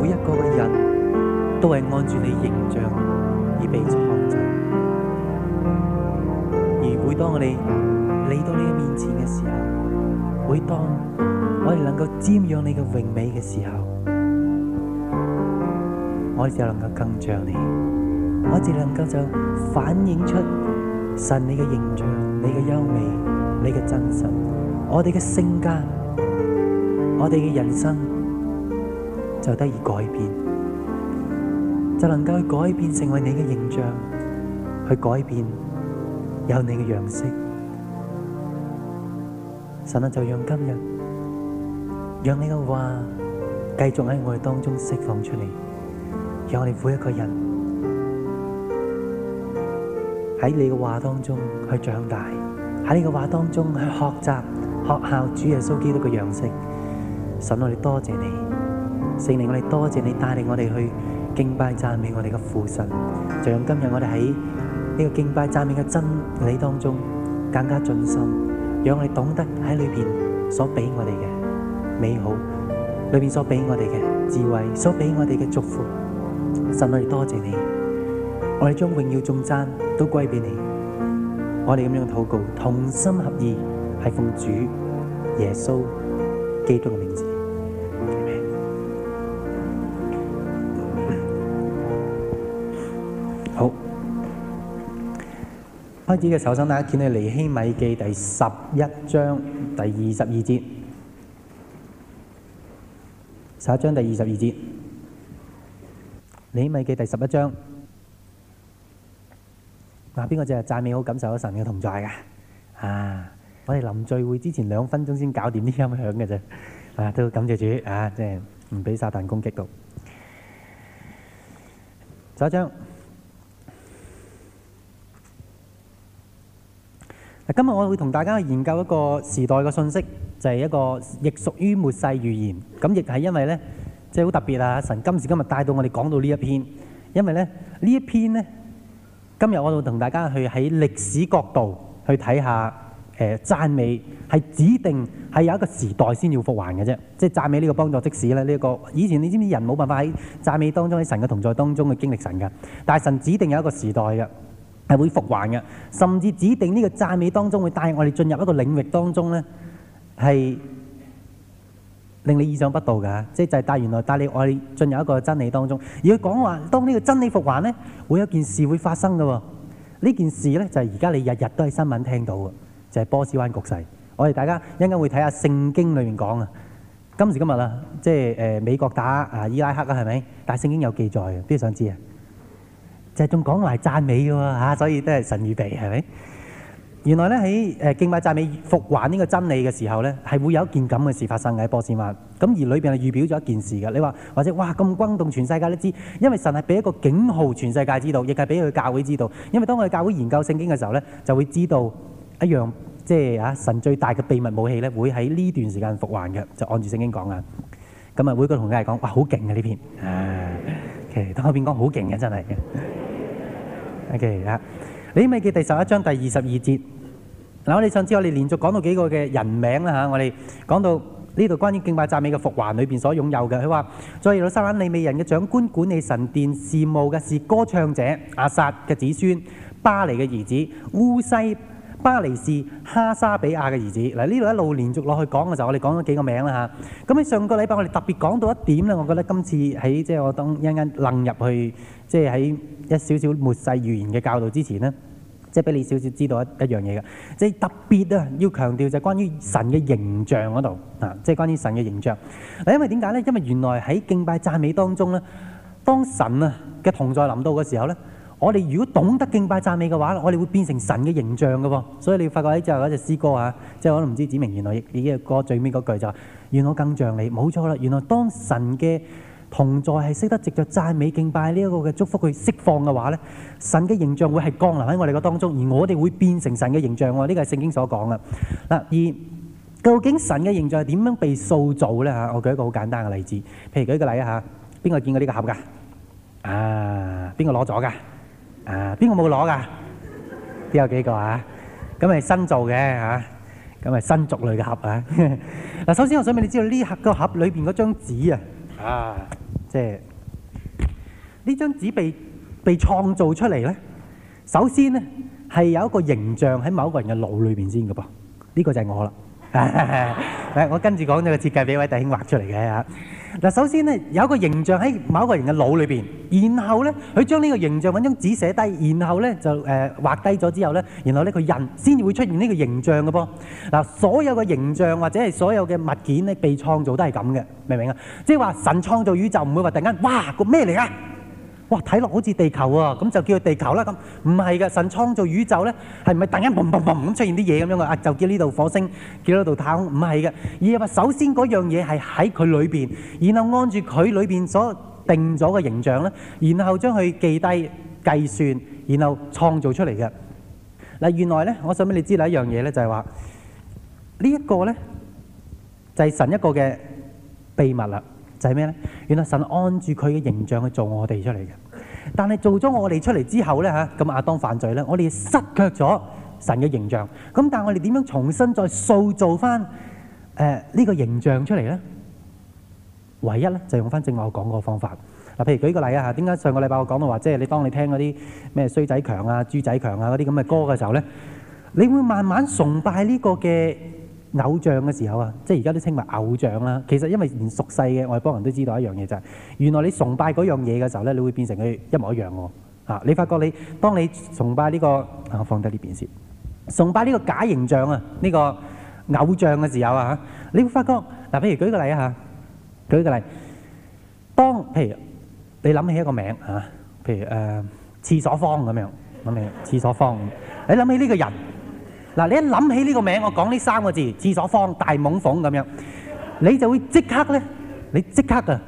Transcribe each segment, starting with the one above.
每一個嘅人都係按住你的形象而被創造，而每當我哋嚟到你的面前嘅時候，每當我哋能夠瞻仰你嘅榮美嘅時候，我哋就能夠更像你，我哋就能夠就反映出神你嘅形象、你嘅優美、你嘅真實、我哋嘅性格、我哋嘅人生，就得以改變，就能夠改變成為你嘅形象，去改變有你嘅樣式。神啊，就讓今日，讓你嘅話繼續喺我哋當中釋放出嚟，讓我哋每一個人喺你嘅話當中去長大，喺你嘅話當中去學習、學校主耶穌基督嘅樣式。神啊，我哋多謝你。聖靈，我哋多謝你帶領我哋去敬拜讚美我哋嘅父神，就用今日我哋喺呢個敬拜讚美嘅真理當中，更加盡心，讓我哋懂得喺裏邊所俾我哋嘅美好，裏邊所俾我哋嘅智慧，所俾我哋嘅祝福。神，我哋多謝你，我哋將榮耀頌讚都歸俾你，我哋咁樣禱告，同心合意，係奉主耶穌基督嘅名字。開始嘅手伸拉，見喺尼希米記第十一章第二十二節。十一章第二十二節，尼希米記第十一章。嗱，邊個就讚美好感受到神嘅同在嘅？啊，我哋臨聚會之前兩分鐘先搞掂啲音響嘅啫。啊，都感謝主啊，即係唔俾撒旦攻擊到。十一章。今日我會同大家去研究一個時代嘅信息，就係、是、一個亦屬於末世預言。咁亦係因為呢，即係好特別啊！神今時今日帶到我哋講到呢一篇，因為呢，呢一篇呢，今日我會同大家去喺歷史角度去睇下誒讚、呃、美係指定係有一個時代先要復還嘅啫，即係讚美呢個幫助，即使咧呢一個以前你知唔知人冇辦法喺讚美當中喺神嘅同在當中去經歷神嘅，但係神指定有一個時代嘅。係會復還嘅，甚至指定呢個讚美當中會帶我哋進入一個領域當中咧，係令你意想不到嘅，即係帶原來帶你我哋進入一個真理當中。而佢講話當呢個真理復還咧，會有件事會發生嘅喎。呢件事咧就係而家你日日都喺新聞聽到嘅，就係波斯灣局勢。我哋大家一陣間會睇下聖經裏面講啊，今時今日啊，即係誒美國打啊伊拉克啊，係咪？但聖經有記載嘅，邊度想知啊？就仲講埋讚美嘅喎嚇，所以都係神預備係咪？原來咧喺誒敬拜讚美復還呢個真理嘅時候咧，係會有一件咁嘅事發生嘅，波斯灣。咁而裏邊係預表咗一件事嘅。你話或者哇咁轟動全世界都知，因為神係俾一個警號全世界知道，亦係俾佢教會知道。因為當我哋教會研究聖經嘅時候咧，就會知道一樣即係嚇神最大嘅秘密武器咧，會喺呢段時間復還嘅。就按住聖經講啊，咁啊會個同家講哇好勁嘅呢篇啊，其實睇下邊講好勁嘅真係嘅。O.K. 啊，利未記第十一章第二十二節，嗱我哋上次我哋連續講到幾個嘅人名啦吓，我哋講到呢度關於敬拜讚美嘅復還裏邊所擁有嘅，佢話在耶路撒冷利未人嘅長官管理神殿事務嘅是歌唱者亞薩嘅子孫巴尼嘅兒子烏西巴尼是哈沙比亞嘅兒子。嗱呢度一路連續落去講嘅時候，我哋講咗幾個名啦吓。咁喺上個禮拜我哋特別講到一點咧，我覺得今次喺即係我等一陣楞入去，即係喺。一少少末世預言嘅教導之前咧，即係俾你少少知道一一樣嘢嘅，即係特別啊！要強調就係關於神嘅形象嗰度啊，即係關於神嘅形象。嗱，因為點解咧？因為原來喺敬拜讚美當中咧，當神啊嘅同在臨到嘅時候咧，我哋如果懂得敬拜讚美嘅話，我哋會變成神嘅形象嘅喎。所以你發覺喺就後一隻詩歌啊，即係可能唔知道指明，原來呢嘅歌最尾嗰句就話：願我更像你。冇錯啦，原來當神嘅同在係識得藉著讚美敬拜呢一個嘅祝福去釋放嘅話咧，神嘅形象會係降臨喺我哋個當中，而我哋會變成神嘅形象喎。呢個係聖經所講啦。嗱，而究竟神嘅形象係點樣被塑造咧？嚇，我舉一個好簡單嘅例子，譬如舉個例嚇，邊個見過呢個盒㗎？啊，邊個攞咗㗎？啊，邊個冇攞㗎？邊有幾個啊？咁係新造嘅嚇，咁係新族類嘅盒啊。嗱，首先我想問你知道呢個盒裏邊嗰張紙啊？啊！即係呢張紙被被創造出嚟咧，首先咧係有一個形象喺某個人嘅腦裏邊先嘅噃，呢、這個就係我啦、啊。 我跟住講咗個設計俾位弟兄畫出嚟嘅吓。首先有一個形象喺某一個人嘅腦裏面。然後呢，佢將呢個形象揾張紙寫低，然後呢就誒畫低咗之後呢。然後呢，呃、後後呢佢人先至會出現呢個形象嘅噃。所有嘅形象或者係所有嘅物件被創造都係咁嘅，明唔明啊？即係話神創造宇宙唔會話突然間，哇個咩嚟啊？哇，睇落好似地球啊，咁就叫地球啦咁。唔係嘅，神創造宇宙呢，係唔係突然嘣嘣嘣咁出現啲嘢咁樣嘅？就叫呢度火星，叫呢度太空。唔係嘅，而係話首先嗰樣嘢係喺佢裏面，然後按住佢裏面所定咗嘅形象咧，然後將佢記低計算，然後創造出嚟嘅。原來咧，我想俾你知另一樣嘢咧，就係話呢一個咧，就係神一個嘅秘密啦。就係咩咧？原來神按住佢嘅形象去做我哋出嚟嘅，但係做咗我哋出嚟之後咧嚇，咁阿當犯罪咧，我哋失卻咗神嘅形象。咁但係我哋點樣重新再塑造翻誒呢個形象出嚟咧？唯一咧就用翻正我講嗰個方法。嗱，譬如舉個例啊嚇，點解上個禮拜我講到話，即係你當你聽嗰啲咩衰仔強啊、豬仔強啊嗰啲咁嘅歌嘅時候咧，你會慢慢崇拜呢個嘅偶像嘅時候啊，即係而家都稱為偶像啦。其實因為連熟世嘅外邦人都知道一樣嘢就係，原來你崇拜嗰樣嘢嘅時候咧，你會變成佢一模一樣喎。你發覺你當你崇拜呢個啊，我放低呢邊先。崇拜呢個假形象啊，呢個偶像嘅時候啊，你會發覺嗱，譬如舉個例啊，舉個例，當譬如你諗起一個名啊，譬如誒廁所方咁樣諗起廁所方，你諗起呢個人。嗱，你一諗起呢個名，我講呢三個字，廁所方大猛鳳咁樣，你就會即刻咧，你即刻啊，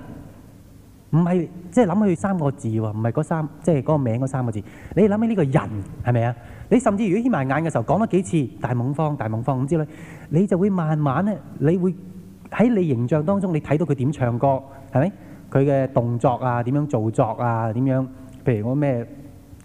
唔係即係諗起三個字喎，唔係嗰三，即係嗰個名嗰三個字，你諗起呢個人係咪啊？你甚至如果黐埋眼嘅時候講咗幾次大猛方、大猛方咁之類，你就會慢慢咧，你會喺你形象當中，你睇到佢點唱歌係咪？佢嘅動作啊，點樣做作啊，點樣？譬如我咩？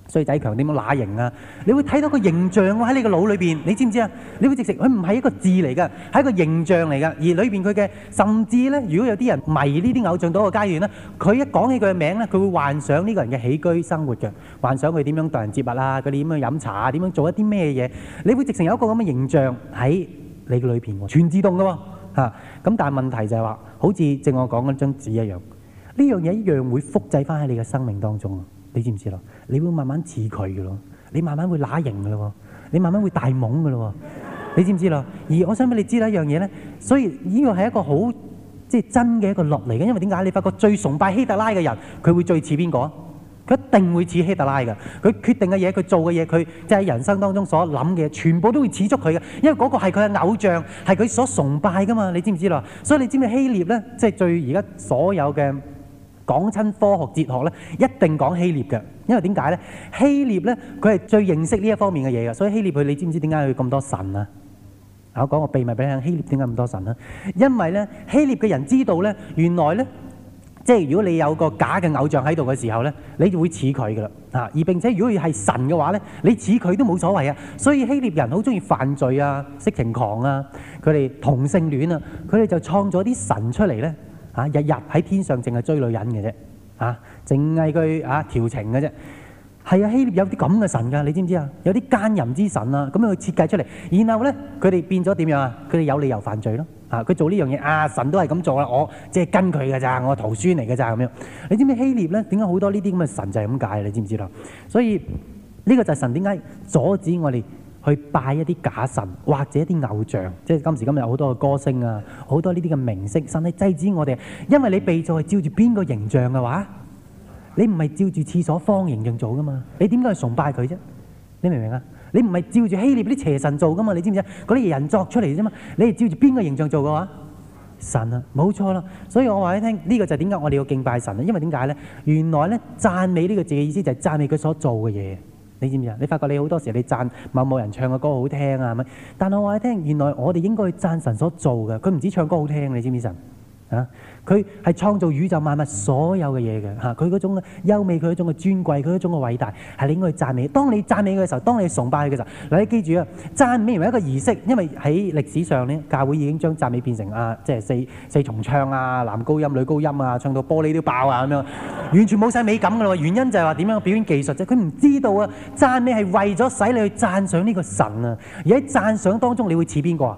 衰仔強點樣乸型啊！你會睇到個形象喎，喺你個腦裏邊，你知唔知啊？你會直成佢唔係一個字嚟㗎，係一個形象嚟噶。而裏邊佢嘅甚至咧，如果有啲人迷呢啲偶像到嘅階段咧，佢一講起佢嘅名咧，佢會幻想呢個人嘅起居生活嘅，幻想佢點樣待人接物啦，佢哋點樣飲茶啊，點樣做一啲咩嘢？你會直成有一個咁嘅形象喺你嘅裏邊喎，全自動㗎喎嚇。咁但係問題就係話，好似正我講嗰張紙一樣，呢樣嘢一樣會複製翻喺你嘅生命當中啊！你知唔知咯？你會慢慢似佢嘅咯，你慢慢會乸型嘅咯，你慢慢會大懵嘅咯，你知唔知咯？而我想俾你知咧一樣嘢咧，所以呢個係一個好即係真嘅一個落嚟嘅，因為點解？你發覺最崇拜希特拉嘅人，佢會最似邊個？佢一定會似希特拉嘅，佢決定嘅嘢，佢做嘅嘢，佢即係人生當中所諗嘅，全部都會似足佢嘅，因為嗰個係佢嘅偶像，係佢所崇拜嘅嘛，你知唔知咯？所以你知唔知希臘咧，即係最而家所有嘅？講親科學哲學咧，一定講希臘嘅，因為點解咧？希臘咧佢係最認識呢一方面嘅嘢嘅，所以希臘佢你知唔知點解佢咁多神啊？我講個秘密俾你聽，希臘點解咁多神啊？因為咧希臘嘅人知道咧，原來咧即係如果你有個假嘅偶像喺度嘅時候咧，你就會似佢嘅啦嚇，而並且如果佢係神嘅話咧，你似佢都冇所謂啊。所以希臘人好中意犯罪啊、色情狂啊、佢哋同性戀啊，佢哋就創咗啲神出嚟咧。啊！日日喺天上，淨係追女人嘅啫。啊，淨係佢啊調情嘅啫。係啊，希臘有啲咁嘅神噶，你知唔知啊？有啲奸淫之神啊，咁樣去設計出嚟。然後咧，佢哋變咗點樣啊？佢哋有理由犯罪咯。啊，佢做呢樣嘢啊，神都係咁做啦。我即係跟佢嘅咋，我徒孫嚟嘅咋咁樣。你知唔知希臘咧？點解好多呢啲咁嘅神就係咁解？你知唔知道？所以呢、呢個就係神點解阻止我哋。去拜一啲假神或者啲偶像，即係今時今日有好多嘅歌星啊，好多呢啲嘅明星，甚至制止我哋，因為你備座係照住邊個形象嘅話，你唔係照住廁所方形象做噶嘛？你點解去崇拜佢啫？你明唔明啊？你唔係照住希臘啲邪神做噶嘛？你知唔知？嗰啲人作出嚟啫嘛？你係照住邊個形象做嘅話，神啊，冇錯啦。所以我話你聽，呢個就係點解我哋要敬拜神啊？因為點解咧？原來咧，讚美呢個字嘅意思就係讚美佢所做嘅嘢。你知唔知啊？你發覺你好多時候你讚某某人唱嘅歌好聽啊，係咪？但係我話你聽，原來我哋應該去讚神所做嘅。佢唔止唱歌好聽，你知唔知神？啊！佢係創造宇宙萬物所有嘅嘢嘅嚇，佢嗰種優美，佢嗰種嘅尊貴，佢嗰種嘅偉大，係你應該去讚美。當你讚美佢嘅時候，當你崇拜佢嘅時候，嗱你記住啊！讚美唔係一個儀式，因為喺歷史上咧，教會已經將讚美變成啊，即係四四重唱啊，男高音、女高音啊，唱到玻璃都爆啊咁樣，完全冇晒美感噶啦。原因就係話點樣表演技術啫？佢唔知道啊！讚美係為咗使你去讚賞呢個神啊，而喺讚賞當中，你會似邊個啊？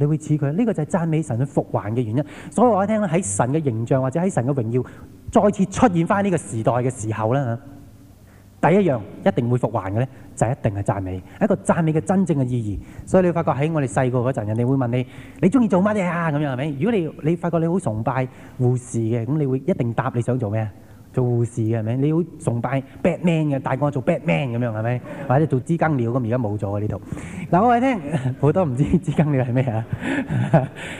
你會似佢，呢個就係讚美神去復還嘅原因，所以話我聽咧，喺神嘅形象或者喺神嘅榮耀再次出現翻呢個時代嘅時候咧，第一樣一定會復還嘅咧就係一定係讚美，一個讚美嘅真正嘅意義。所以你會發覺喺我哋細個嗰陣，人哋會問你，你中意做乜嘢啊？咁樣係咪？如果你，你發覺你好崇拜護士嘅，咁你會一定答你想做咩？做護士嘅，係咪？你好崇拜 Batman 嘅，大個做 Batman 咁樣係咪？或者做資金料知更鳥，咁而家冇咗喎。呢度嗱，我哋聽好多唔知知更鳥係咩啊？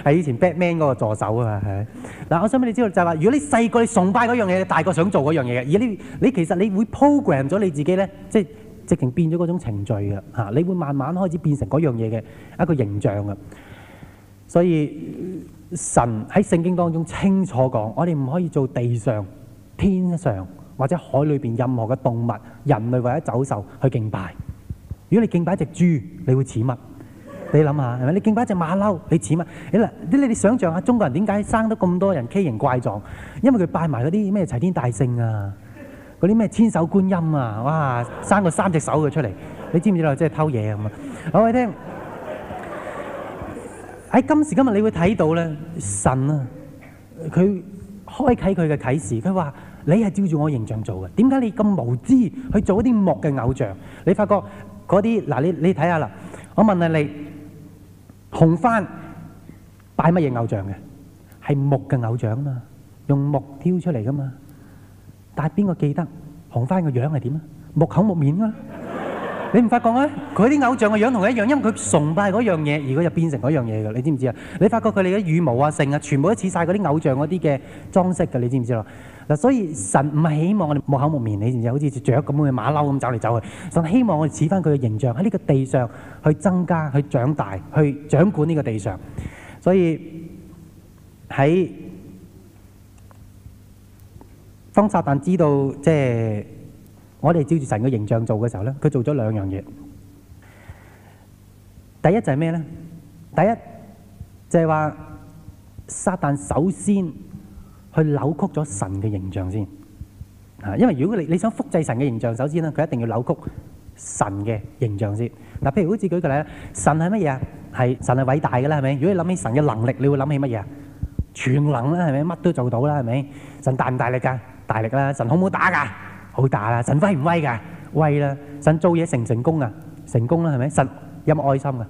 係以前 Batman 嗰個助手啊，嘛。嗱，我想俾你知道就係話，如果你細個崇拜嗰樣嘢，大個想做嗰樣嘢嘅，而你你其實你會 program 咗你自己咧，即係直情變咗嗰種程序㗎嚇，你會慢慢開始變成嗰樣嘢嘅一個形象㗎。所以神喺聖經當中清楚講，我哋唔可以做地上。天上或者海裏邊任何嘅動物、人類或者走獸去敬拜。如果你敬拜一隻豬，你會似乜？你諗下，係咪？你敬拜一隻馬騮，你似乜？你嗱，你你哋想象下，中國人點解生得咁多人畸形怪狀？因為佢拜埋嗰啲咩齊天大聖啊，嗰啲咩千手觀音啊，哇，生個三隻手嘅出嚟。你知唔知道？即係偷嘢咁啊！好，我聽喺今時今日，你會睇到咧，神啊，佢開啟佢嘅啟示，佢話。你係照住我形象做嘅，點解你咁無知去做一啲木嘅偶像？你發覺嗰啲嗱，你你睇下啦，我問下你，紅番擺乜嘢偶像嘅？係木嘅偶像啊嘛，用木雕出嚟噶嘛。但係邊個記得紅番個樣係點啊？木口木面啊！你唔發覺啊？佢啲偶像嘅樣同佢一樣，因為佢崇拜嗰一樣嘢，而佢就變成嗰一樣嘢嘅。你知唔知啊？你發覺佢哋嘅羽毛啊、成啊，全部都似晒嗰啲偶像嗰啲嘅裝飾嘅，你知唔知咯？嗱，所以神唔係希望我哋木口木面，你知唔知？好似雀咁去馬騮咁走嚟走去。神希望我哋似翻佢嘅形象喺呢個地上去增加、去長大、去掌管呢個地上。所以喺當撒但知道，即係我哋照住神嘅形象做嘅時候咧，佢做咗兩樣嘢。第一就係咩咧？第一就係話撒但首先。去扭曲咗神嘅形象先，啊，因為如果你你想複製神嘅形象，首先咧，佢一定要扭曲神嘅形象先。嗱，譬如好似舉個例，神係乜嘢？係神係偉大噶啦，係咪？如果你諗起神嘅能力，你會諗起乜嘢啊？全能啦，係咪？乜都做到啦，係咪？神大唔大力噶？大力啦。神好唔好打噶？好打啦。神威唔威噶？威啦。神做嘢成唔成功啊？成功啦，係咪？神有冇愛心啊？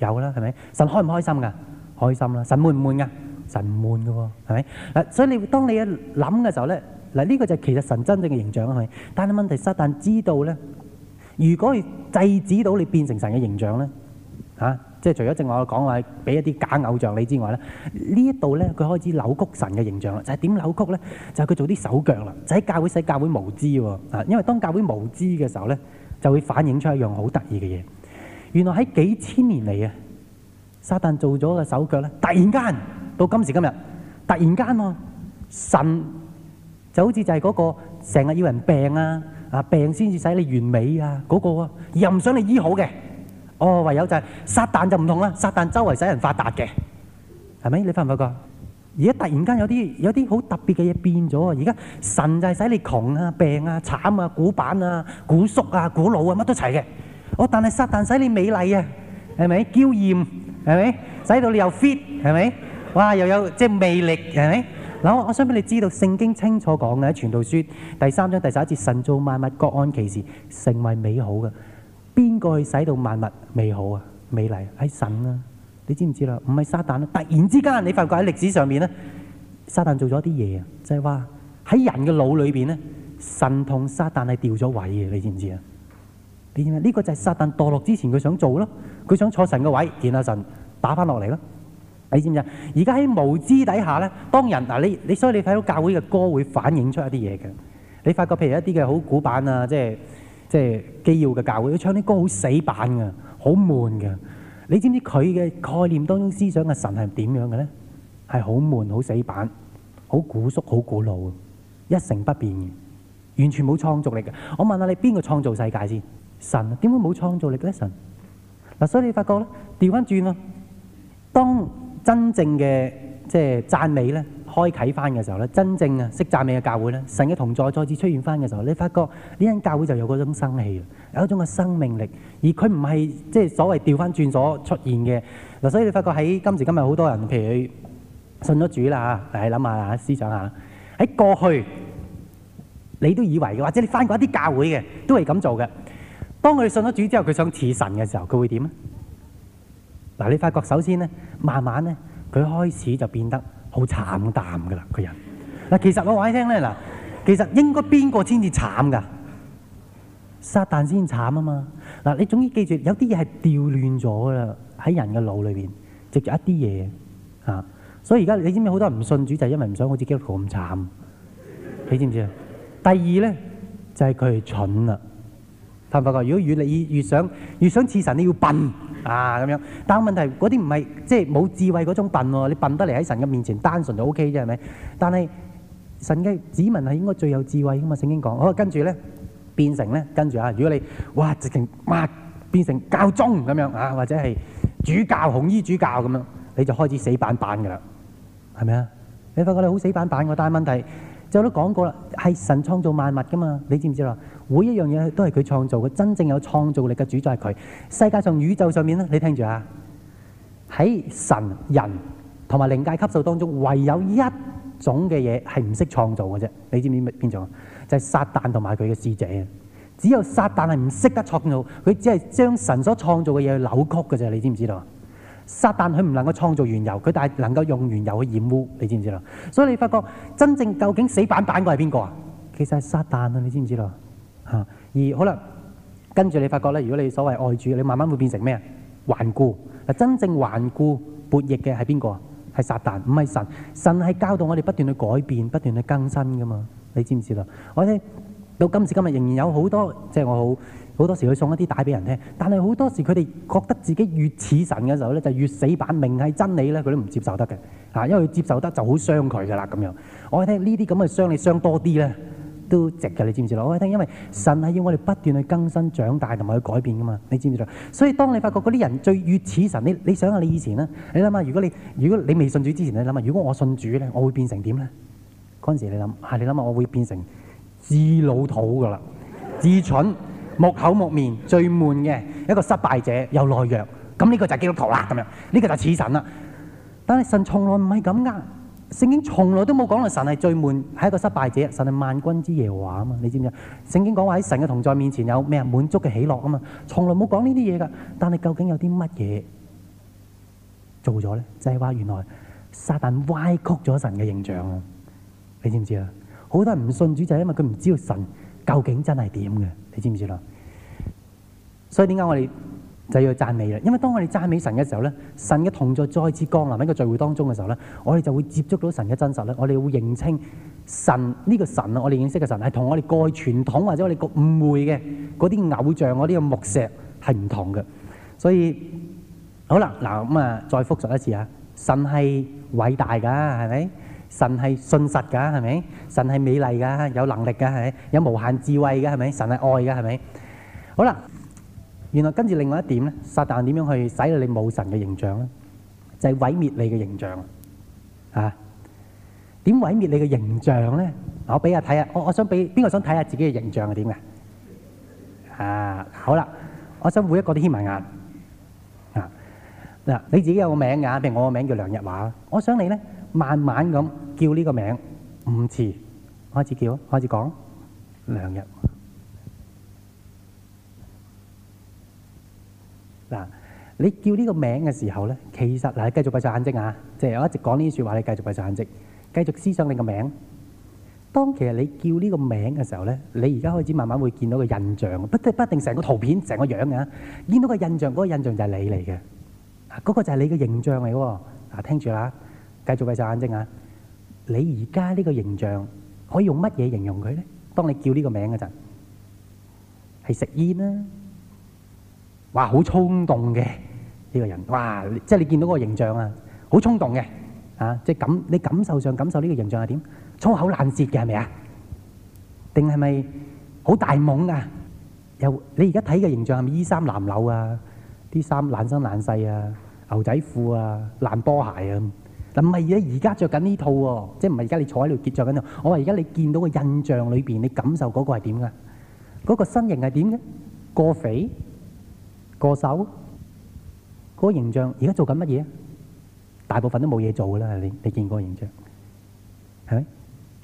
有啦，係咪？神開唔開心噶？開心啦。神悶唔悶啊？神悶嘅喎，係咪嗱？所以你當你一諗嘅時候咧，嗱、這、呢個就係其實神真正嘅形象係咪？但係問題，撒旦知道咧，如果佢制止到你變成神嘅形象咧，嚇、啊，即係除咗正話我講話俾一啲假偶像你之外咧，呢一度咧佢開始扭曲神嘅形象啦。就係、是、點扭曲咧？就係、是、佢做啲手腳啦，喺、就是、教會使教會無知喎啊！因為當教會無知嘅時候咧，就會反映出一樣好得意嘅嘢，原來喺幾千年嚟呀撒旦做咗個手腳咧，突然間。到今時今日，突然間喎，神就好似就係嗰個成日要人病啊，啊病先至使你完美啊嗰個啊，又唔想你醫好嘅。哦，唯有就係撒旦就唔同啦，撒旦周圍使人發達嘅，係咪？你發唔發覺？而家突然間有啲有啲好特別嘅嘢變咗啊！而家神就係使你窮啊、病啊、慘啊、古板啊、古縮啊、古老啊，乜都齊嘅。哦，但係撒旦使你美麗啊，係咪嬌豔？係咪使到你又 fit？係咪？哇！又有即係魅力，係咪？嗱，我我想俾你知道，聖經清楚講嘅喺傳道書第三章第十一節：神造萬物，各按其時，成為美好嘅。邊個去使到萬物美好啊？美麗喺神啊！你知唔知啦？唔係撒旦啊！突然之間，你發覺喺歷史上面咧，撒旦做咗啲嘢啊！就係話喺人嘅腦裏邊咧，神同撒旦係掉咗位嘅，你知唔知啊？你知唔知？呢個就係撒旦墮落之前佢想做咯，佢想坐神嘅位，見下神打翻落嚟咯。你知唔知？而家喺無知底下咧，當人，嗱，你你所以你睇到教會嘅歌會反映出一啲嘢嘅。你發覺譬如一啲嘅好古板啊，即係即係基要嘅教會，佢唱啲歌好死板㗎，好悶㗎。你知唔知佢嘅概念當中思想嘅神係點樣嘅咧？係好悶、好死板、好古縮、好古老，一成不變嘅，完全冇創造力嘅。我問下你邊個創造世界先？神點會冇創造力咧？神，嗱，所以你發覺咧，調翻轉啊，當真正嘅即係讚美咧，開啟翻嘅時候咧，真正啊識讚美嘅教會咧，神嘅同在再次出現翻嘅時候，你發覺呢間教會就有嗰種生氣，有一種嘅生命力，而佢唔係即係所謂調翻轉所出現嘅嗱，所以你發覺喺今時今日好多人，譬如信咗主啦嚇，嚟諗下思想下，喺過去你都以為或者你翻過一啲教會嘅都係咁做嘅，當佢信咗主之後，佢想似神嘅時候，佢會點啊？嗱，你發覺首先咧，慢慢咧，佢開始就變得好慘淡噶啦，個人。嗱，其實我話你聽咧，嗱，其實應該邊個先至慘噶？撒旦先慘啊嘛。嗱，你總之記住，有啲嘢係掉亂咗啦，喺人嘅腦裏邊直接一啲嘢啊。所以而家你知唔知好多人唔信主就係因為唔想好似基督徒咁慘，你知唔知啊？第二咧就係佢蠢啦。發唔發覺？如果越嚟越想越想似神，你要笨。啊咁樣，但係問題，嗰啲唔係即係冇智慧嗰種笨喎，你笨得嚟喺神嘅面前單純就 O K 啫，係咪？但係神嘅子民係應該最有智慧噶嘛？聖經講，好跟住咧變成咧，跟住啊，如果你哇直情哇、啊、變成教宗咁樣啊，或者係主教紅衣主教咁樣，你就開始死板板噶啦，係咪啊？你發覺你好死板板喎，但係問題。就都講過啦，係神創造萬物噶嘛？你知唔知啦？每一樣嘢都係佢創造嘅，真正有創造力嘅主宰係佢。世界上宇宙上面咧，你聽住啊，喺神、人同埋靈界級數當中，唯有一種嘅嘢係唔識創造嘅啫。你知唔知邊種？就係撒旦同埋佢嘅使者。只有撒旦係唔識得創造，佢只係將神所創造嘅嘢去扭曲嘅啫。你知唔知道？撒但佢唔能夠創造原油，佢但係能夠用原油去染污，你知唔知啦？所以你發覺真正究竟死板板嘅係邊個啊？其實係撒但啊，你知唔知啦？嚇！而好啦跟住你發覺咧，如果你所謂愛主，你慢慢會變成咩啊？頑固啊！真正頑固叛逆嘅係邊個啊？係撒但，唔係神。神係教導我哋不斷去改變，不斷去更新噶嘛？你知唔知啦？我聽到今時今日仍然有好多，即係我好。好多時佢送一啲帶俾人聽，但係好多時佢哋覺得自己越似神嘅時候咧，就是、越死板，明係真理咧，佢都唔接受得嘅。嚇，因為佢接受得就好傷佢噶啦咁樣。我哋聽呢啲咁嘅傷，你傷多啲咧都值嘅，你知唔知啊？我哋聽，因為神係要我哋不斷去更新、長大同埋去改變噶嘛，你知唔知道？所以當你發覺嗰啲人最越似神，你你想下你以前啦，你諗下，如果你如果你未信主之前，你諗下，如果我信主咧，我會變成點咧？嗰陣時你諗嚇、啊，你諗下，我會變成至老土噶啦，至蠢。木口木面，最悶嘅一個失敗者，又懦弱，咁呢個就係基督徒啦，咁樣呢個就似神啦。但係神從來唔係咁噶，聖經從來都冇講到神係最悶，係一個失敗者，神係萬軍之耶和華啊嘛。你知唔知啊？聖經講話喺神嘅同在面前有咩啊？滿足嘅喜樂啊嘛，從來冇講呢啲嘢噶。但係究竟有啲乜嘢做咗咧？就係話原來撒但歪曲咗神嘅形象啊。你知唔知啊？好多人唔信主就係因為佢唔知道神究竟真係點嘅。你知唔知啦？所以點解我哋就要讚美咧？因為當我哋讚美神嘅時候咧，神嘅同在再次降臨喺一個聚會當中嘅時候咧，我哋就會接觸到神嘅真實咧。我哋會認清神呢個神啊，我哋認識嘅神係同我哋過去傳統或者我哋個誤會嘅嗰啲偶像嗰啲嘅木石係唔同嘅。所以好啦，嗱咁啊，再複述一次啊，神係偉大噶，係咪？神係信實噶，係咪？神係美麗噶，有能力噶，係咪？有無限智慧噶，係咪？神係愛噶，係咪？好啦。原來跟住另外一點咧，撒但點樣去使你冇神嘅形象咧？就係毀滅你嘅形象啊！點毀滅你嘅形象咧？我俾下睇下！我我想俾邊個想睇下自己嘅形象係點嘅？啊，好啦，我想每一個都黐埋眼啊！嗱，你自己有個名㗎，譬如我個名叫梁日華啦，我想你咧慢慢咁叫呢個名五次，開始叫，開始講梁日。你叫呢個名嘅時候咧，其實嗱，你繼續閉上眼睛啊，即係我一直講呢啲説話，你繼續閉上眼睛，繼續思想你個名。當其實你叫呢個名嘅時候咧，你而家開始慢慢會見到個印象，不即不一定成個圖片、成個樣啊。見到個印象，嗰個印象就係你嚟嘅，嗰個就係你嘅形象嚟喎。嗱，聽住啦，繼續閉上眼睛啊。你而家呢個形象可以用乜嘢形容佢咧？當你叫呢個名嗰陣，係食煙啦，哇，好衝動嘅。呢個人，哇！即係你見到嗰個形象啊，好衝動嘅，啊！即係感你感受上感受呢個形象係點？粗口爛舌嘅係咪啊？定係咪好大懵啊？又你而家睇嘅形象係咪衣衫襤褸啊？啲衫爛身爛細啊，牛仔褲啊，爛波鞋啊？嗱唔係嘅，而家著緊呢套喎，即係唔係而家你坐喺度結著緊度？我話而家你見到個印象裏邊，你感受嗰個係點㗎？嗰個身形係點嘅？過肥，過瘦。嗰個形象而家做緊乜嘢啊？大部分都冇嘢做噶啦，你你見嗰個形象係咪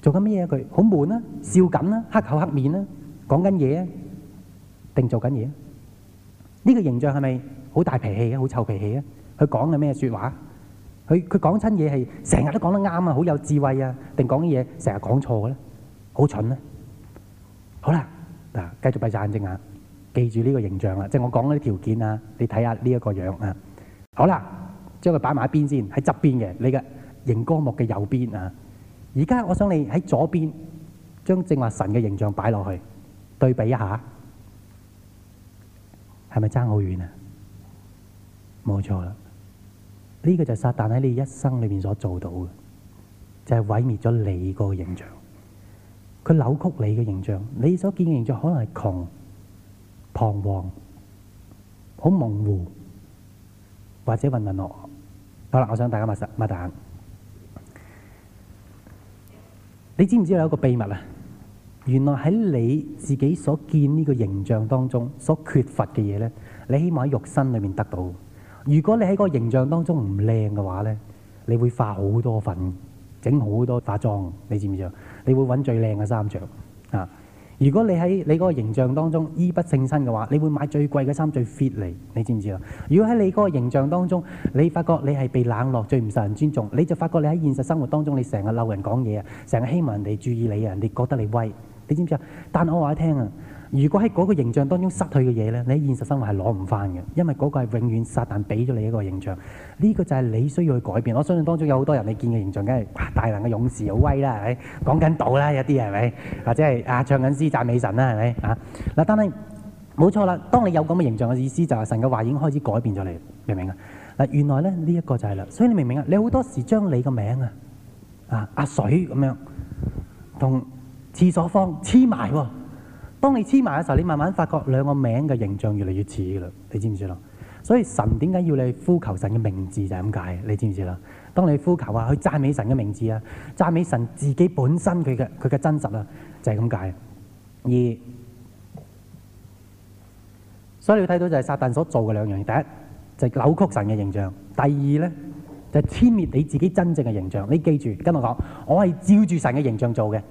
做緊咩嘢？佢好悶啊，笑緊啊，黑口黑面啊，講緊嘢啊定做緊嘢？呢個形象係咪好大脾氣啊？好臭脾氣啊？佢講嘅咩説話？佢佢講親嘢係成日都講得啱啊，好有智慧啊，定講啲嘢成日講錯嘅咧，好蠢啊？好啦，嗱，繼續閉晒眼睛啊，記住呢個形象啊，即係我講嗰啲條件啊，你睇下呢一個樣啊。好啦，將佢擺埋一邊先，喺側邊嘅，你嘅螢光幕嘅右邊啊，而家我想你喺左邊或者問問我，好啦，我想大家抹實擘大眼。你知唔知有一個秘密啊？原來喺你自己所見呢個形象當中，所缺乏嘅嘢咧，你希望喺肉身裏面得到。如果你喺個形象當中唔靚嘅話咧，你會化好多粉，整好多化妝。你知唔知啊？你會揾最靚嘅衫着。如果你喺你嗰個形象當中衣不勝身嘅話，你會買最貴嘅衫，最 fit 你，你知唔知？如果喺你嗰個形象當中，你發覺你係被冷落、最唔受人尊重，你就發覺你喺現實生活當中，你成日嬲人講嘢啊，成日希望人哋注意你啊，人哋覺得你威，你知唔知？但我話你聽啊！如果喺嗰個形象當中失去嘅嘢咧，你喺現實生活係攞唔返嘅，因為嗰個係永遠撒但俾咗你一個形象，呢個就係你需要去改變。我相信當中有好多人你見嘅形象，梗係哇大能嘅勇士好威啦，係講緊道啦，有啲係咪？或者係啊唱緊詩讚美神啦，係咪啊？嗱，但係冇錯啦，當你有咁嘅形象嘅意思，就係神嘅話已經開始改變咗你，明唔明啊？嗱，原來咧呢一個就係啦，所以你明唔明啊？你好多時將你嘅名啊啊阿水咁樣同廁所方黐埋喎。當你黐埋嘅時候，你慢慢發覺兩個名嘅形象越嚟越似啦，你知唔知啦？所以神點解要你呼求神嘅名字就係咁解，你知唔知啦？當你呼求啊，去讚美神嘅名字啊，讚美神自己本身佢嘅佢嘅真實啊，就係咁解。而所以你會睇到就係撒旦所做嘅兩樣嘢，第一就係扭曲神嘅形象，第二咧就係殲滅你自己真正嘅形象。你記住，今日講，我係照住神嘅形象做嘅。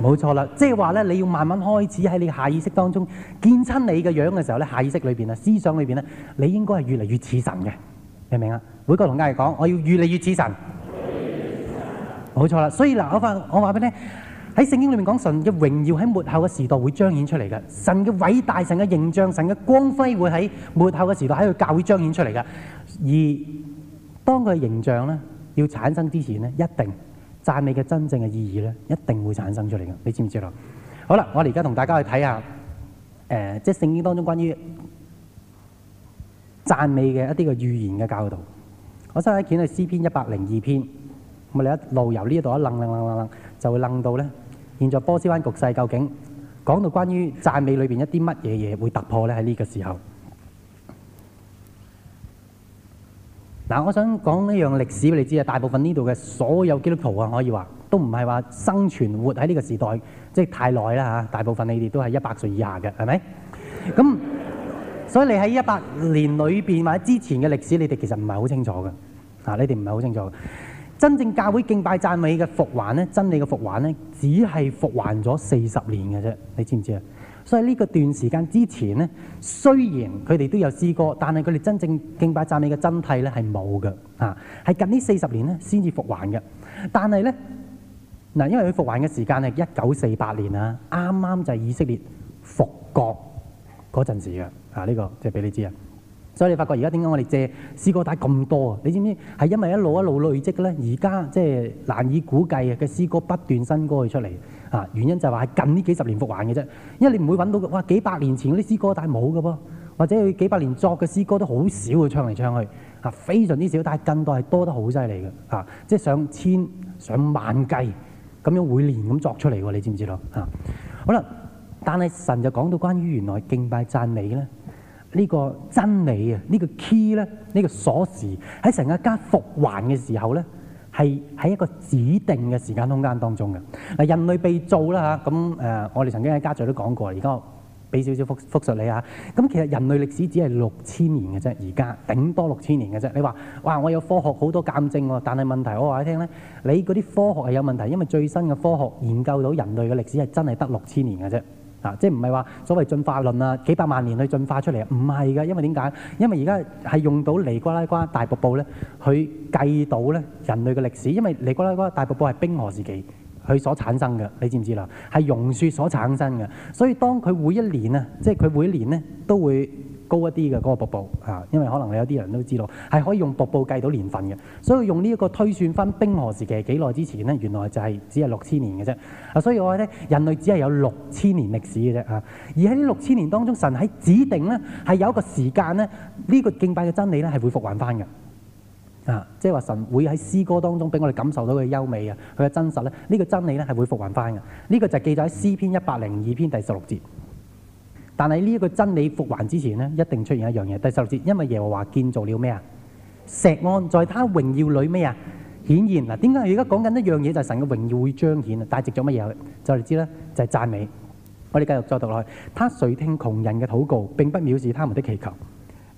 冇錯啦，即係話咧，你要慢慢開始喺你嘅下意識當中見親你嘅樣嘅時候咧，下意識裏邊啊，思想裏邊咧，你應該係越嚟越似神嘅，明唔明啊？每個同家嚟講，我要越嚟越似神。冇錯啦，所以嗱，我發我話俾你聽，喺聖經裏面講神嘅榮耀喺末後嘅時代會彰顯出嚟嘅，神嘅偉大，神嘅形象，神嘅光輝會喺末後嘅時代喺度教會彰顯出嚟嘅。而當佢嘅形象咧要產生之前咧，一定。讚美嘅真正嘅意義咧，一定會產生出嚟的，你知唔知道？好啦，我哋而家同大家去睇下，誒、呃，即係聖經當中關於讚美嘅一啲個預言嘅教導。我首先攪去詩篇一百零二篇，我哋一路由呢裏度一楞楞楞楞，就會楞到咧。現在波斯灣局勢究竟講到關於讚美裏面一啲乜嘢嘢會突破咧？喺呢個時候。嗱、啊，我想講一樣歷史俾你知啊。大部分呢度嘅所有基督徒啊，可以話都唔係話生存活喺呢個時代即係太耐啦嚇。大部分你哋都係一百歲以下嘅，係咪？咁所以你喺一百年裏邊或者之前嘅歷史，你哋其實唔係好清楚嘅。嗱、啊，你哋唔係好清楚嘅。真正教會敬拜讚美嘅復還咧，真理嘅復還咧，只係復還咗四十年嘅啫。你知唔知啊？所以喺呢個段時間之前咧，雖然佢哋都有試過，但係佢哋真正敬拜讚美嘅真體咧係冇嘅，啊，係近呢四十年咧先至復還嘅。但係咧嗱，因為佢復還嘅時間係一九四八年啊，啱啱就係以色列復國嗰陣時嘅，啊呢、呢個即係俾你知啊。所以你發覺而家點解我哋借詩歌帶咁多啊？你知唔知係因為一路一路累積嘅咧？而家即係難以估計嘅詩歌不斷新歌出嚟。啊，原因就係話近呢幾十年復還嘅啫，因為你唔會揾到嘅，哇幾百年前啲詩歌，但係冇嘅噃，或者佢幾百年作嘅詩歌都好少，唱嚟唱去，啊非常之少，但係近代係多得好犀利嘅，啊即係上千上萬計咁樣每年咁作出嚟喎，你知唔知道？啊好啦，但係神就講到關於原來敬拜讚美咧，呢個真理啊，呢個 key 咧，呢個鎖匙喺神一家復還嘅時候咧。係喺一個指定嘅時間空間當中嘅。嗱，人類被造啦嚇，咁誒，我哋曾經喺家聚都講過，而家我俾少少復復述你嚇。咁其實人類歷史只係六千年嘅啫，而家頂多六千年嘅啫。你話哇，我有科學好多鑑證喎，但係問題我話你聽咧，你嗰啲科學係有問題，因為最新嘅科學研究到人類嘅歷史係真係得六千年嘅啫。啊！即係唔係話所謂進化論啊？幾百萬年去進化出嚟啊？唔係嘅，因為點解？因為而家係用到尼加拉瓜大瀑布咧，去計到咧人類嘅歷史，因為尼加拉瓜大瀑布係冰河時期佢所產生嘅，你知唔知啦？係融雪所產生嘅，所以當佢每一年啊，即係佢每一年咧都會高一啲嘅嗰個瀑布嚇，因為可能你有啲人都知道，係可以用瀑布計到年份嘅，所以用呢一個推算翻冰河時期幾耐之前呢，原來就係、是、只係六千年嘅啫。啊，所以我話咧，人類只係有六千年歷史嘅啫嚇。而喺呢六千年當中，神喺指定咧係有一個時間咧，呢、這個敬拜嘅真理咧係會復還翻嘅。啊，即係話神會喺詩歌當中俾我哋感受到佢嘅優美啊，佢嘅真實咧，呢、這個真理咧係會復還翻嘅。呢、這個就係記載喺詩篇一百零二篇第十六節。但係呢一個真理復還之前咧，一定出現一樣嘢。第十六節，因為耶和華建造了咩啊？錫安在他榮耀裏咩啊？顯現。嗱，點解而家講緊一樣嘢就係神嘅榮耀會彰顯啊？帶嚟咗乜嘢？就嚟知啦，就係、是、讚美。我哋繼續再讀落去。他垂聽窮人嘅禱告，並不藐視他們的祈求。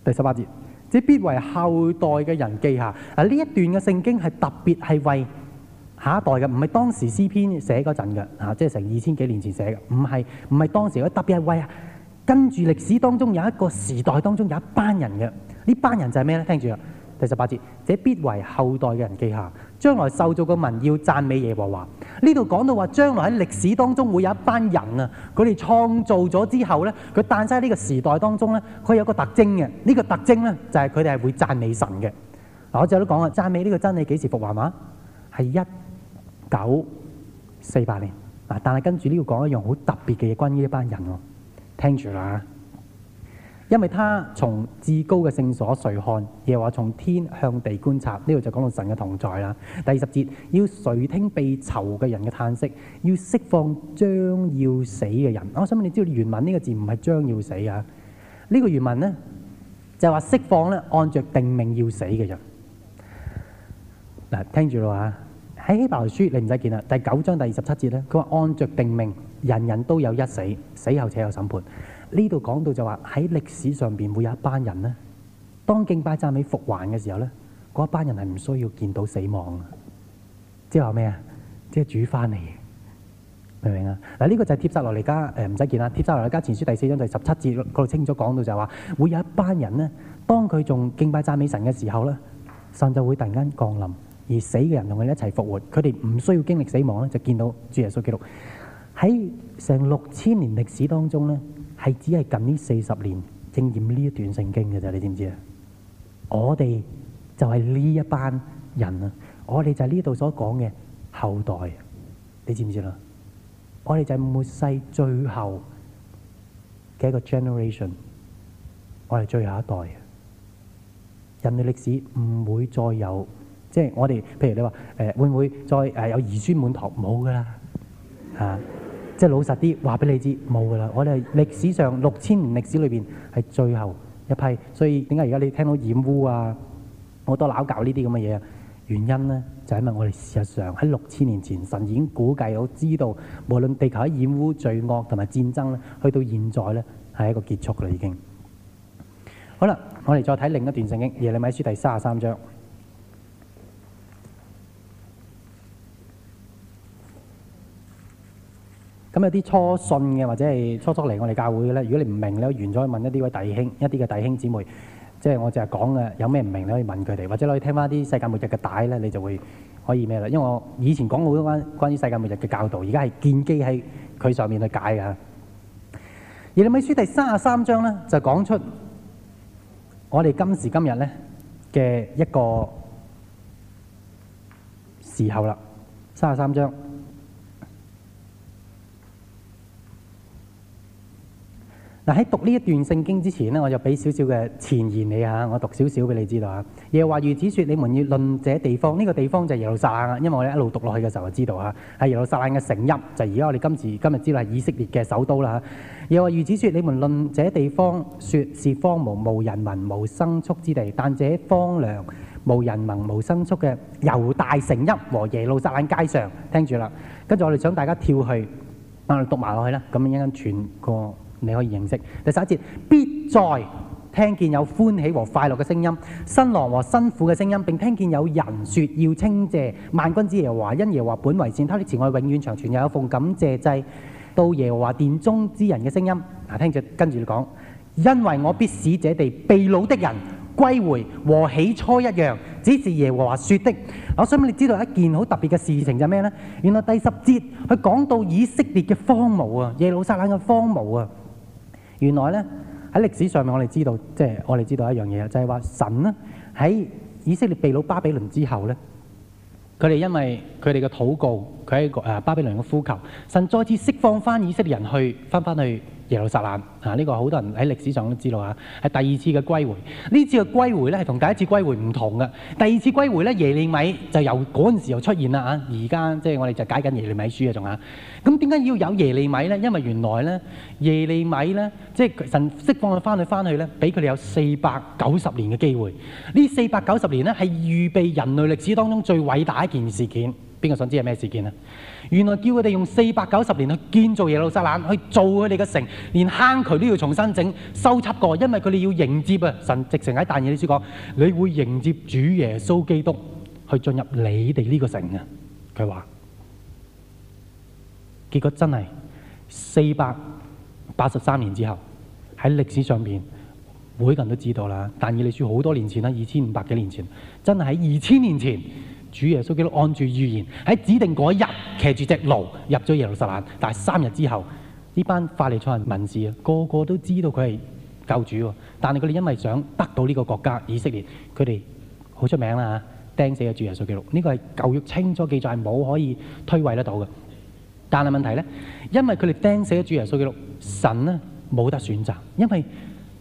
第十八節，這必為後代嘅人記下。啊，呢一段嘅聖經係特別係為下一代嘅，唔係當時詩篇寫嗰陣嘅嚇，即、就、係、是、成二千幾年前寫嘅，唔係唔係當時。我特別係為。跟住歷史當中有一個時代當中有一班人嘅，呢班人就係咩呢？聽住啊，第十八節，這必為後代嘅人記下，將來受造嘅民要讚美耶和華。呢度講到話，將來喺歷史當中會有一班人啊，佢哋創造咗之後呢，佢誕生喺呢個時代當中呢，佢有一個特徵嘅，呢個特徵呢，就係佢哋係會讚美神嘅。嗱，我最後都講啊，讚美呢個真理幾時復興啊？係一九四八年。嗱，但係跟住呢度講一樣好特別嘅嘢，關於一班人聽住啦，因為他從至高嘅聖所垂看，又話從天向地觀察，呢度就講到神嘅同在啦。第二十節，要垂聽被囚嘅人嘅嘆息，要釋放將要死嘅人。我想問你，知道原文呢個字唔係將要死啊？呢、這個原文咧就話，是，釋放咧，按着定命要死嘅人。嗱，聽住啦，喺希伯來書你唔使見啦，第九章第二十七節咧，佢話按着定命。人人都有一死，死後且有審判。呢度講到就話喺歷史上邊會有一班人呢，當敬拜讚美復還嘅時候呢，嗰一班人係唔需要見到死亡嘅，即係話咩啊？即係主翻嚟，明唔明啊？嗱，呢個就係帖撒羅尼迦，誒、欸，唔使見啦。帖撒羅尼迦前書第四章第十七節嗰度清楚講到就係話，會有一班人呢，當佢仲敬拜讚美神嘅時候呢，神就會突然間降臨，而死嘅人同佢一齊復活，佢哋唔需要經歷死亡咧，就見到主耶穌基督。喺成六千年歷史當中咧，係只係近呢四十年正驗呢一段聖經嘅啫，你知唔知啊？我哋就係呢一班人啊，我哋就係呢度所講嘅後代，你知唔知啦？我哋就係末世最後嘅一個 generation，我哋最後一代啊！人類歷史唔會再有，即係我哋，譬如你話誒，會唔會再誒有兒孫滿堂冇噶啦啊？即係老實啲，話俾你知冇噶啦。我哋係歷史上六千年歷史裏邊係最後一批，所以點解而家你聽到染污啊，好多撈搞呢啲咁嘅嘢？原因咧就係、是、因為我哋事實上喺六千年前神已經估計好，知道無論地球喺染污、罪惡同埋戰爭咧，去到現在咧係一個結束噶啦，已經好啦。我哋再睇另一段聖經，耶利米書第三十三章。咁有啲初信嘅或者係初初嚟我哋教會嘅咧，如果你唔明咧，完咗可以原問一啲位弟兄、一啲嘅弟兄姊妹，即係我淨係講嘅，有咩唔明你可以問佢哋，或者你可以聽翻啲世界末日嘅帶咧，你就會可以咩啦。因為我以前講好多關關於世界末日嘅教導，而家係建基喺佢上面去解嘅。而《耶利米書》第三十三章咧，就講出我哋今時今日咧嘅一個時候啦，三十三章。喺讀呢一段聖經之前咧，我就俾少少嘅前言你嚇。我讀少少俾，你知道嚇。耶和華如此説，你們要論這地方，呢個地方就耶路撒冷啊。因為我哋一路讀落去嘅時候就知道嚇，係耶路撒冷嘅城邑，就係而家我哋今次今日知道係以色列嘅首都啦嚇。耶和華如此説，你們論這地方，説是荒無無人民無牲畜之地，但這荒涼無人民無牲畜嘅猶大城邑和耶路撒冷街上，聽住啦。跟住我哋想大家跳去啊，我哋讀埋落去啦。咁樣一陣全個。你可以認識。第十一節必再聽見有歡喜和快樂嘅聲音、新郎和新婦嘅聲音，並聽見有人說要稱謝萬軍之耶和華，因耶和華本為善，他啲慈愛永遠長存，又有奉感謝祭到耶和華殿中之人嘅聲音。嗱，聽住跟住嚟講，因為我必使這地被擄的人歸回和起初一樣，只是耶和華說的。我想問你知道一件好特別嘅事情就咩咧？原來第十節佢講到以色列嘅荒蕪啊，耶路撒冷嘅荒蕪啊。原來咧喺歷史上面，我哋知道，即係我哋知道一樣嘢就係話神呢，喺以色列被擄巴比倫之後咧，佢哋因為佢哋嘅禱告，佢喺誒巴比倫嘅呼求，神再次釋放翻以色列人去翻翻去。耶路撒冷嚇，呢、啊呢個好多人喺歷史上都知道嚇，係第二次嘅歸回。次歸回呢次嘅歸回咧，係同第一次歸回唔同嘅。第二次歸回咧，耶利米就由嗰陣時候又出現啦嚇。而、啊、家即係我哋就解緊耶利米書啊仲嚇。咁點解要有耶利米咧？因為原來咧，耶利米咧，即係神釋放佢翻去翻去咧，俾佢哋有四百九十年嘅機會。這呢四百九十年咧，係預備人類歷史當中最偉大一件事件。邊個想知係咩事件啊？原來叫佢哋用四百九十年去建造耶路撒冷，去做佢哋嘅城，連坑渠都要重新整修葺過，因為佢哋要迎接啊神。直情喺但以理書講，你會迎接主耶穌基督去進入你哋呢個城啊！佢話，結果真係四百八十三年之後，喺歷史上面，每個人都知道啦。但以理書好多年前啦，二千五百幾年前，真係喺二千年前。主耶穌基督按住預言喺指定嗰一日騎住隻驢入咗耶路撒冷，但係三日之後呢班法利賽人文士啊個個都知道佢係救主，但係佢哋因為想得到呢個國家以色列，佢哋好出名啦嚇，釘死咗主耶穌基督。呢個係舊約清楚記載，係冇可以推諉得到嘅。但係問題呢，因為佢哋釘死咗主耶穌基督，神呢冇得選擇，因為。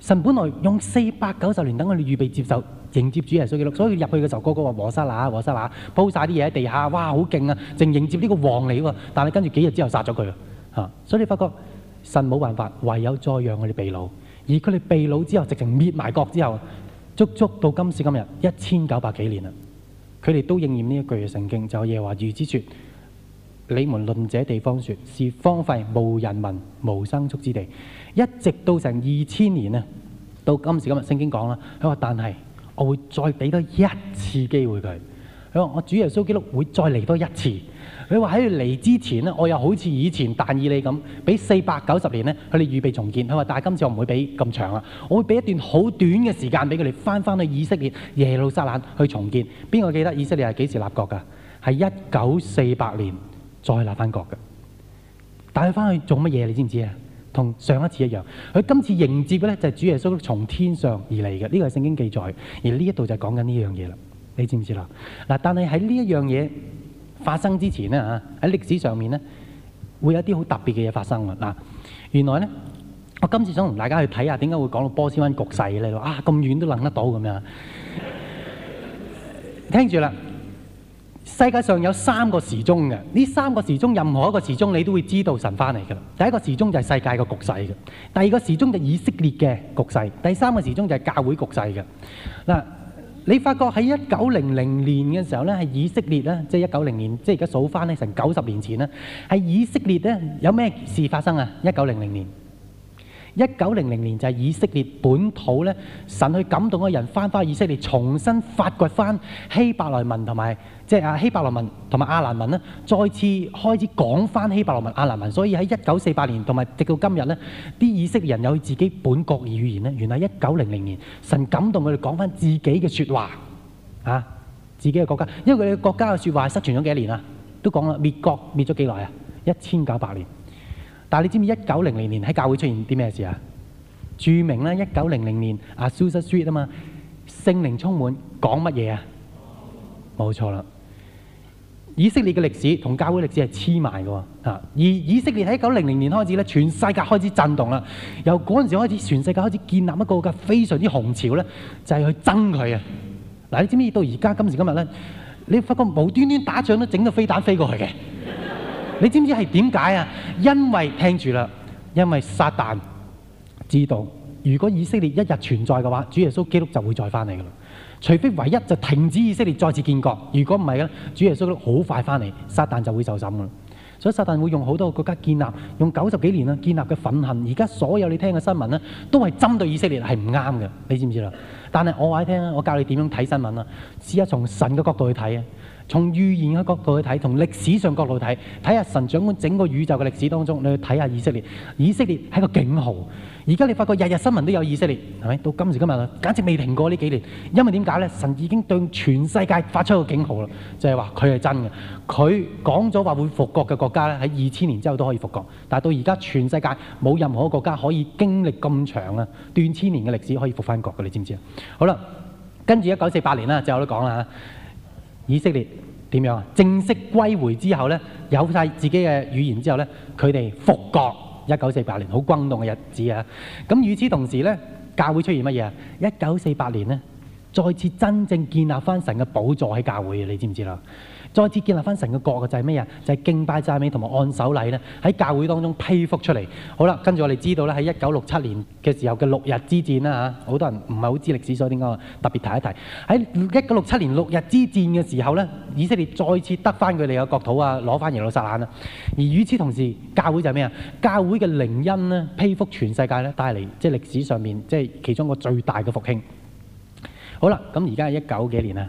神本來用四百九十年等我哋預備接受迎接主耶穌基督，所以入去嘅時候，個個話和散那，和散那，鋪晒啲嘢喺地下，哇，好勁啊，淨迎接呢個王嚟喎。但係跟住幾日之後殺咗佢啊，所以你發覺神冇辦法，唯有再讓佢哋被擄，而佢哋被擄之後，直情滅埋國之後，足足到今時今日一千九百幾年啦，佢哋都應驗呢一句嘅聖經，就耶和華如此說：你們論這地方說是荒廢無人民無牲畜之地。一直到成二千年咧，到今時今日，聖經講啦，佢話：但係我會再俾多一次機會佢。佢話：我主耶穌基督會再嚟多一次。佢話喺佢嚟之前呢，我又好似以前但以理咁，俾四百九十年呢，佢哋預備重建。佢話：但係今次我唔會俾咁長啦，我會俾一段好短嘅時間俾佢哋翻翻去以色列耶路撒冷去重建。邊個記得以色列係幾時立國㗎？係一九四八年再立翻國㗎。但係翻去做乜嘢？你知唔知啊？同上一次一樣，佢今次迎接嘅呢，就係主耶穌從天上而嚟嘅。呢個係聖經記載，而呢度就講緊呢樣嘢啦，你知唔知啦。但係喺呢樣嘢發生之前呢，喺歷史上面呢，會有一啲好特別嘅嘢發生啦。原來呢，我今次想同大家去睇下啊，點解會講到波斯灣局勢，啊，咁遠都諗得到咁樣，聽住啦世界上有三個時鐘嘅，呢三個時鐘，任何一個時鐘，你都會知道神翻嚟噶啦。第一個時鐘就係世界嘅局勢嘅，第二個時鐘就以色列嘅局勢，第三個時鐘就係教會局勢嘅嗱。你發覺喺一九零零年嘅時候呢，係以色列呢，即係一九零年，即係而家數翻呢，成九十年前呢，係以色列呢，有咩事發生啊？一九零零年，一九零零年就係以色列本土呢，神去感動嘅人翻返以色列，重新發掘翻希伯來文同埋。即、就、係、是、希伯來文同埋阿蘭文呢，再次開始講翻希伯來文、阿蘭文。所以喺一九四八年同埋直到今日呢，啲意色人有自己本國語言咧。原係一九零零年，神感動佢哋講翻自己嘅説話啊，自己嘅國家。因為佢哋國家嘅説話失傳咗幾年啊，都講啦，滅國滅咗幾耐啊？一千九百年。但係你知唔知一九零零年喺教會出現啲咩事啊？著名啦，一九零零年阿蘇 e e t 啊嘛，性靈充滿講乜嘢啊？冇錯啦。以色列嘅歷史同教會歷史係黐埋嘅喎，啊，而以色列喺一九零零年開始呢，全世界開始震動啦。由嗰陣時開始，全世界開始建立一個非常之紅潮就係、是、去爭佢嘅。嗱、啊，你知唔知道到而家今時今日呢，你發覺無端端打仗都整個飛彈飛過去嘅。 你知唔知係點解呀？因為聽住了，因為撒旦知道，如果以色列一日存在嘅話，主耶穌基督就會再翻嚟嘅。除非唯一就停止以色列再次建國，如果唔係咧，主耶穌都好快翻嚟，撒旦就會受審噶啦。所以撒旦會用好多國家建立，用九十幾年啦建立嘅憤恨，而家所有你聽嘅新聞咧，都係針對以色列係唔啱嘅，你知唔知啦？但係我話你聽啊，我教你點樣睇新聞啦。試下從神嘅角度去睇啊，從預言嘅角度去睇，從歷史上角度去睇，睇下神掌管整個宇宙嘅歷史當中，你去睇下以色列，以色列係個警號。而家你發覺日日新聞都有以色列，係咪？到今時今日啊，簡直未停過呢幾年，因為點解咧？神已經對全世界發出一個警號啦，就係話佢係真嘅。佢講咗話會復國嘅國家咧，喺二千年之後都可以復國，但係到而家全世界冇任何一個國家可以經歷咁長啊，斷千年嘅歷史可以復翻國嘅，你知唔知啊？好啦，跟住一九四八年啦，就我都講啦嚇，以色列點樣啊？正式歸回之後咧，有晒自己嘅語言之後咧，佢哋復國。一九四八年，好轟動嘅日子啊！咁與此同時咧，教會出現乜嘢啊？一九四八年咧，再次真正建立翻神嘅寶座喺教會啊！你知唔知啦？再次建立翻成個國嘅就係咩啊？就係、是、敬拜讚美同埋按手禮咧，喺教會當中批覆出嚟。好啦，跟住我哋知道咧，喺一九六七年嘅時候嘅六日之戰啦嚇，好多人唔係好知道歷史，所以點講特別提一提喺一九六七年六日之戰嘅時候咧，以色列再次得翻佢哋嘅國土啊，攞翻耶路撒冷啊。而與此同時，教會就係咩啊？教會嘅靈恩咧，批覆全世界咧，帶嚟即係歷史上面即係其中一個最大嘅復興。好啦，咁而家係一九幾年啊？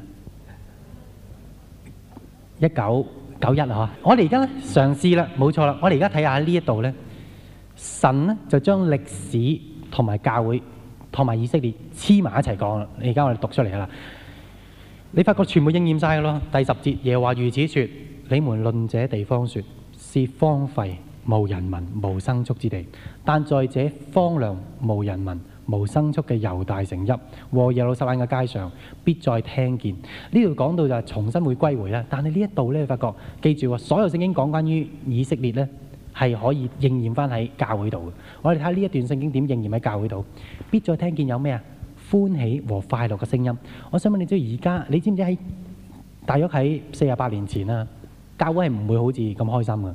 一九九一啊，我哋而家咧嘗試啦，冇錯啦，我哋而家睇下呢一度咧，神咧就將歷史同埋教會同埋以色列黐埋一齊講啦。你而家我哋讀出嚟啦，你發覺全部應驗晒噶咯。第十節耶和華如此説，你們論這地方説是荒廢無人民、無生畜之地，但在這荒涼無人民。無牲畜嘅猶大城邑和耶路撒冷嘅街上必再聽見，呢度講到就係重新會歸回啦，但係呢一度咧發覺，記住啊，所有聖經講關於以色列咧係可以應驗翻喺教會度嘅。我哋睇下呢一段聖經點應驗喺教會度，必再聽見有咩啊歡喜和快樂嘅聲音。我想問你，即係而家你知唔知喺大約喺四十八年前啊，教會係唔會好似咁開心嘅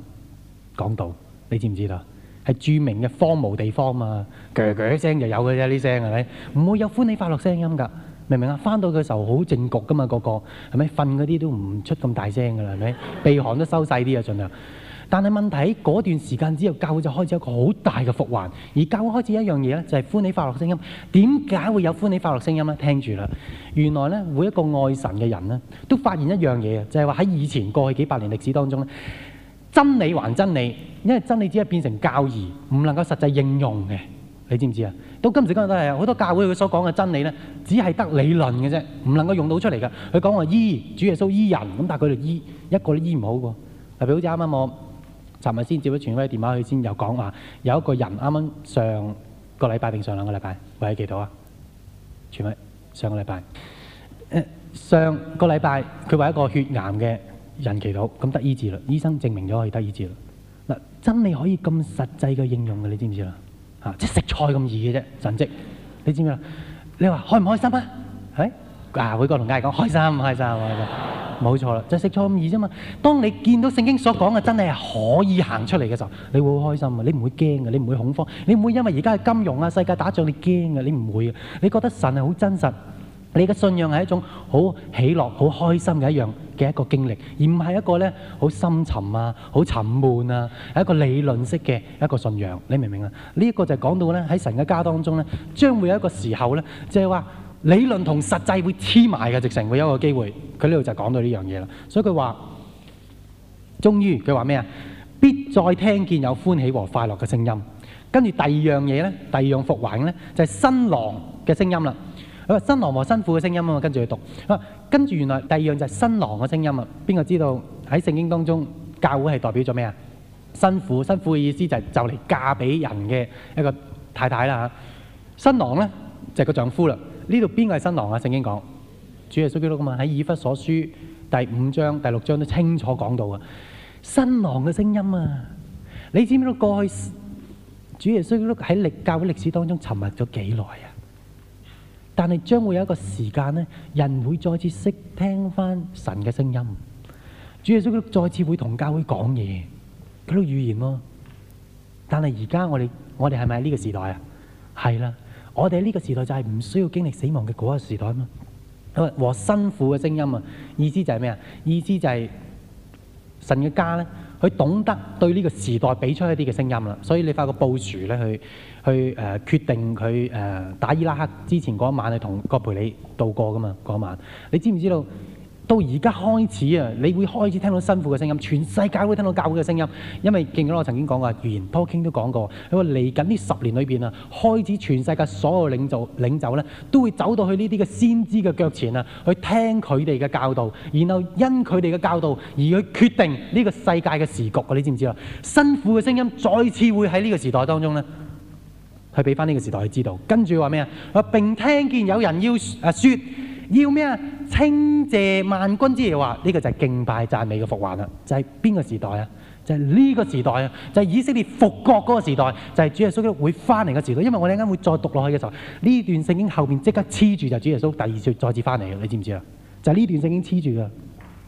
講到，你知唔知道？係著名嘅荒蕪地方嘛，啊，噠噠聲就有嘅啫，呢聲係咪？唔會有歡喜快樂聲音㗎，明唔明啊？返到嘅時候好靜局㗎嘛，個個係咪？瞓嗰啲都唔出咁大聲㗎啦，係咪？鼻鼾都收細啲啊，盡量。但係問題嗰段時間之後，教會就開始一個好大嘅復興，而教會開始一樣嘢咧，就係、是、歡喜快樂聲音。點解會有歡喜快樂聲音咧？聽住啦，原來咧每一個愛神嘅人咧，都發現一樣嘢啊，就係話喺以前過去幾百年歷史當中咧，真理還真理。因為真理只係變成教義，唔能夠實際應用嘅。你知唔知啊？到今時今日都係好多教會佢所講嘅真理咧，只係得理論嘅啫，唔能夠用到出嚟嘅。佢講話醫主耶穌醫人，咁但係佢哋醫一個都醫唔好嘅。特別好似啱啱我尋日先接咗傳威電話去，佢先又講話有一個人啱啱上個禮拜定上兩個禮拜喂，咗祈禱啊，傳威上個禮拜上個禮拜佢話一個血癌嘅人祈禱，咁得醫治啦，醫生證明咗佢得醫治啦。真係可以咁實際嘅應用嘅，你知唔知啊？嚇，即係食菜咁易嘅啫，神跡。你知唔知啊？你話開唔開心啊？誒，啊，每個同街講開心唔開心啊？冇錯啦，就食菜咁易啫嘛。當你見到聖經所講嘅真係可以行出嚟嘅時候，你會好開心啊！你唔會驚嘅，你唔會恐慌，你唔會因為而家嘅金融啊、世界打仗你驚嘅，你唔會嘅。你覺得神係好真實。你嘅信仰係一種好喜樂、好開心嘅一樣嘅一個經歷，而唔係一個咧好深沉啊、好沉悶啊，係一個理論式嘅一個信仰。你明唔明啊？呢一個就講到咧喺神嘅家當中咧，將會有一個時候咧，即係話理論同實際會黐埋嘅，直情會有一個機會。佢呢度就講到呢樣嘢啦。所以佢話，終於佢話咩啊？必再聽見有歡喜和快樂嘅聲音。跟住第二樣嘢咧，第二樣復還咧，就係新郎嘅聲音啦。咁啊，新郎和新婦嘅聲音啊嘛，跟住去讀。啊，跟住原來第二樣就係新郎嘅聲音啊。邊個知道喺聖經當中教會係代表咗咩啊？新婦，新婦嘅意思就係就嚟嫁俾人嘅一個太太啦嚇。新郎咧就係個丈夫啦。呢度邊個係新郎啊？聖經講主耶穌基督啊嘛，喺以弗所書第五章、第六章都清楚講到啊。新郎嘅聲音啊，你知唔知道過去主耶穌基督喺歷教會歷史當中沉默咗幾耐啊？但係將會有一個時間咧，人會再次識聽翻神嘅聲音。主耶穌佢再次會同教會講嘢，佢都預言喎。但係而家我哋我哋係咪喺呢個時代啊？係啦，我哋喺呢個時代就係唔需要經歷死亡嘅嗰個時代啊。因為和辛苦嘅聲音啊，意思就係咩啊？意思就係神嘅家咧。佢懂得對呢個時代俾出一啲嘅聲音啦，所以你發覺部署布殊咧去去誒決定佢誒、呃、打伊拉克之前嗰一晚係同葛培理度過噶嘛嗰一晚，你知唔知道？到而家開始啊，你會開始聽到辛苦嘅聲音，全世界會聽到教會嘅聲音，因為見到我曾經講過，預言 Paul King 都講過，佢話嚟緊呢十年裏邊啊，開始全世界所有領袖領袖咧，都會走到去呢啲嘅先知嘅腳前啊，去聽佢哋嘅教導，然後因佢哋嘅教導而去決定呢個世界嘅時局嘅，你知唔知啊？辛苦嘅聲音再次會喺呢個時代當中咧，去俾翻呢個時代去知道。跟住話咩啊？話並聽見有人要誒説。啊要咩啊？稱謝萬軍之言話，呢、這個就係敬拜讚美嘅復興啦！就係、是、邊個時代啊？就係、是、呢個時代、啊、就係、是、以色列復國嗰個時代，就係、是、主耶穌會返嚟嘅時代。因為我哋一陣間會再讀落去嘅時候，呢段聖經後面即刻黐住就主耶穌第二次再次返嚟。你知唔知道？就係、是、呢段聖經黐住嘅。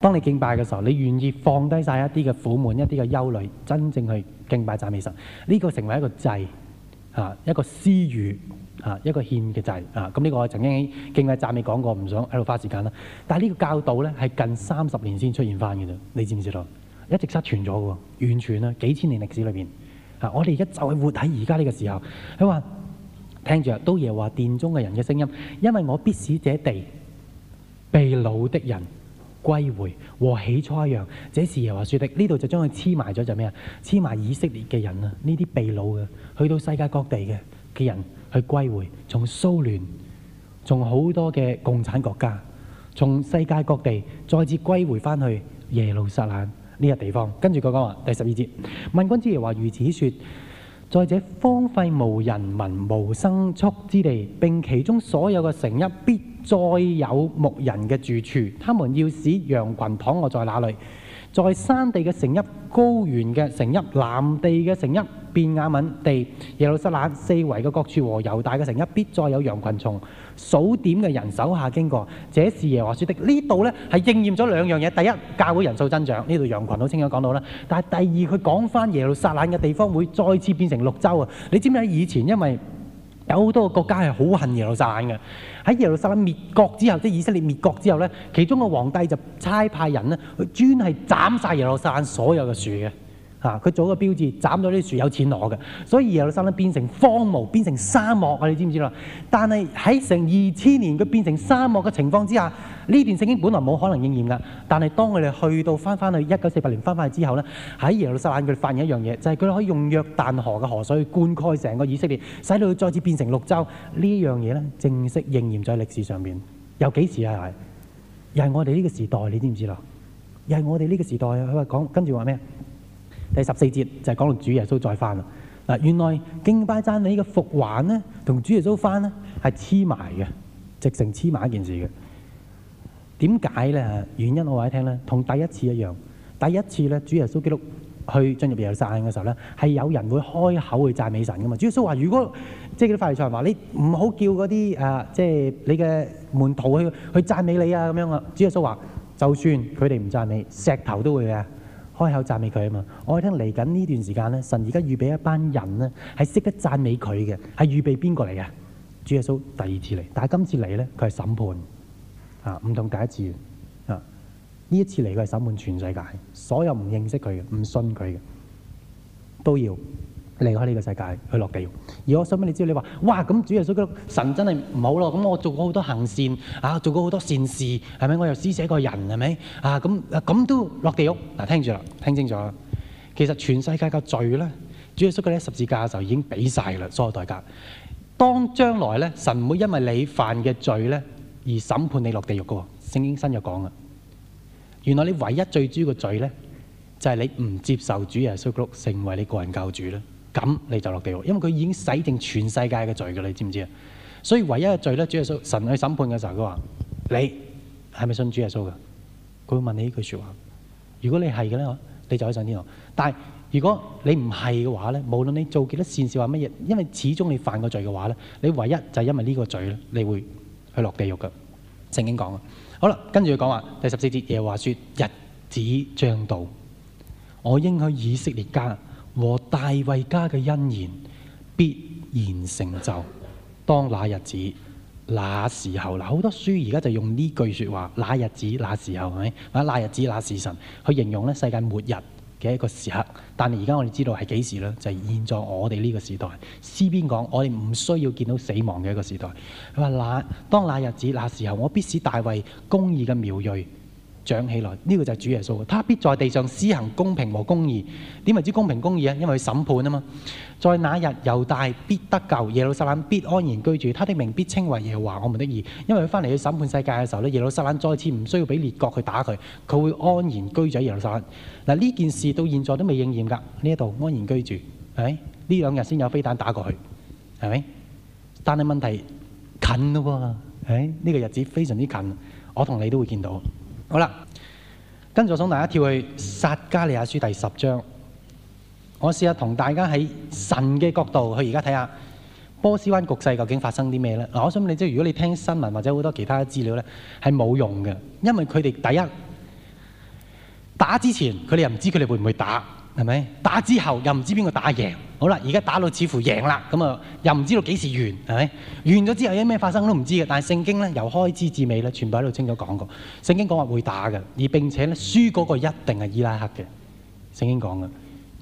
當你敬拜嘅時候，你願意放低晒一啲嘅苦悶、一啲嘅憂慮，真正去敬拜讚美神，呢、這個成為一個祭啊，一個施予啊，一個獻嘅祭啊。咁、這、呢個我曾經喺敬拜讚美講過，唔想喺度花時間啦。但係呢個教導咧，係近三十年先出現翻嘅啫。你知唔知道？一直失傳咗嘅，完全啦，幾千年歷史裏邊啊，我哋而家就係活喺而家呢個時候。佢話聽著，都耶話殿中嘅人嘅聲音，因為我必使這地被擄的人。歸回和起初一樣，這是耶和華説的。呢度就將佢黐埋咗，就咩啊？黐埋以色列嘅人啊，呢啲被擄嘅，去到世界各地嘅嘅人去歸回，從蘇聯，從好多嘅共產國家，從世界各地再次歸回返去耶路撒冷呢個地方。跟住佢講話，第十二節，萬軍之耶和華如此説：在這荒廢無人民無牲畜之地，並其中所有嘅城邑必。再有牧人嘅住處，他們要使羊群躺臥在哪裏？在山地嘅成邑、高原嘅成邑、南地嘅成邑、便雅憫地耶路撒冷四圍嘅各處和猶大嘅成邑，必再有羊群從數點嘅人手下經過。這是耶和華說的。呢度呢，係應驗咗兩樣嘢，第一，教會人數增長，呢度羊群都清楚講到啦。但係第二，佢講翻耶路撒冷嘅地方會再次變成綠洲啊！你知唔知以前因為？有好多個國家係好恨耶路撒冷嘅，喺耶路撒冷滅國之後，即以色列滅國之後呢，其中個皇帝就差派人咧，佢專係斬曬耶路撒冷所有嘅樹。嚇！佢做個標誌，斬咗啲樹，有錢攞嘅，所以耶路撒冷變成荒無，變成沙漠啊！你知唔知啦？但係喺成二千年佢變成沙漠嘅情況之下，呢段聖經本來冇可能應驗噶。但係當佢哋去到翻翻去一九四八年翻翻去之後咧，喺耶路撒冷佢哋發現一樣嘢，就係、是、佢可以用約旦河嘅河水灌溉成個以色列，使到佢再次變成綠洲呢樣嘢咧，這件事正式應驗在歷史上面。有幾時啊？係又係我哋呢個時代，你知唔知啦？又係我哋呢個時代，佢話講跟住話咩？第十四節就係、是、講到主耶穌再返啦。嗱，原來敬拜讚美嘅復還咧，同主耶穌返咧係黐埋嘅，直成黐埋一件事嘅。點解咧？原因我話你聽咧，同第一次一樣。第一次咧，主耶穌基督去進入耶路撒冷嘅時候咧，係有人會開口去讚美神㗎嘛。主耶穌話：如果即係啲法利賽人話你唔好叫嗰啲誒，即係你嘅、呃、門徒去去讚美你啊咁樣啊。主耶穌話：就算佢哋唔讚美，石頭都會嘅。開口讚美佢啊嘛！我聽嚟緊呢段時間神而家預備一班人呢，係識得讚美佢嘅，係預備邊個嚟嘅？主耶穌第二次嚟，但係今次嚟呢，佢係審判，啊唔同第一次啊！呢一次嚟佢係審判全世界，所有唔認識佢嘅、唔信佢嘅，都要離開呢個世界去落地獄。如果收屘你知道你話：哇！咁主耶穌基督神真係唔好咯。咁我做過好多行善啊，做過好多善事，係咪？我又施捨一個人，係咪？啊咁咁、啊、都落地獄嗱、啊。聽住啦，聽清楚。其實全世界嘅罪咧，主耶穌基督十字架就已經俾晒啦，所有代價。當將來咧，神唔會因為你犯嘅罪咧而審判你落地獄嘅。聖經新約講啊，原來你唯一最主要嘅罪咧，就係、是、你唔接受主耶穌基督成為你個人救主啦。咁你就落地獄，因為佢已經洗定全世界嘅罪噶，你知唔知啊？所以唯一嘅罪咧，主耶穌神去審判嘅時候，佢話你係咪信主耶穌噶？佢會問你呢句說話。如果你係嘅咧，你就可以上天堂。但係如果你唔係嘅話咧，無論你做幾多善事或乜嘢，因為始終你犯過罪嘅話咧，你唯一就係因為呢個罪咧，你會去落地獄噶。聖經講啊。好啦，跟住佢講話第十四節，耶和華說日子將到，我應許以色列家和大衛家嘅恩言必然成就。當那日子，那時候嗱，好多書而家就用呢句說話，那日子那時候係咪？或者那日子那時辰，去形容咧世界末日嘅一個時刻。但係而家我哋知道係幾時啦？就係現在我哋呢個時代。詩篇講，我哋唔需要見到死亡嘅一個時代。佢話那當那日子那時候，我必使大衛公義嘅苗裔。長起來呢個就係主耶穌，他必在地上施行公平和公義。點為之公平公義啊？因為佢審判啊嘛。在那日猶大必得救，耶路撒冷必安然居住，他的名必稱為耶和華我們的義。因為佢翻嚟去審判世界嘅時候咧，耶路撒冷再次唔需要俾列國去打佢，佢會安然居住喺耶路撒冷。嗱，呢件事到現在都未應驗噶呢一度安然居住，係咪？呢兩日先有飛彈打過去，係咪？但係問題近咯喎，誒，呢個日子非常之近，我同你都會見到。好啦，跟住我送大家跳去撒迦利亞書第十章，我試下同大家喺神嘅角度去而家睇下波斯灣局勢究竟發生啲咩呢？我想你，即係如果你聽新聞或者好多其他資料呢，係冇用嘅，因為佢哋第一打之前，佢哋又唔知佢哋會唔會打。係咪？打之後又唔知邊個打贏？好啦，而家打到似乎贏啦，咁啊又唔知道幾時完，係咪？完咗之後有咩發生都唔知嘅。但係聖經咧由開始至尾咧，全部喺度清楚講過。聖經講話會打嘅，而並且咧輸嗰個一定係伊拉克嘅。聖經講嘅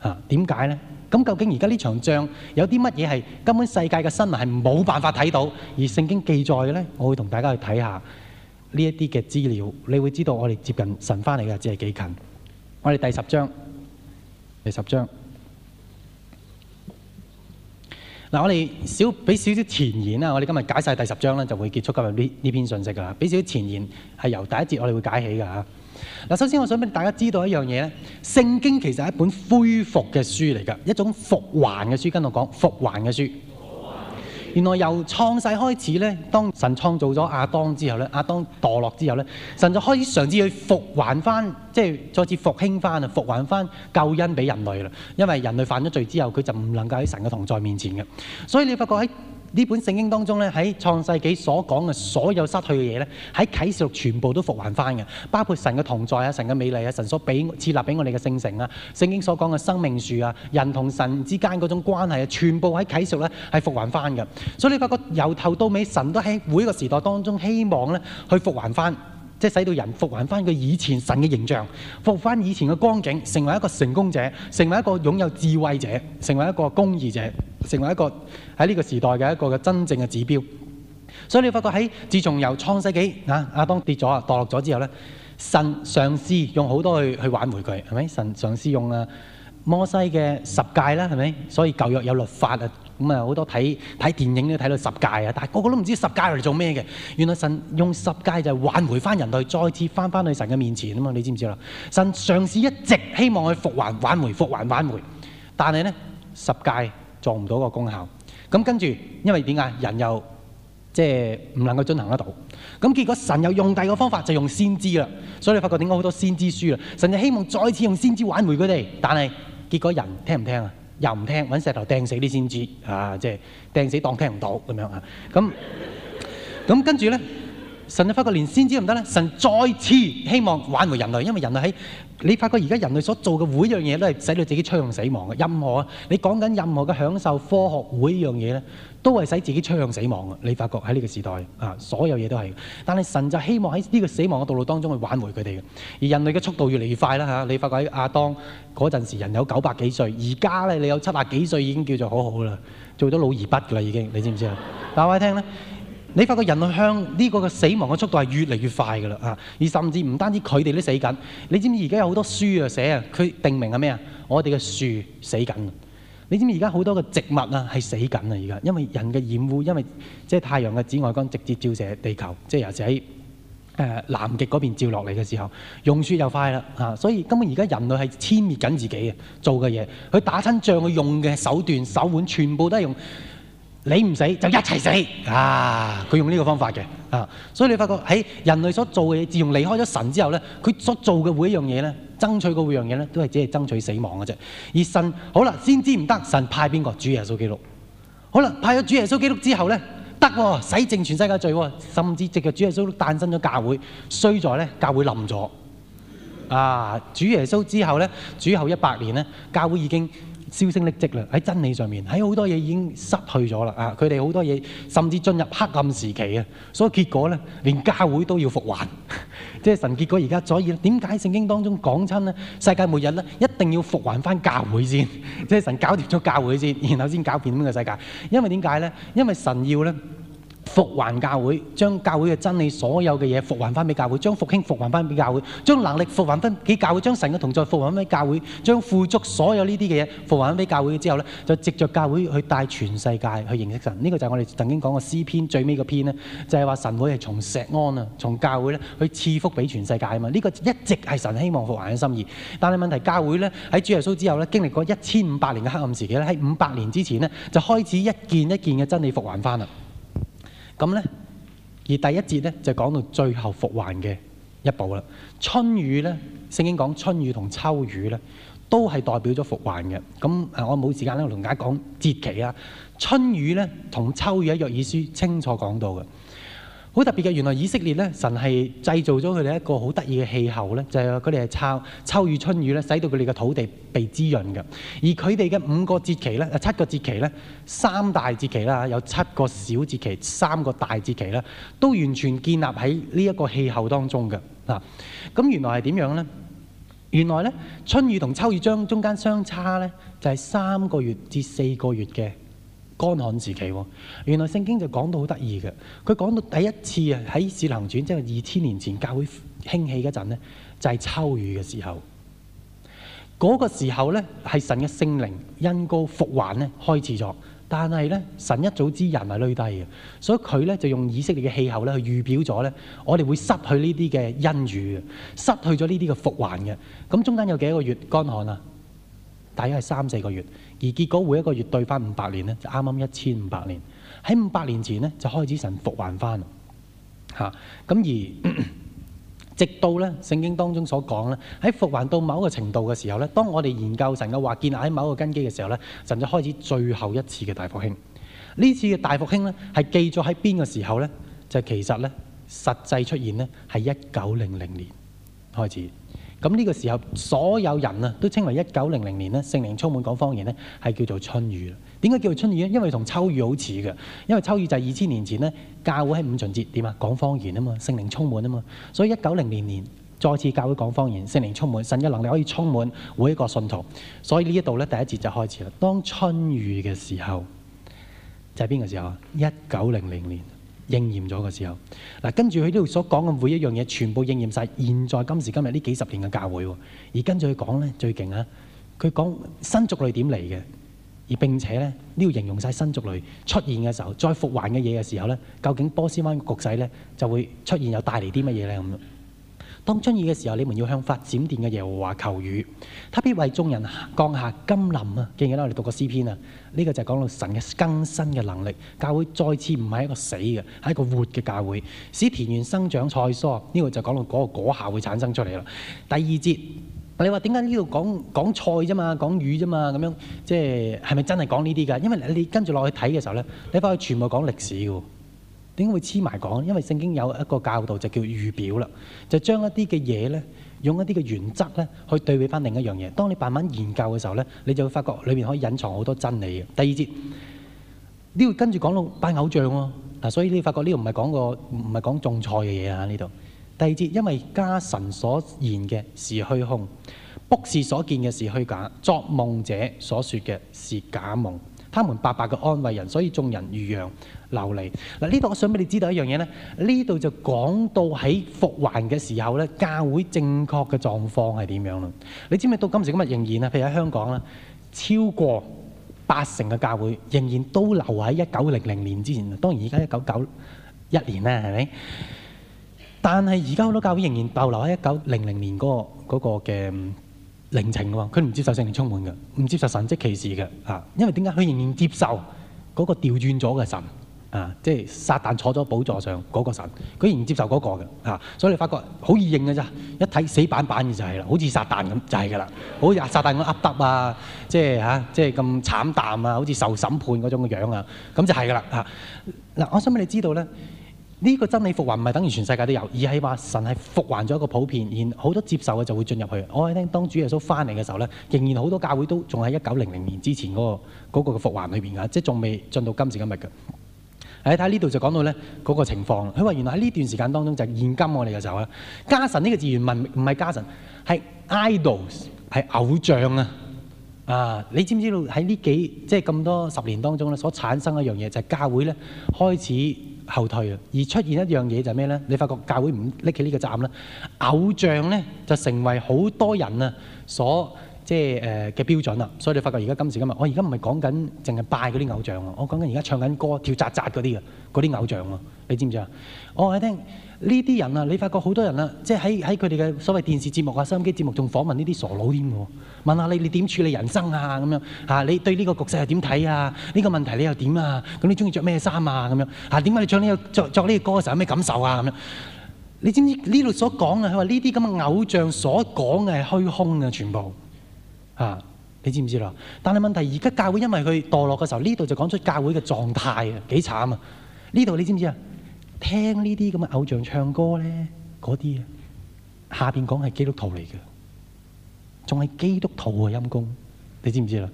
啊點解咧？咁、啊、究竟而家呢場仗有啲乜嘢係根本世界嘅新聞係冇辦法睇到，而聖經記載嘅咧，我會同大家去睇下呢一啲嘅資料，你會知道我哋接近神翻嚟嘅只係幾近。我哋第十章。第十章嗱、啊，我哋少俾少少前言啦。我哋今日解晒第十章咧，就會結束今日呢呢篇信息噶啦。俾少少前言，係由第一節我哋會解起噶吓。嗱、啊，首先我想俾大家知道一樣嘢咧，聖經其實係一本恢復嘅書嚟噶，一種復還嘅書，跟我講復還嘅書。原來由創世開始呢，當神創造咗亞當之後呢，亞當墮落之後呢，神就開始嘗試去復還翻，即係再次復興翻啊，復還翻救恩俾人類啦。因為人類犯咗罪之後，佢就唔能夠喺神嘅同在面前，所以你發覺喺，呢本聖經當中咧，喺創世紀所講嘅所有失去嘅嘢咧，喺啟示錄全部都復還返嘅，包括神嘅同在、神嘅美麗啊、神所俾設立俾我哋嘅聖城。聖經所講嘅生命樹啊、人同神之間嗰種關係，全部喺啟示錄咧係復還返嘅。所以你發覺由頭到尾，神都喺每一個時代當中希望呢去復還返。即係使到人復還翻個以前神嘅形象，復翻以前嘅光景，成為一個成功者，成為一個擁有智慧者，成為一個公義者，成為一個喺呢個時代嘅一個嘅真正嘅指標。所以你發覺喺自從由創世紀啊，亞當跌咗啊墮落咗之後呢，神嘗試用好多去去挽回佢，係咪？神嘗試用，用啊～摩西嘅十戒啦，係咪？所以舊約有律法啊，咁啊好多睇睇電影都睇到十戒啊，但係個個都唔知十戒嚟做咩嘅。原來神用十戒就係挽回翻人類，再次翻翻去神嘅面前啊嘛！你知唔知啊？神嘗試一直希望去復還、挽回、復還、挽回，但係呢十戒做唔到個功效。咁跟住，因為點解人又即係唔能夠進行得到？咁結果神又用第二個方法，就用先知啦。所以你發覺點解好多先知書啦？神就希望再次用先知挽回佢哋，但係。結果人聽唔聽啊？又唔聽，揾石頭掟死啲先知啊！即係掟死當聽唔到咁樣啊！咁咁跟住咧，神就發覺連先知都唔得咧，神再次希望挽回人類，因為人類喺你發覺而家人類所做嘅每一樣嘢都係使到自己催命死亡嘅任何啊！你講緊任何嘅享受、科學每一樣嘢咧，都係使自己趨向死亡嘅，你發覺喺呢個時代啊，所有嘢都係。但係神就希望喺呢個死亡嘅道路當中去挽回佢哋嘅。而人類嘅速度越嚟越快啦嚇、啊，你發覺喺亞當嗰陣時人有九百幾歲，而家咧你有七十幾歲已經叫做好好啦，做咗老而不嘅啦已經，你知唔知啊？講 嚟聽咧，你發覺人類向呢個嘅死亡嘅速度係越嚟越快嘅啦啊！而甚至唔單止佢哋都死緊，你知唔知而家有好多書啊寫啊，佢定名係咩啊？我哋嘅樹死緊。你知唔知而家好多嘅植物啊，係死緊啊！而家因為人嘅染污，因為即係太陽嘅紫外光直接照射地球，即係尤其喺南極嗰邊照落嚟嘅時候，融雪又快啦吓。所以根本而家人類係殲滅緊自己嘅做嘅嘢，佢打親仗，佢用嘅手段，手腕全部都係用。你唔死就一齊死啊！佢用呢個方法嘅啊，所以你發覺喺人類所做嘅嘢，自從離開咗神之後咧，佢所做嘅每一樣嘢咧，爭取嘅每樣嘢咧，都係只係爭取死亡嘅啫。而神好啦，先知唔得，神派邊個？主耶穌基督。好啦，派咗主耶穌基督之後咧，得喎、啊，洗淨全世界罪喎，甚至直著主耶穌都誕生咗教會，衰在咧教會冧咗啊，主耶穌之後咧，主後一百年咧，教會已經銷聲匿跡啦！喺真理上面，喺好多嘢已經失去咗啦啊！佢哋好多嘢甚至進入黑暗時期啊！所以結果咧，連教會都要復還，即係神結果而家，所以點解聖經當中講親咧世界末日咧，一定要復還翻教會先，即係神搞掂咗教會先，然後先搞掂呢個世界。因為點解咧？因為神要咧。復還教會，將教會嘅真理所有嘅嘢復還翻俾教會，將復興復還翻俾教會，將能力復還翻俾教會，將神嘅同在復還翻俾教會，將富足所有呢啲嘅嘢復還翻俾教會之後咧，就藉着教會去帶全世界去認識神。呢個就係我哋曾經講過詩篇最尾嘅篇就係話神會係從石安從教會去賜福俾全世界啊嘛。呢、呢個一直係神希望復還嘅心意。但係問題是教會咧喺主耶穌之後咧經歷過一千五百年的黑暗時期咧，喺五百年之前咧就開始一件一件嘅真理復還翻咁而第一節呢，就講到最後復還嘅一步啦。春雨呢，聖經講春雨同秋雨呢，都係代表咗復還嘅。咁我冇時間咧同大家講節期啊。春雨呢，同秋雨喺約珥書清楚講到嘅。好特別嘅，原來以色列咧，神係製造咗佢哋一個好得意嘅氣候咧，就係佢哋係靠秋雨春雨咧，使到佢哋嘅土地被滋潤嘅。而佢哋嘅五個節期咧，啊七個節期咧，三大節期啦，有七個小節期，三個大節期啦，都完全建立喺呢一個氣候當中嘅嗱。咁原來係點樣咧？原來咧，春雨同秋雨將中間相差咧，就係三個月至四個月嘅。乾旱時期喎，原來聖經就講到好得意嘅，佢講到第一次啊喺使徒行傳，即係二千年前教會興起嗰陣咧，就係秋雨嘅時候。嗰、就是那個時候呢，係神嘅聖靈恩膏復還咧開始咗，但係呢，神一早知人係累低嘅，所以佢呢就用以色列嘅氣候咧去預表咗呢：「我哋會失去呢啲嘅恩雨嘅，失去咗呢啲嘅復還嘅。」咁中間有幾多個月乾旱啊？大約係三四個月。而結果每一個月對翻五百年咧，就啱啱一千五百年。喺五百年前咧，就開始神復還翻嚇。咁、啊、而咳咳直到咧聖經當中所講咧，喺復還到某一個程度嘅時候咧，當我哋研究神嘅話建立喺某一個根基嘅時候咧，神就開始最後一次嘅大復興。這次的復興，呢次嘅大復興咧，係記咗喺邊個時候咧？就其實咧，實際出現咧，係一九零零年開始。咁、這、呢個時候，所有人啊都稱為一九零零年呢，聖靈充滿講方言呢，係叫做春雨。點解叫做春雨呢？因為同秋雨好似嘅，因為秋雨就係二千年前呢，教會喺五旬節點啊講方言啊嘛，聖靈充滿啊嘛，所以一九零零年，年再次教會講方言，聖靈充滿，神嘅能力可以充滿每一個信徒。所以呢一度呢，第一節就開始啦。當春雨嘅時候，就係、是、邊個時候啊？一九零零年。應驗咗嘅時候，嗱，跟住佢呢度所講嘅每一樣嘢，全部應驗曬。現在今時今日呢幾十年嘅教會，而跟住佢講咧，最勁啊！佢講新族類點嚟嘅，而並且咧呢度形容曬新族類出現嘅時候，再復還嘅嘢嘅時候咧，究竟波斯灣嘅局勢咧就會出現有帶嚟啲乜嘢咧咁？當春雨嘅時候，你們要向發閃電嘅耶和華求雨，他必為眾人降下甘霖啊！記唔記得我哋讀過詩篇啊？呢、這個就係講到神嘅更新嘅能力，教會再次唔係一個死嘅，係一個活嘅教會，使田園生長菜蔬。呢、這個就講到嗰、那個嗰下會產生出嚟啦。第二節，你話點解呢度講講菜啫嘛，講魚啫嘛咁樣，即係係咪真係講呢啲㗎？因為你跟住落去睇嘅時候咧，你發現全部講歷史㗎。點解會黐埋講？因為聖經有一個教導就叫預表啦，就將一啲嘅嘢呢，用一啲嘅原則呢去對比翻另一樣嘢。當你慢慢研究嘅時候呢，你就會發覺裏面可以隱藏好多真理嘅。第二節呢度跟住講到拜偶像喎，嗱，所以你發覺呢度唔係講個唔係講種菜嘅嘢啊呢度。第二節，因為家神所言嘅是虛空，卜士所見嘅是虛假，作夢者所說嘅是假夢，他們白白嘅安慰人，所以眾人如羊。留嚟嗱，呢度我想俾你知道一樣嘢咧。呢度就講到喺復還嘅時候咧，教會正確嘅狀況係點樣啦？你知唔知到今時今日仍然啊？譬如喺香港啦，超過八成嘅教會仍然都留喺一九零零年之前。當然而家一九九一年啦，係咪？但係而家好多教會仍然逗留喺一九零零年嗰、嗰個嘅靈程喎。佢唔接受聖靈充滿嘅，唔接受神蹟奇事嘅。啊，因為點解佢仍然接受嗰個調轉咗嘅神？啊！即係撒旦坐咗寶座上嗰個神，佢唔接受嗰個嘅嚇啊，所以你發覺好易認嘅咋。一睇死板板嘅就係啦，好似撒旦咁就係噶啦，好似撒旦咁噏耷啊，即係嚇啊，即係咁慘淡啊，好似受審判嗰種嘅樣啊，咁就係噶啦嚇嗱。我想俾你知道咧，呢個真理復還唔係等於全世界都有，而係話神係復還咗一個普遍，然好多接受嘅就會進入去。我喺聽當主耶穌翻嚟嘅時候咧，仍然好多教會都仲喺一九零零年之前嗰個嘅復還裏邊噶，即係仲未進到今時今日嘅。你睇下呢度就講到咧，嗰個情況。佢話原來喺呢段時間當中就係、是、現今我哋嘅時候啦。家神呢個字原文唔係家神，係 idols，係偶像啊。啊，你知唔知道喺呢幾即係咁多十年當中咧，所產生一樣嘢就係、是、教會咧開始後退啊，而出現一樣嘢就係咩咧？你發覺教會唔拎起呢個責任咧，偶像咧就成為好多人啊所。即係誒嘅標準啦，所以你發覺而家今時今日，我而家唔係講緊淨係拜嗰啲偶像啊，我講緊而家唱緊歌、跳扎扎嗰啲嘅啲偶像喎。你知唔知啊？我、哦、你聽呢啲人啊，你發覺好多人啦，即係喺喺佢哋嘅所謂電視節目啊、收音機節目，仲訪問呢啲傻佬添嘅，問下你你點處理人生啊？咁樣嚇你對呢個局勢又點睇啊？呢、呢個問題你又點啊？咁你中意着咩衫啊？咁樣嚇點解你唱呢、呢個作作呢個歌嘅時候有咩感受啊？咁樣你知唔知呢度所講啊？佢話呢啲咁嘅偶像所講嘅係虛空嘅全部。啊！你知唔知啦？但係問題而家教會因為佢墮落嘅時候，呢度就講出教會嘅狀態啊，幾慘啊！呢度你知唔知啊？聽呢啲咁嘅偶像唱歌咧，嗰啲啊，下邊講係基督徒嚟嘅，仲係基督徒啊陰公，你知唔知啦？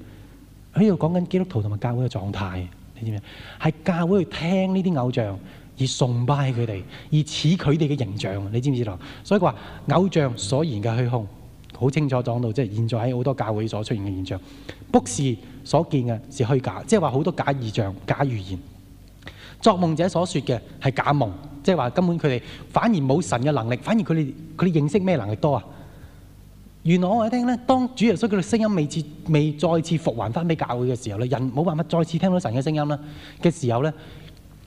喺度講緊基督徒同埋教會嘅狀態，你知唔知啊？係教會去聽呢啲偶像而崇拜佢哋，而似佢哋嘅形象，你知唔知道？所以佢話偶像所言嘅虛空。好清楚講到，即係現在喺好多教會所出現嘅現象，卜士所見嘅是虛假，即係話好多假異象、假預言，作夢者所說嘅係假夢，即係話根本佢哋反而冇神嘅能力，反而佢哋佢哋認識咩能力多啊？原來我哋聽呢，當主耶穌佢嘅聲音未次未再次復還翻俾教會嘅時候咧，人冇辦法再次聽到神嘅聲音啦嘅時候呢。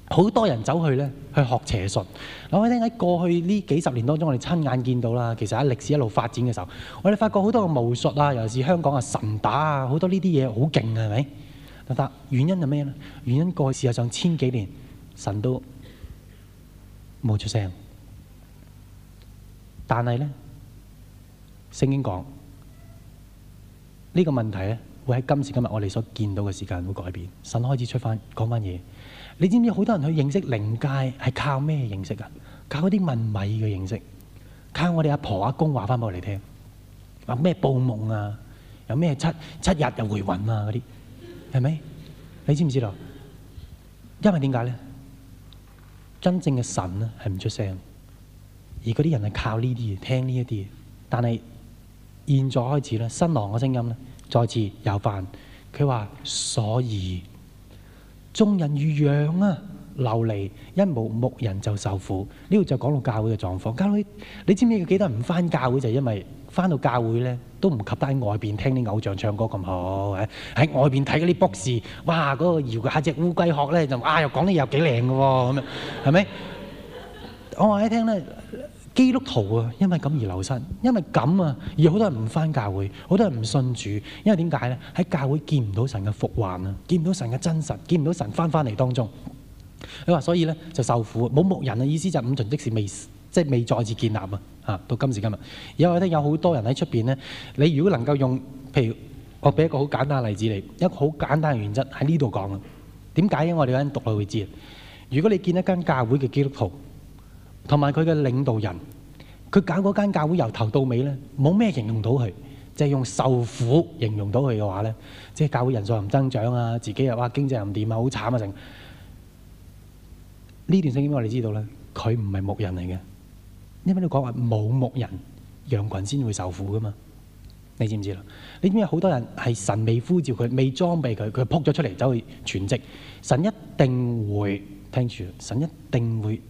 好多人走去咧，去學邪術。我哋聽喺過去呢幾十年當中，我哋親眼見到啦。其實喺歷史一路發展嘅時候，我哋發覺好多嘅巫術啦，尤其是香港啊神打啊，好多呢啲嘢好勁嘅係咪？但原因係咩咧？原因過去事實上千幾年神都冇出聲，但係咧聖經講呢個問題咧，會喺今時今日我哋所見到嘅時間會改變。神開始出翻講翻嘢。你知唔知好多人去認識靈界係靠咩認識㗎？靠嗰啲問米嘅認識，靠我哋阿婆阿公話翻俾我哋聽，話咩報夢啊，有咩七七日又回魂啊嗰啲，係咪？你知唔知道？因為點解呢？真正嘅神是係唔出聲，而嗰啲人係靠呢啲嘢，聽呢啲嘢。但係現在開始咧，新郎嘅聲音咧再次又犯，佢話所以。眾人如羊啊，流離一無牧人就受苦。呢度就講到教會嘅狀況。教會，你知唔知有幾多人唔翻教會？就係因為翻到教會咧，都唔及得喺外邊聽啲偶像唱歌咁好。喺外邊睇嗰啲博士，哇，嗰個搖下隻烏龜殼咧就，哇，又講啲又幾靚嘅喎，咁樣係咪？我話你聽咧。基督徒啊，因為咁而流失，因為咁啊，而好多人唔翻教會，好多人唔信主。因為點解呢？喺教會見唔到神嘅復還啊，見唔到神嘅真實，見唔到神翻翻嚟當中。你話所以呢，就受苦啊，冇牧人啊，意思就五旬節時未即係、就是、未再次建立啊，啊到今時今日。因為呢，有好多人喺出邊呢。你如果能夠用，譬如我俾一個好簡單嘅例子你，一個好簡單嘅原則喺呢度講啊。點解呢？因為我哋嗰陣讀落會知。如果你見一間教會嘅基督徒，同埋佢嘅領導人，佢搞嗰間教會由頭到尾咧，冇咩形容到佢，就係用受苦形容到佢嘅話咧，即係教會人數又唔增長啊，自己又話經濟又唔掂啊，好慘啊成。呢段聲音我哋知道啦，佢唔係牧人嚟嘅，因為你講話冇牧人羊群先會受苦噶嘛，你知唔知啦？你知唔知好多人係神未呼召佢，未裝備佢，佢就撲咗出嚟走去全職，神一定會聽住，神一定會，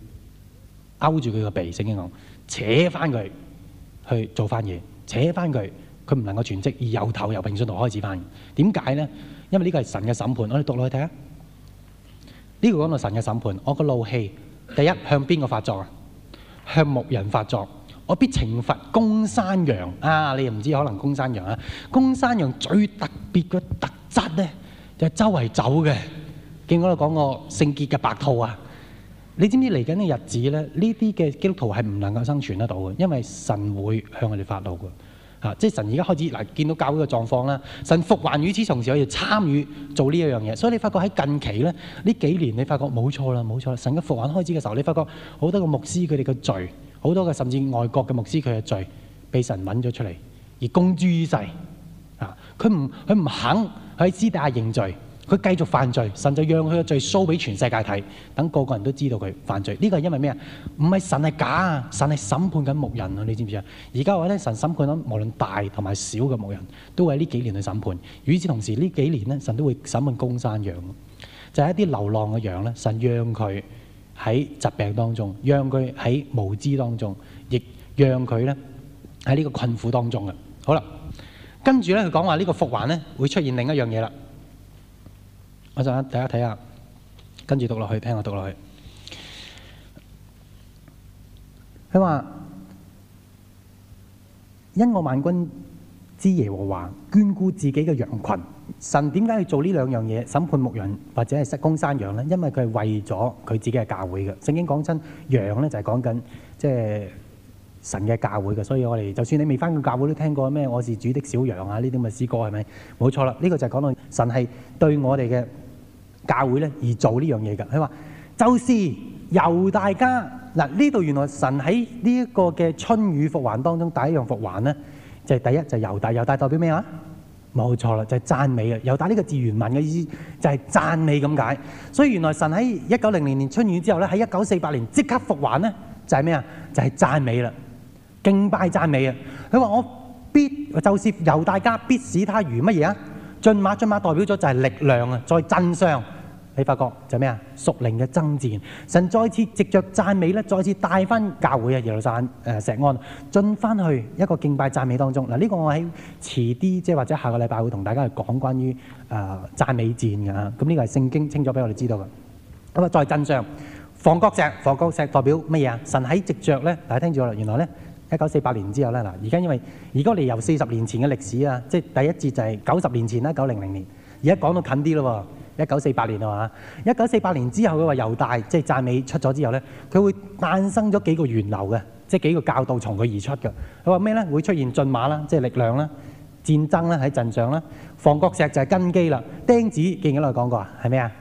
勾住佢個鼻，正經講，扯翻佢去做翻嘢，扯翻佢，佢唔能夠全職，而由頭由平信徒開始翻。點解咧？因為呢個係神嘅審判。我哋讀落去睇下！呢個講到神嘅審判，我個怒氣第一向邊個發作啊？向牧人發作。我必懲罰公山羊啊！你又唔知可能公山羊啊？公山羊最特別嘅特質咧，就係周圍走嘅。見我喺度講個聖潔嘅白兔啊！你知唔知嚟緊嘅日子咧？呢啲嘅基督徒係唔能夠生存得到嘅，因為神會向我哋發怒嘅嚇。即係神而家開始嗱，見到教會嘅狀況啦，神復還與此同時可以參與做呢一樣嘢。所以你發覺喺近期咧呢幾年，你發覺冇錯啦，冇錯啦。神嘅復還開始嘅時候，你發覺好多個牧師佢哋嘅罪，好多嘅甚至外國嘅牧師佢嘅罪被神揾咗出嚟而公諸於世啊！佢唔，佢唔肯喺私底下認罪。佢繼續犯罪，神就讓佢嘅罪 show 俾全世界睇，等個個人都知道佢犯罪。呢個係因為咩啊？唔係神係假啊，神係審判緊牧人啊，你知唔知啊？而家話咧神審判咗無論大同埋小嘅牧人都喺呢幾年去審判。與此同時呢幾年咧，神都會審判公山羊，就係一啲流浪嘅羊咧。神讓佢喺疾病當中，讓佢喺無知當中，亦讓佢咧喺呢個困苦當中啊。好啦，跟住咧佢講話呢個復還咧會出現另一樣嘢啦。我就睇下睇下，跟住讀落去，聽我讀落去。佢話因我萬軍之耶和華眷顧自己嘅羊群。神點解要做呢兩樣嘢，審判牧羊，或者係失公山羊咧？因為佢係為咗佢自己嘅教會嘅。聖經講親，羊咧就係講緊即係神嘅教會嘅。所以我哋就算你未翻過教會都聽過咩，我是主的小羊啊，呢啲咪詩歌係咪？冇錯啦，呢個就係講到神係對我哋嘅。教會咧而做呢樣嘢㗎，佢話就是猶大家。嗱，呢度原來神喺呢一個嘅春雨復還當中第一樣復還咧就係、是、第一就係猶大，猶大代表咩啊？冇錯啦，就係、是、讚美嘅。猶大呢個字原文嘅意思就係讚美咁解。所以原來神喺一九零零年春雨之後咧，喺一九四八年即刻復還咧就係咩啊？就係、是、讚、就是、美啦，敬拜讚美啊！佢話我必就是猶大家必使他如乜嘢啊？駿馬。駿馬代表咗就係力量啊，在陣上。你發覺就係咩啊？屬靈嘅爭戰，神再次藉着讚美咧，再次帶翻教會啊！耶路撒冷石安進翻去一個敬拜讚美當中嗱，呢個我喺遲啲即係或者下個禮拜會同大家去講關於誒讚美戰嘅嚇，咁呢個係聖經清楚俾我哋知道嘅。咁啊，再陣上房角石，房角石代表乜嘢啊？神喺藉著咧，大家聽住我啦。原來咧，一九四八年之後咧，嗱，而家因為而家嚟由四十年前嘅歷史啊，即係第一節就係九十年前啦，九零零年，而家講到近啲咯喎。一九四八年啊嘛，一九四八年之後，佢話猶大即係讚美出咗之後咧，佢會誕生咗幾個源流嘅，即係幾個教導從佢而出嘅。佢話咩咧？會出現駿馬啦，即係力量啦，戰爭啦，喺陣上啦。房角石就係根基啦。釘子記唔記得我講過啊？係咩啊？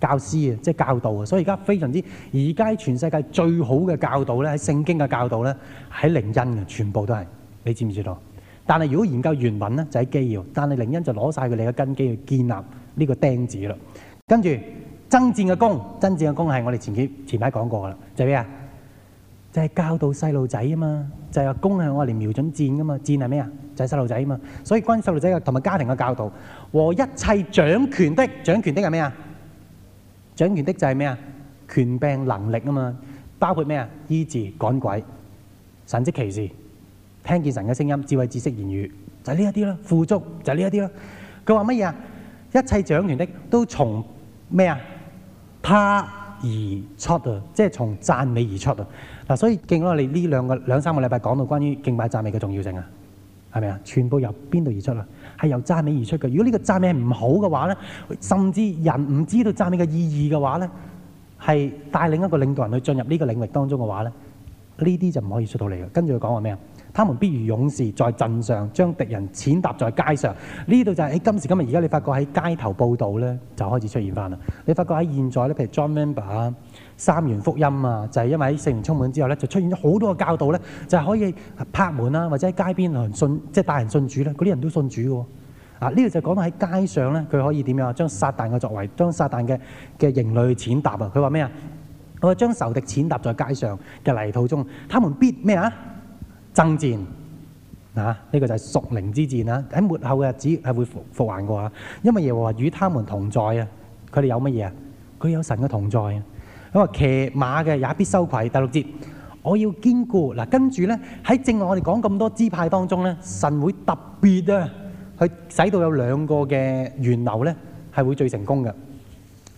教師啊，即係教導啊。所以而家非常之而家全世界最好嘅教導咧，喺聖經嘅教導咧，喺靈恩嘅，全部都係你知唔知道？但係如果研究原文咧，就喺基要；但係靈恩就攞晒佢哋嘅根基去建立。呢個釘子咯，跟住爭戰嘅弓，爭戰嘅弓係我哋前幾前排講過噶啦，就係咩啊？就係教導細路仔啊嘛，就係弓係我哋瞄準箭噶嘛，箭係咩啊？就係細路仔啊嘛，所以關於細路仔嘅同埋家庭嘅教導，和一切掌權的掌權的係咩啊？掌權的就係咩啊？權柄能力啊嘛，包括咩啊？醫治趕鬼神蹟奇事，聽見神嘅聲音，智慧知識言語，就係呢一啲咯，富足就係呢一啲咯。佢話乜嘢啊？一切掌權的都從咩啊？他而出啊，即係從讚美而出啊。所以敬我，你呢兩個兩三個禮拜講到關於敬拜讚美嘅重要性啊，係咪啊？全部由邊度而出啊？係由讚美而出嘅。如果呢個讚美係唔好嘅話呢，甚至人唔知道讚美的意義嘅話呢，係帶領一個領導人去進入呢個領域當中嘅話呢，呢啲就唔可以出到嚟。跟住佢講話咩啊？他們必如勇士在陣上，在鎮上將敵人踐踏在街上。呢度就係、是、喺今時今日，而家你發覺喺街頭報道咧，就開始出現翻啦。你發覺喺現在咧，譬如 John Wimber 啊、三元福音啊，就係、是、因為喺聖靈充滿之後咧，就出現咗好多個教導咧，就係可以拍門啊，或者喺街邊嚟信，即係帶人信主咧。嗰啲人都信主喎。啊，呢度就講到喺街上咧，佢可以點樣將撒旦嘅作為，將撒旦嘅嘅營裏踐踏啊。佢話咩啊？佢話將仇敵踐踏在街上嘅泥土中，他們必咩啊？爭戰啊！呢個就係屬靈之戰啦。喺末後嘅日子係會復復還嘅喎。因為耶和華與他們同在啊。佢哋有乜嘢啊？佢有神嘅同在啊。因為騎馬嘅也必羞愧。第六節，我要堅固嗱。跟住咧喺正我哋講咁多支派當中咧，神會特別啊去使到有兩個嘅源流咧係會最成功嘅。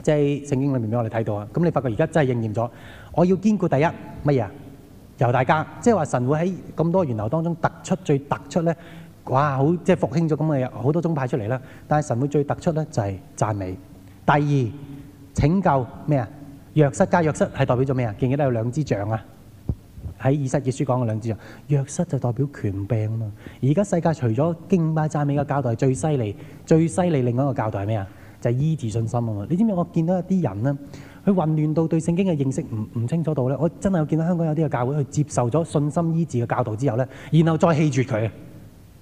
即係聖經裏面俾我哋睇到啊。咁你發覺而家真係應驗咗。我要堅固第一乜嘢啊？由大家，即係話神會喺咁多源流當中突出最突出咧，哇！好即係復興咗咁嘅好多宗派出嚟啦。但係神會最突出咧就係、是、讚美。第二，拯救咩啊？約瑟加約瑟係代表咗咩啊？記唔記得有兩支杖啊？喺以西結書講嘅兩支杖，約瑟就代表權柄啊嘛。而家世界除咗敬拜讚美嘅教導係最犀利，最犀利另外一個教導係咩啊？就係、是、醫治信心啊嘛。你知唔知我見到一啲人咧？佢混亂到對聖經嘅認識唔唔清楚到咧，我真係有見到香港有啲嘅教會去接受咗信心醫治嘅教導之後咧，然後再棄絕佢，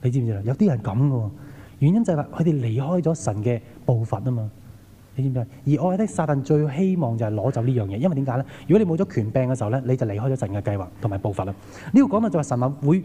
你知唔知啊？有啲人咁嘅，原因就係話佢哋離開咗神嘅步伐啊嘛，你知唔知啊？而愛的撒但最希望就係攞走呢樣嘢，因為點解咧？如果你冇咗權柄嘅時候咧，你就離開咗神嘅計劃同埋步伐啦。呢個講法就話神話會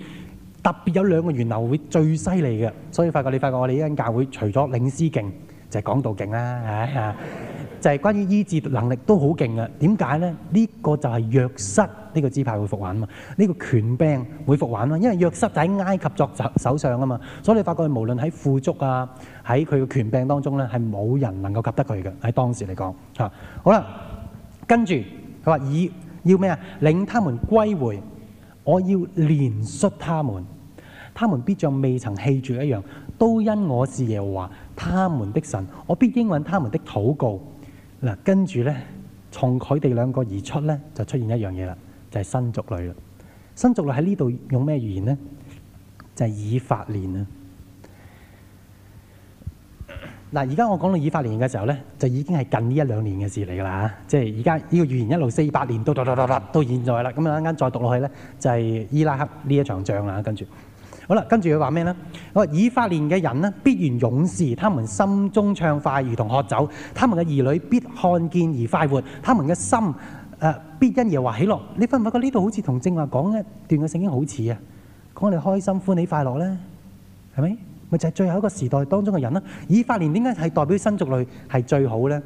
特別有兩個源流會最犀利嘅，所以發覺你發覺我哋呢間教會除咗領詩勁就係、是、講道勁啦、啊，嚇。 就係、是、關於醫治能力都好勁嘅。點解呢？呢、這個就係約瑟呢、這個支派會復還嘛。呢、這個權柄會復還嘛，因為約瑟就喺埃及作咗首相啊嘛。所以你發覺佢無論喺富足啊，喺佢嘅權柄當中咧，係冇人能夠及得佢嘅喺當時嚟講嚇。好啦，跟住佢話以要咩啊？領他們歸回，我要憐恤他們，他們，他們必像未曾棄絕一樣，都因我是耶和華他們的神，我必應允他們的禱告。跟住呢，從佢哋兩個而出呢，就出現一樣嘢啦，就係、是、新族類啦。新族類喺呢度用咩語言呢？就係、是、以法蓮啊！嗱，而家我講到以法蓮嘅時候呢，就已經係近呢一兩年嘅事嚟㗎啦。即係而家呢個語言一路四百年到到到到到，到現在啦。咁一間再讀落去呢，就係、是、伊拉克呢一場仗啦、啊。跟住。好啦，跟住佢話咩咧？我話以法蓮嘅人咧，必然勇士；他們心中暢快，如同喝酒；他們嘅兒女必看見而快活；他們嘅心誒、呃、必因耶和華喜樂。你發唔發覺呢度好似同正話講一段嘅聖經好似啊？講你開心、歡喜、快樂咧，係咪？咪就係最後一個時代當中嘅人啦。以法蓮點解係代表新族類係最好咧？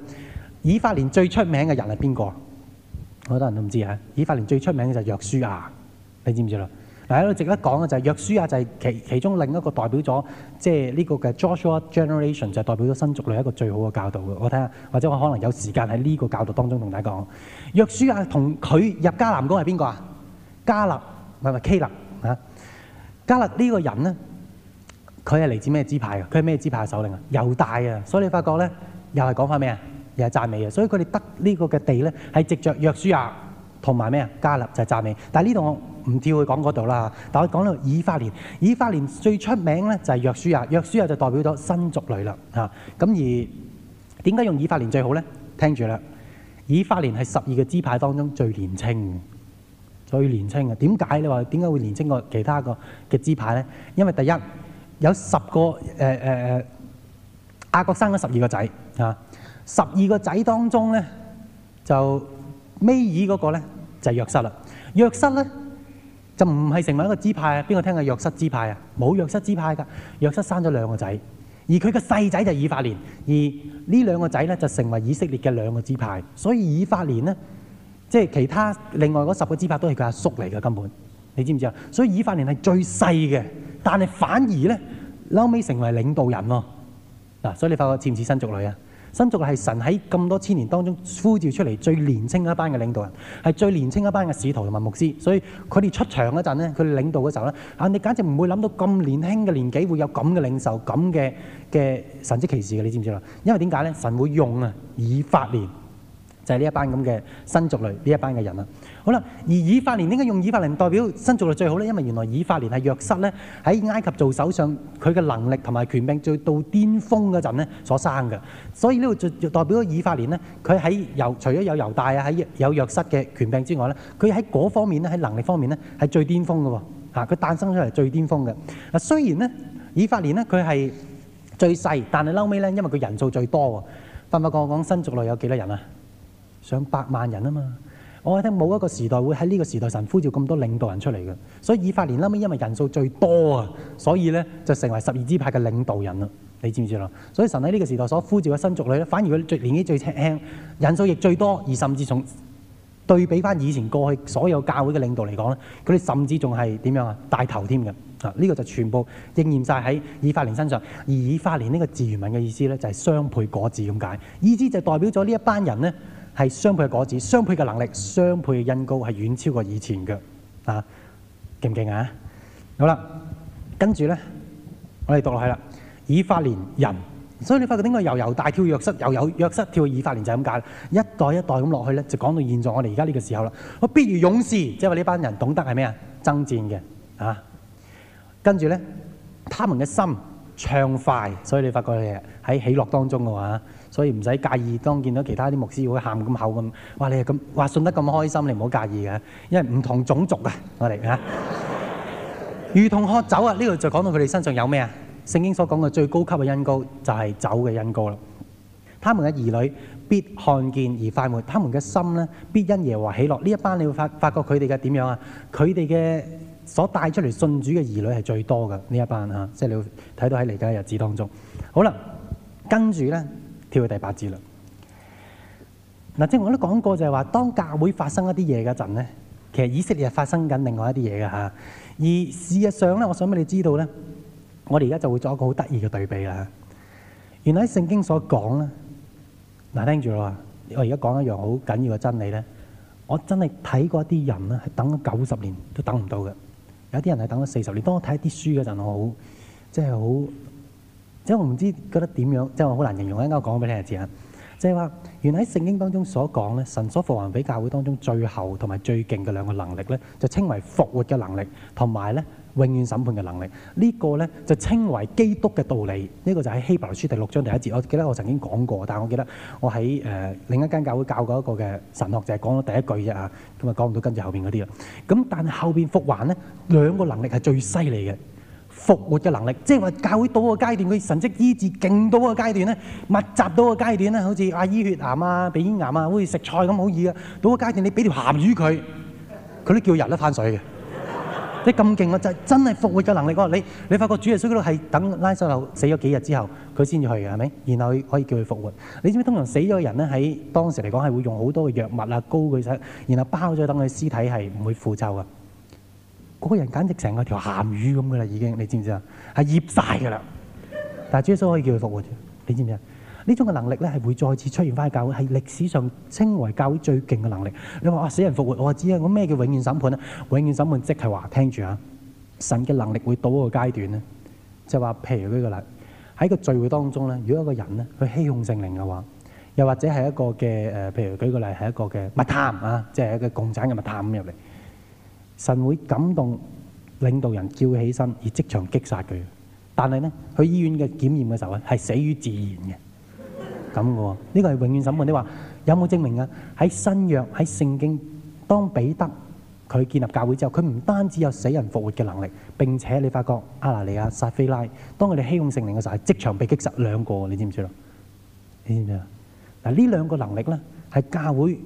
以法蓮最出名嘅人係邊個？好多人都唔知啊！以法蓮最出名嘅就係約書亞，你知唔知啦？係喺度值得講嘅就係約書亞，就係其其中另一個代表咗，即係呢個嘅 Joshua Generation 就係代表咗新族類一個最好嘅教導嘅。我睇下，或者我可能有時間喺呢個教導當中同大家講。約書亞同佢入迦南嗰個係邊個啊？迦勒係咪基勒啊！迦勒呢個人咧，佢係嚟自咩支派嘅？佢係咩支派嘅首領啊？猶大啊！所以你發覺咧，又係講翻咩啊？又係讚美啊！所以佢哋得個呢個嘅地咧，係藉着約書亞同埋咩啊？迦勒就係讚美。但係呢度我唔知會講嗰度啦，但我講到以法蓮，以法蓮最出名咧就係約書亞，約書亞就代表咗新族類啦嚇。咁、啊、而點解用以法蓮最好咧？聽住啦，以法蓮係十二個支派當中最年青，最年青嘅。點解你話點解會年青過其他個嘅支派咧？因為第一有十個誒誒誒，雅各生咗十二個仔嚇，十、啊、二個仔當中咧，就尾二嗰個咧，就係約瑟啦，約瑟咧。就唔係成為一個支派啊！邊個聽啊？約瑟支派啊？冇約瑟支派㗎。約瑟生咗兩個仔，而佢個細仔就係以法蓮，而呢兩個仔咧就成為以色列嘅兩個支派。所以以法蓮咧，即係其他另外嗰十個支派都係佢阿叔嚟嘅，根本。你知唔知啊？所以以法蓮係最細嘅，但係反而咧撈尾成為領導人咯。嗱，所以你發覺似唔似新族類？啊？新族類係神喺咁多千年當中呼召出嚟最年輕一班嘅領導人，係最年輕一班嘅使徒同埋牧師，所以佢哋出場嗰陣咧，佢哋領導嘅時候咧，啊，你簡直唔會諗到咁年輕嘅年紀會有咁嘅領袖，咁嘅嘅神蹟奇事嘅，你知唔知啊？因為點解咧？神會用啊以法蓮，就係呢一班咁嘅新族類呢一班嘅人啊！好啦，而以法蓮點解用以法蓮代表新族類最好咧？因為原來以法蓮係約瑟呢，咧喺埃及做首相，佢嘅能力同埋權柄最到巔峰嗰陣咧，所生嘅，所以呢度就代表咗以法蓮咧，佢喺猶除咗有猶大啊，喺有約瑟嘅權柄之外咧，佢喺嗰方面咧喺能力方面咧係最巔峰嘅喎嚇，佢誕生出嚟最巔峰嘅。啊，雖然咧以法蓮咧佢係最細，但係嬲尾咧因為佢人數最多喎，發唔發覺我講新族類有幾多人啊？上百萬人啊嘛～我、哦、係聽冇一個時代會喺呢個時代神呼召咁多領導人出嚟嘅，所以以法蓮後尾因為人數最多啊，所以咧就成為十二支派嘅領導人啦。你知唔知啦？所以神喺呢個時代所呼召嘅新族女咧，反而佢最年紀最輕，人數亦最多，而甚至從對比翻以前過去所有教會嘅領導嚟講咧，佢哋甚至仲係點樣啊？帶頭添嘅啊！呢、呢個就全部應驗晒喺以法蓮身上。而以法蓮呢個字原文嘅意思咧，就係雙倍果子。咁解，意思以就代表咗呢一班人咧。係雙倍嘅果子，雙倍嘅能力，雙倍嘅恩膏係遠超過以前嘅，啊勁唔勁啊？好啦，跟住咧，我哋讀落去啦。以法蓮人，所以你發覺點解由由大跳約瑟，由由約瑟跳到以法蓮就係咁解啦。一代一代咁落去咧，就講到現在我哋而家呢個時候啦。我必如勇士，即係話呢班人懂得係咩啊？爭戰嘅啊，跟住咧，他們嘅心暢快，所以你發覺係喺喜樂當中嘅話。所以唔使介意。當見到其他啲牧師會喊咁口咁，哇！你係咁話信得咁開心，你唔好介意嘅。因為唔同種族啊，我哋啊， 如同喝酒啊。呢度就講到佢哋身上有咩啊？聖經所講嘅最高級嘅恩膏，就係、是、酒嘅恩膏。啦。他們嘅兒女必看見而快活，他們嘅心咧必因耶和喜樂。呢一班你會發發覺佢哋嘅點樣啊？佢哋嘅所帶出嚟信主嘅兒女係最多嘅呢一班啊，即係你會睇到喺嚟嘅日子當中。好啦，跟住咧。去第八節啦。嗱，即係我都講過，就係話當教會發生一啲嘢嗰陣咧，其實以色列發生緊另外一啲嘢嘅吓。而事實上咧，我想俾你知道咧，我哋而家就會做一個好得意嘅對比啦。原來喺聖經所講咧，嗱，聽住啦。我而家講一樣好緊要嘅真理咧，我真係睇過一啲人咧，係等咗九十年都等唔到嘅。有啲人係等咗四十年。當我睇一啲書嗰陣，我好即係好。即係我唔知覺得點樣，即係我好難形容。一陣間我講俾你哋知啊，即係話原喺聖經當中所講咧，神所復還俾教會當中最後同埋最勁嘅兩個能力咧，就稱為復活嘅能力，同埋咧，永遠審判嘅能力。呢個咧就稱為基督嘅道理。呢個就喺希伯來書第六章第一節。我記得我曾經講過，但我記得我喺誒另一間教會教過一個嘅神學者，就係講咗第一句啫啊，咁啊講唔到跟住後邊嗰啲啦。咁但係後邊復還咧兩個能力係最犀利嘅。復活嘅能力，即係話教會到個階段，佢神跡醫治勁到個階段咧，密集到個階段咧，好似阿醫血癌啊、鼻咽癌啊，好似食菜咁好易啊。到個階段你俾條鹹魚佢，佢都叫人游得翻水嘅。你咁勁啊，就係、是、真係復活嘅能力。你，你發覺主耶穌嗰度係等拉撒路死咗幾日之後，佢先至去嘅，係咪？然後可以叫佢復活。你知唔知通常死咗嘅人咧，喺當時嚟講係會用好多嘅藥物啊、膏佢使，然後包咗等佢屍體係唔會腐臭嘅。嗰個人簡直成個條鹹魚咁嘅啦，已經你知唔知啊？係醃曬嘅啦。但係主耶穌可以叫佢復活啫，你知唔知啊？呢種嘅能力咧係會再次出現翻喺教會，係歷史上稱為教會最勁嘅能力。你話哇，死人復活，我話知啊。咁咩叫永遠審判咧？永遠審判即係話，聽住啊，神嘅能力會到一個階段咧，就係話譬如舉個例，喺個聚會當中咧，如果一個人咧佢欺哄聖靈嘅話，又或者係一個嘅誒，譬如舉個例係一個嘅密探啊，即係一個共產嘅密探咁入嚟。神會感動領導人叫起身而即場擊殺佢，但係咧去醫院嘅檢驗嘅時候咧係死於自然嘅，咁嘅喎。呢個係永遠審判。你話有冇證明啊？喺新約喺聖經，當彼得佢建立教會之後，佢唔單止有死人復活嘅能力，並且你發覺亞拿尼亞、撒非拉，當佢哋欺哄聖靈嘅時候係即場被擊殺兩個，你知唔知咯？你知唔知啊？嗱呢兩個能力咧係教會。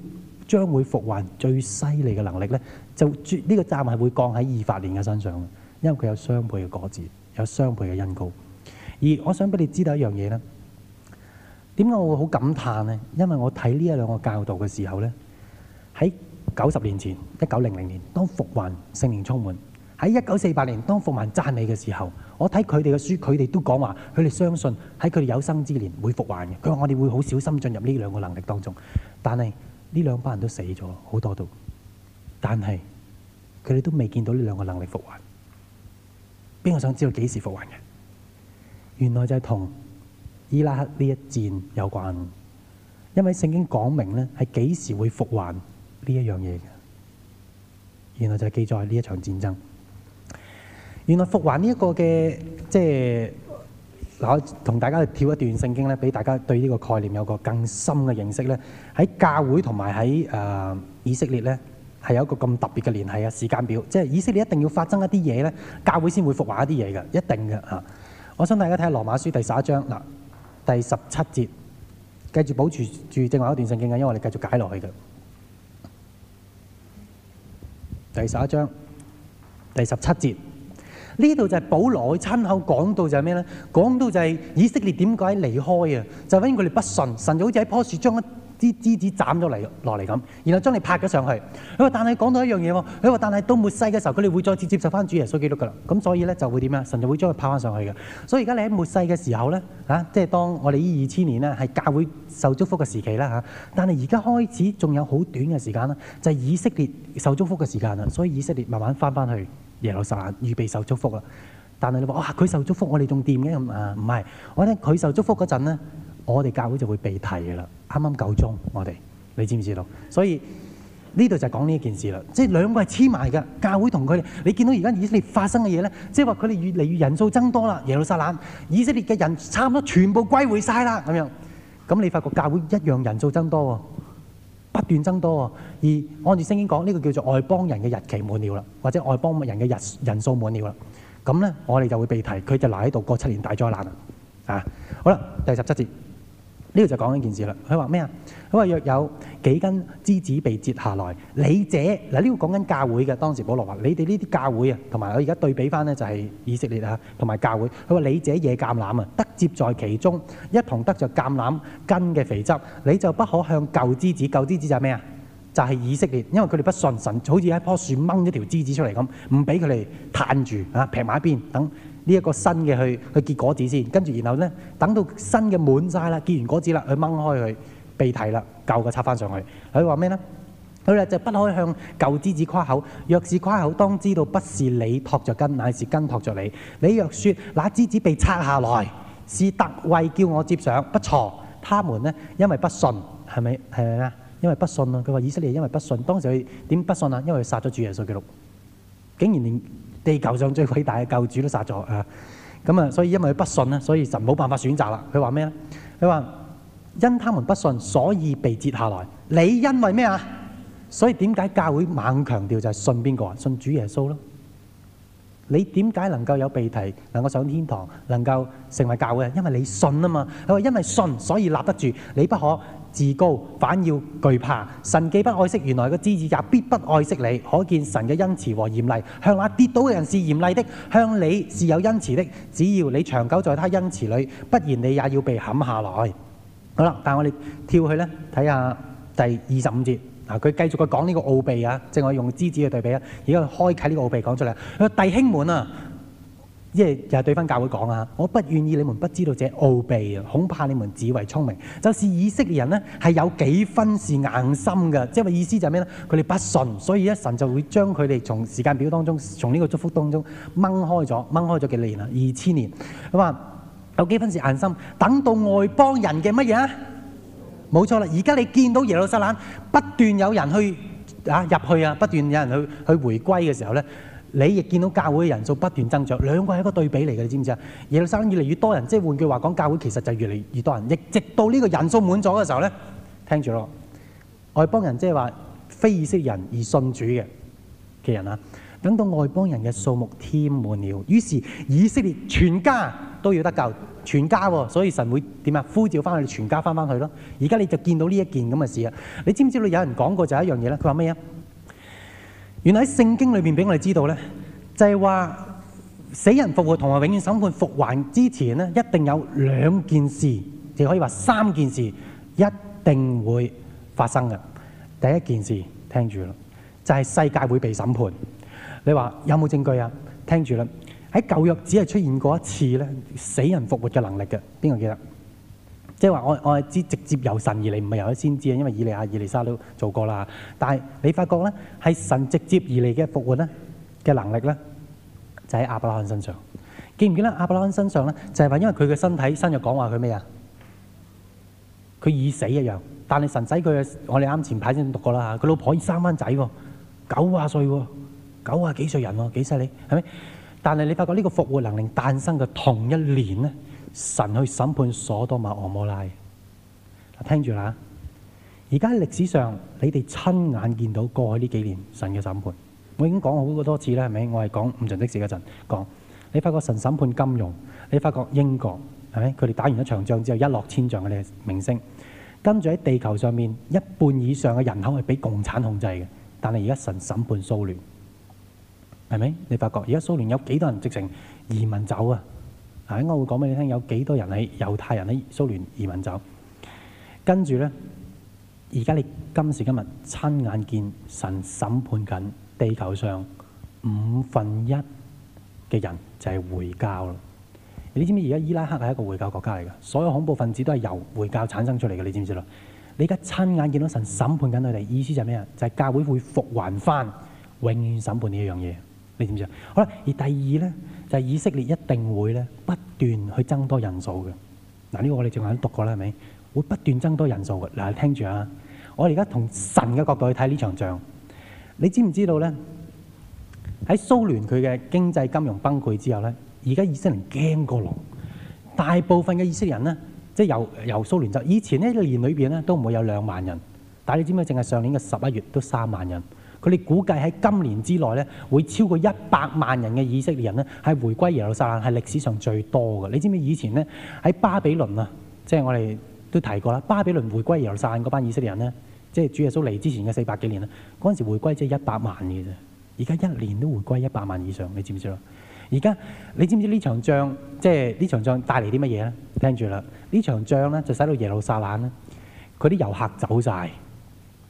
將會復還最犀利嘅能力呢，就絕呢、呢個站係會降喺以法蓮嘅身上嘅，因為佢有雙倍嘅果子，有雙倍嘅恩膏。而我想俾你知道一樣嘢呢，點解我會好感嘆呢？因為我睇呢一兩個教導嘅時候呢，喺九十年前一九零零年，當復還聖靈充滿喺一九四八年，當復還讚美嘅時候，我睇佢哋嘅書，佢哋都講話佢哋相信喺佢哋有生之年會復還嘅。佢話我哋會好小心進入呢兩個能力當中，但係。呢兩班人都死咗，好多都，但係佢哋都未見到呢兩個能力復還。邊個想知道幾時復還嘅？原來就係同伊拉克呢一戰有關，因為聖經講明咧係幾時會復還呢一樣嘢嘅。原來就係記載呢一場戰爭。原來復還呢一個嘅，即係。同大家跳一段聖經呢，俾大家對呢個概念有個更深嘅認識呢，喺教會同埋喺誒以色列呢係有一個咁特別嘅聯繫啊！時間表，即係以色列一定要發生一啲嘢呢，教會先會復活一啲嘢嘅，一定嘅嚇。我想大家睇下《羅馬書》第十一章嗱，第十七節，繼續保持住正話一段聖經啊，因為我哋繼續解落去嘅。第十一章，第十七節。呢度就係保羅親口講到就係咩咧？講到就係以色列點解離開啊？就因為佢哋不順，神就好似喺樖樹將一啲枝子斬咗嚟落嚟咁，然後將你拍咗上去。佢話：但係講到一樣嘢喎，佢話：但係到末世嘅時候，佢哋會再次接受翻主耶穌基督噶啦。咁所以咧就會點呀？神就會將佢拍翻上去嘅。所以而家你喺末世嘅時候咧嚇，即、啊、係、就是、當我哋呢二千年啊係教會受祝福嘅時期啦嚇、啊。但係而家開始仲有好短嘅時間啦，就係、是、以色列受祝福嘅時間啦。所以以色列慢慢翻翻去。耶路撒冷預備受祝福啦，但係你話：哇、哦，佢受祝福，我哋仲掂嘅咁啊？唔係，我覺得佢受祝福嗰陣咧，我哋教會就會被提嘅啦。啱啱夠鐘，我哋，你知唔知道？所以呢度就講呢一件事啦。即係兩個係黐埋嘅教會同佢哋。你見到而家以色列發生嘅嘢咧，即係話佢哋越嚟越人數增多啦。耶路撒冷以色列嘅人差唔多全部歸回晒啦，咁樣。咁你發覺教會一樣人數增多喎。不斷增多喎，而按照聖經講，呢、這個叫做外邦人嘅日期滿了啦，或者外邦人嘅人數數滿了啦，咁咧我哋就會被提，佢就留喺度過七年大災難啦。啊，好啦，第十七節。呢度就講緊件事啦。佢話咩啊？佢話若有幾根枝子被折下來，你者這嗱，呢度講緊教會嘅。當時保羅話：你哋呢啲教會啊，同埋我而家對比翻咧，就係以色列啊，同埋教會。佢話：你這野橄欖啊，得接在其中，一同得着橄欖根嘅肥汁，你就不可向舊枝子。舊枝子就係咩啊？就係、是、以色列，因為佢哋不信神好，好似一樖樹掹咗條枝子出嚟咁，唔俾佢哋攤住啊，撇埋一邊等。呢一個新嘅去去結果子先，跟住然後咧等到新嘅滿曬啦，結完果子啦，佢掹開佢鼻涕啦，舊嘅插翻上去。佢話咩咧？佢話就不可以向舊枝子誇口，若是誇口，當知道不是你託著根，乃是根託著你。你若説那枝子被拆下來，是特為叫我接上，不錯。他們咧因為不信，係咪係咪啊？因為不信啊！佢話以色列因為不信，當時佢點不信啊？因為佢殺咗主耶穌基督，竟然連。地球上最偉大嘅教主都殺咗啊！咁啊，所以因為佢不信咧，所以就冇辦法選擇啦。佢話咩咧？佢話因他們不信，所以被折下來。你因為咩啊？所以點解教會猛強調就係信邊個啊？信主耶穌咯。你點解能夠有被提，能夠上天堂，能夠成為教會嘅人？因為你信啊嘛。佢話因為信，所以立得住。你不可。自高反要懼怕，神既不愛惜原來嘅枝子，也必不愛惜你。可見神嘅恩慈和嚴厲，向那跌倒嘅人是嚴厲的，向你是有恩慈的。只要你長久在他恩慈裏，不然你也要被砍下來。嗯、好啦，但係我哋跳去咧，睇下第二十五節啊，佢繼續佢講呢個奧秘啊，即係我用枝子去對比啊，而家去開啟呢個奧秘講出嚟。佢弟兄們啊！即係又係對翻教會講啊！我不願意你們不知道這奧秘，恐怕你們自以為聰明，就是以色列人咧係有幾分是硬心嘅，即係話意思就係咩咧？佢哋不順，所以咧神就會將佢哋從時間表當中，從呢個祝福當中掹開咗，掹開咗幾年啊？二千年，佢話有幾分是硬心，等到外邦人嘅乜嘢啊？冇錯啦！而家你見到耶路撒冷不斷有人去啊入去啊，不斷有人去去回歸嘅時候咧。你亦見到教會嘅人數不斷增長，兩個係一個對比嚟嘅，你知唔知啊？耶路撒冷越嚟越多人，即係換句話講，教會其實就越嚟越多人，亦直到呢個人數滿咗嘅時候咧，聽住咯，外邦人即係話非以色列人而信主嘅嘅人啊，等到外邦人嘅數目添滿了，於是以色列全家都要得救，全家喎、哦，所以神會點啊？呼召翻去，全家翻翻去咯。而家你就見到呢一件咁嘅事啊！你知唔知道有人講過就係一樣嘢咧？佢話咩啊？原來喺聖經裏面俾我哋知道咧，就係話死人復活同埋永遠審判復還之前咧，一定有兩件事，亦可以話三件事，一定會發生嘅。第一件事，聽住啦，就係世界會被審判。你話有冇證據啊？聽住啦，喺舊約只係出現過一次咧，死人復活嘅能力嘅，邊個記得？即係話我我係知直接由神而嚟，唔係由佢先知啊。因為以利亞、以利沙都做過啦。但係你發覺咧，喺神直接而嚟嘅復活咧嘅能力咧，就喺亞伯拉罕身上。記唔記得亞伯拉罕身上咧，就係話因為佢嘅身體生咗講話佢咩啊？佢已死一樣，但係神仔，佢我哋啱前排先讀過啦嚇，佢老婆已生翻仔喎，九啊歲喎，九啊幾歲人喎，幾犀利係咪？但係你發覺呢個復活能力誕生嘅同一年咧。神去審判所多瑪俄摩拉。嗱，聽住啦。而家喺歷史上，你哋親眼見到過去呢幾年神嘅審判。我已經講過好多次啦，係咪？我係講五旬節時嗰陣講。你發覺神審判金融，你發覺英國係咪？佢哋打完一場仗之後一落千丈嘅咧明星。跟住喺地球上面一半以上嘅人口係俾共產控制嘅，但係而家神審判蘇聯，係咪？你發覺而家蘇聯有幾多人直情移民走啊？嗱，應該會講俾你聽，有幾多人喺猶太人喺蘇聯移民走，跟住咧，而家你今時今日親眼見神審判緊地球上五分一嘅人就係回教咯。你知唔知而家伊拉克係一個回教國家嚟噶？所有恐怖分子都係由回教產生出嚟嘅，你知唔知咯？你而家親眼見到神審判緊佢哋，意思就係咩啊？就係、是、教會會復還翻，永遠審判呢一樣嘢，你知唔知啊？好啦，而第二咧。就係、以色列一定會咧不斷去增多人數嘅，嗱、這、呢個我哋隻眼讀過啦，係咪？會不斷增多人數嘅，嗱聽住啊！我哋而家同神嘅角度去睇呢場仗，你知唔知道咧？喺蘇聯佢嘅經濟金融崩潰之後咧，而家以，以色列人驚過龍，大部分嘅以色列人咧，即係由由蘇聯就以前呢一年裏邊咧都唔會有兩萬人，但係你知唔知？淨係上年嘅十一月都三萬人。佢哋估計喺今年之內咧，會超過一百萬人嘅以色列人咧，係回歸耶路撒冷係歷史上最多嘅。你知唔知以前咧喺巴比倫啊，即係我哋都提過啦，巴比倫回歸耶路撒冷嗰班以色列人咧，即係主耶穌嚟之前嘅四百幾年啦，嗰陣時回歸即係一百萬嘅啫。而家一年都回歸一百萬以上，你知唔知咯？而家你知唔知呢場仗，即係呢場仗帶嚟啲乜嘢咧？聽住啦，呢場仗咧就使到耶路撒冷咧，佢啲遊客走晒。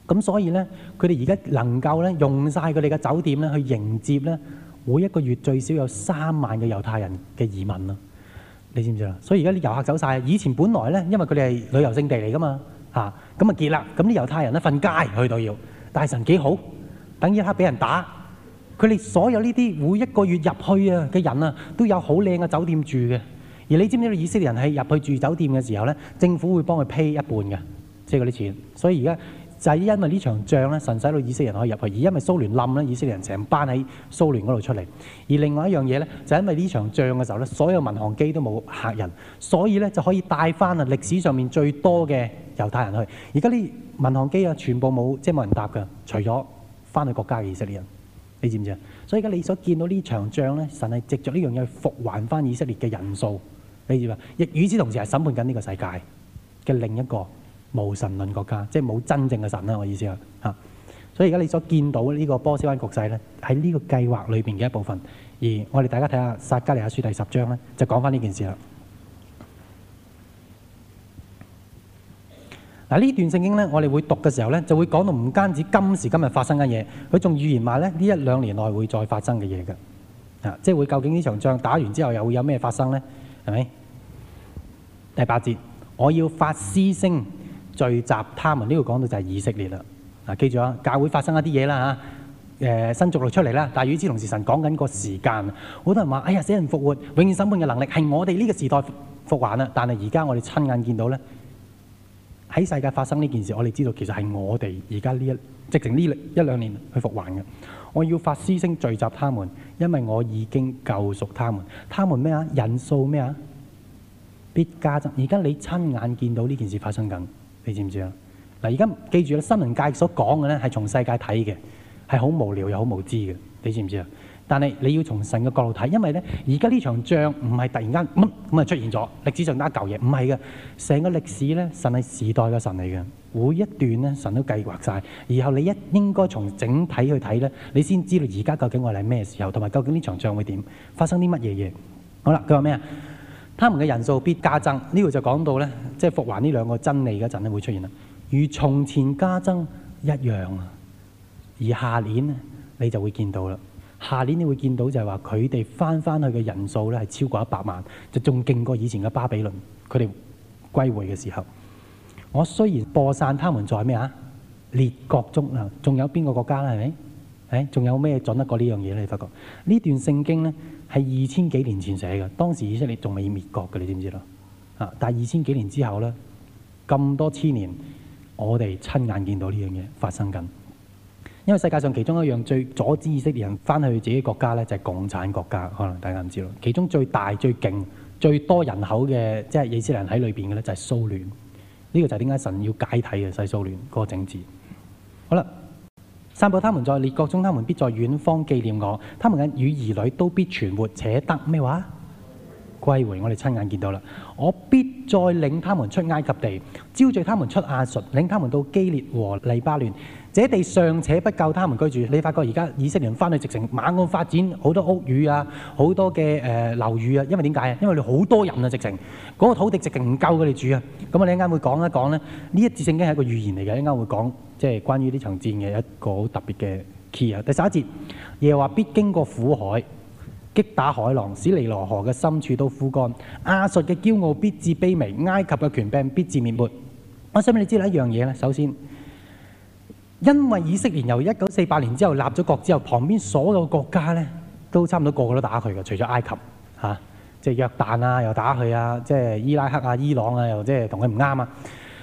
咁所以咧，佢哋而家能夠咧用晒佢哋嘅酒店咧去迎接咧每一個月最少有三萬嘅猶太人嘅移民啦、啊。你知唔知啊？所以而家啲遊客走晒，以前本來咧，因為佢哋係旅遊勝地嚟噶嘛嚇，咁啊結啦。咁啲猶太人咧瞓街，去到街要大神幾好，等一刻俾人打。佢哋所有呢啲每一個月入去啊嘅人啊，都有好靚嘅酒店住嘅。而你知唔知以色列人係入去住酒店嘅時候咧，政府會幫佢批一半嘅，即係嗰啲錢。所以而家。就係因為呢場仗咧，神使到以色列人可以入去；而因為蘇聯冧咧，以色列人成班喺蘇聯嗰度出嚟。而另外一樣嘢咧，就係因為呢場仗嘅時候咧，所有民航機都冇客人，所以咧就可以帶翻啊歷史上面最多嘅猶太人去。而家呢民航機啊，全部冇即係冇人搭㗎，除咗翻去國家嘅以色列人。你知唔知啊？所以而家你所見到呢場仗咧，神係藉着呢樣嘢去復還翻以色列嘅人數。你知嘛？亦與此同時係審判緊呢個世界嘅另一個。無神論國家，即係冇真正嘅神啦，我意思啊嚇。所以而家你所見到呢個波斯灣局勢咧，喺呢個計劃裏邊嘅一部分。而我哋大家睇下《撒迦利亞書》第十章咧，就講翻呢件事啦。嗱、啊，呢段聖經咧，我哋會讀嘅時候咧，就會講到唔單止今時今日發生嘅嘢，佢仲預言話咧呢一兩年內會再發生嘅嘢㗎。啊，即係會究竟呢場仗打完之後又會有咩發生咧？係咪？第八節，我要發嘶聲。聚集他們，呢個講到就係以色列啦。嗱，記住啊，教會發生一啲嘢啦嚇。誒，新路出嚟啦，但係與之同時神講緊個時間，好多人話：哎呀，死人復活，永遠審判嘅能力係我哋呢個時代復還啦。但係而家我哋親眼見到咧，喺世界發生呢件事，我哋知道其實係我哋而家呢一直成呢一兩年去復還嘅。我要發師聲聚集他們，因為我已經救贖他們，他們咩啊？人數咩啊？必加增。而家你親眼見到呢件事發生緊。你知唔知啊？嗱，而家記住啦，新聞界所講嘅咧係從世界睇嘅，係好無聊又好無知嘅。你知唔知啊？但係你要從神嘅角度睇，因為咧而家呢場仗唔係突然間咁咁啊出現咗，歷史上一嚿嘢唔係嘅。成個歷史咧，神係時代嘅神嚟嘅，每一段咧神都計劃晒，然後你一應該從整體去睇咧，你先知道而家究竟我哋係咩時候，同埋究竟呢場仗會點發生啲乜嘢嘢。好啦，佢話咩啊？他們嘅人數必加增，呢度就講到咧，即係復還呢兩個真理嗰陣咧會出現啦，如從前加增一樣啊。而下年咧你就會見到啦，下年你會見到就係話佢哋翻翻去嘅人數咧係超過一百萬，就仲勁過以前嘅巴比倫佢哋歸回嘅時候。我雖然播散他們在咩啊列國中啊，仲有邊個國家咧係咪？誒，仲、哎、有咩準得過呢樣嘢咧？你發覺段聖呢段聖經咧？係二千幾年前寫嘅，當時以色列仲未滅國嘅，你知唔知咯？啊！但係二千幾年之後咧，咁多千年，我哋親眼見到呢樣嘢發生緊。因為世界上其中一樣最阻止以色列人翻去自己的國家咧，就係共產國家。可能大家唔知咯。其中最大、最勁、最多人口嘅，即係以色列人喺裏邊嘅咧，就係蘇聯。呢個就係點解神要解體嘅細蘇聯嗰個政治。好啦。散布他們在列國中，他們必在遠方紀念我。他們嘅與兒女都必存活，且得咩話？歸回，我哋親眼見到啦。我必再領他們出埃及地，招聚他們出亞述，領他們到基列和利巴嫩。這地尚且不夠他們居住，你發覺而家以色列人翻去直情猛咁發展好多屋宇啊，好多嘅誒樓宇啊。因為點解啊？因為你好多人啊，直情，嗰個土地直情唔夠佢哋住啊。咁我哋一間會講一講呢，呢一節聖經係一個預言嚟嘅。一間會講即係關於呢場戰嘅一個好特別嘅 key 啊。第十一節，耶話必經過苦海，擊打海浪，使尼羅河嘅深處都枯乾。亞述嘅驕傲必至卑微，埃及嘅權柄必至滅沒。我想畀你知道一樣嘢咧？首先。因為以色列由一九四八年之後立咗國之後，旁邊所有國家咧都差唔多個個都打佢噶，除咗埃及吓、啊，即係約旦啊，又打佢啊，即係伊拉克啊、伊朗啊，又即係同佢唔啱啊。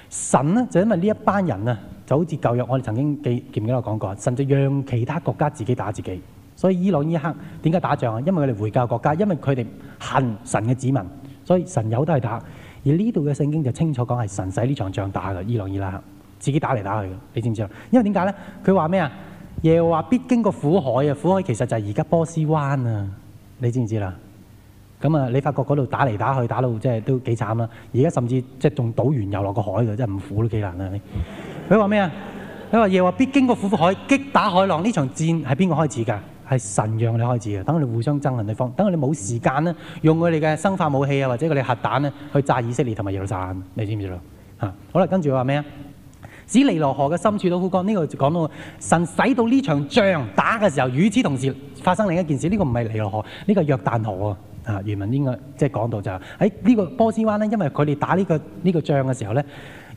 神呢、啊，就因為呢一班人啊，就好似舊約我哋曾經記唔記得講過，神就讓其他國家自己打自己。所以伊朗伊拉克點解打仗啊？因為佢哋回教國家，因為佢哋恨神嘅子民，所以神有都係打。而呢度嘅聖經就清楚講係神使呢場仗打嘅，伊朗伊拉克。自己打嚟打去嘅，你知唔知啊？因為點解咧？佢話咩啊？耶華必經過苦海啊！苦海其實就係而家波斯灣啊！你知唔知啦？咁啊，你發覺嗰度打嚟打去，打到即係都幾慘啊。而家甚至即係仲倒完又落個海度，真係唔苦都幾難、啊、你，佢話咩啊？佢 話耶華必經過苦海，擊打海浪。呢場戰係邊個開始㗎？係神讓你開始嘅，等佢哋互相憎恨對方，等佢哋冇時間咧用佢哋嘅生化武器啊，或者佢哋核彈咧去炸以色列同埋猶太人。你知唔知道啊？嚇，好啦，跟住話咩啊？指尼羅河嘅深處都枯乾，呢、這個講到神使到呢場仗打嘅時候，與此同時發生另一件事。呢、這個唔係尼羅河，呢、這個是約旦河啊。啊，原文應該即係講到就喺、是、呢個波斯灣呢，因為佢哋打呢、這個呢、這個仗嘅時候呢，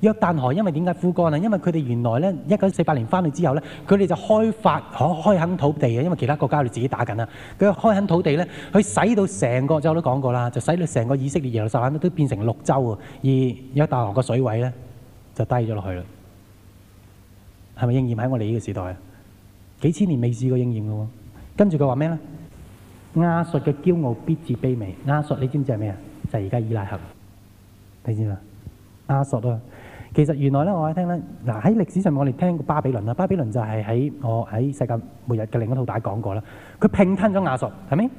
約旦河因為點解枯乾咧？因為佢哋原來呢，一九四八年翻嚟之後呢，佢哋就開發、哦、開開墾土地嘅，因為其他國家佢自己打緊啦。佢開墾土地呢，佢使到成個，就我都講過啦，就使到成個以色列耶路撒冷都變成綠洲啊。而約旦河個水位呢，就低咗落去啦。係咪應驗喺我哋呢個時代啊？幾千年未試過應驗嘅喎，跟住佢話咩咧？亞述嘅驕傲必至卑微。亞述你知唔知係咩啊？就係而家伊拉克，你知嘛？亞述啊，其實原來咧，我一聽咧，嗱喺歷史上面我哋聽過巴比倫啊，巴比倫就係喺我喺世界末日嘅另一套度講過啦。佢拼吞咗亞述，係咪？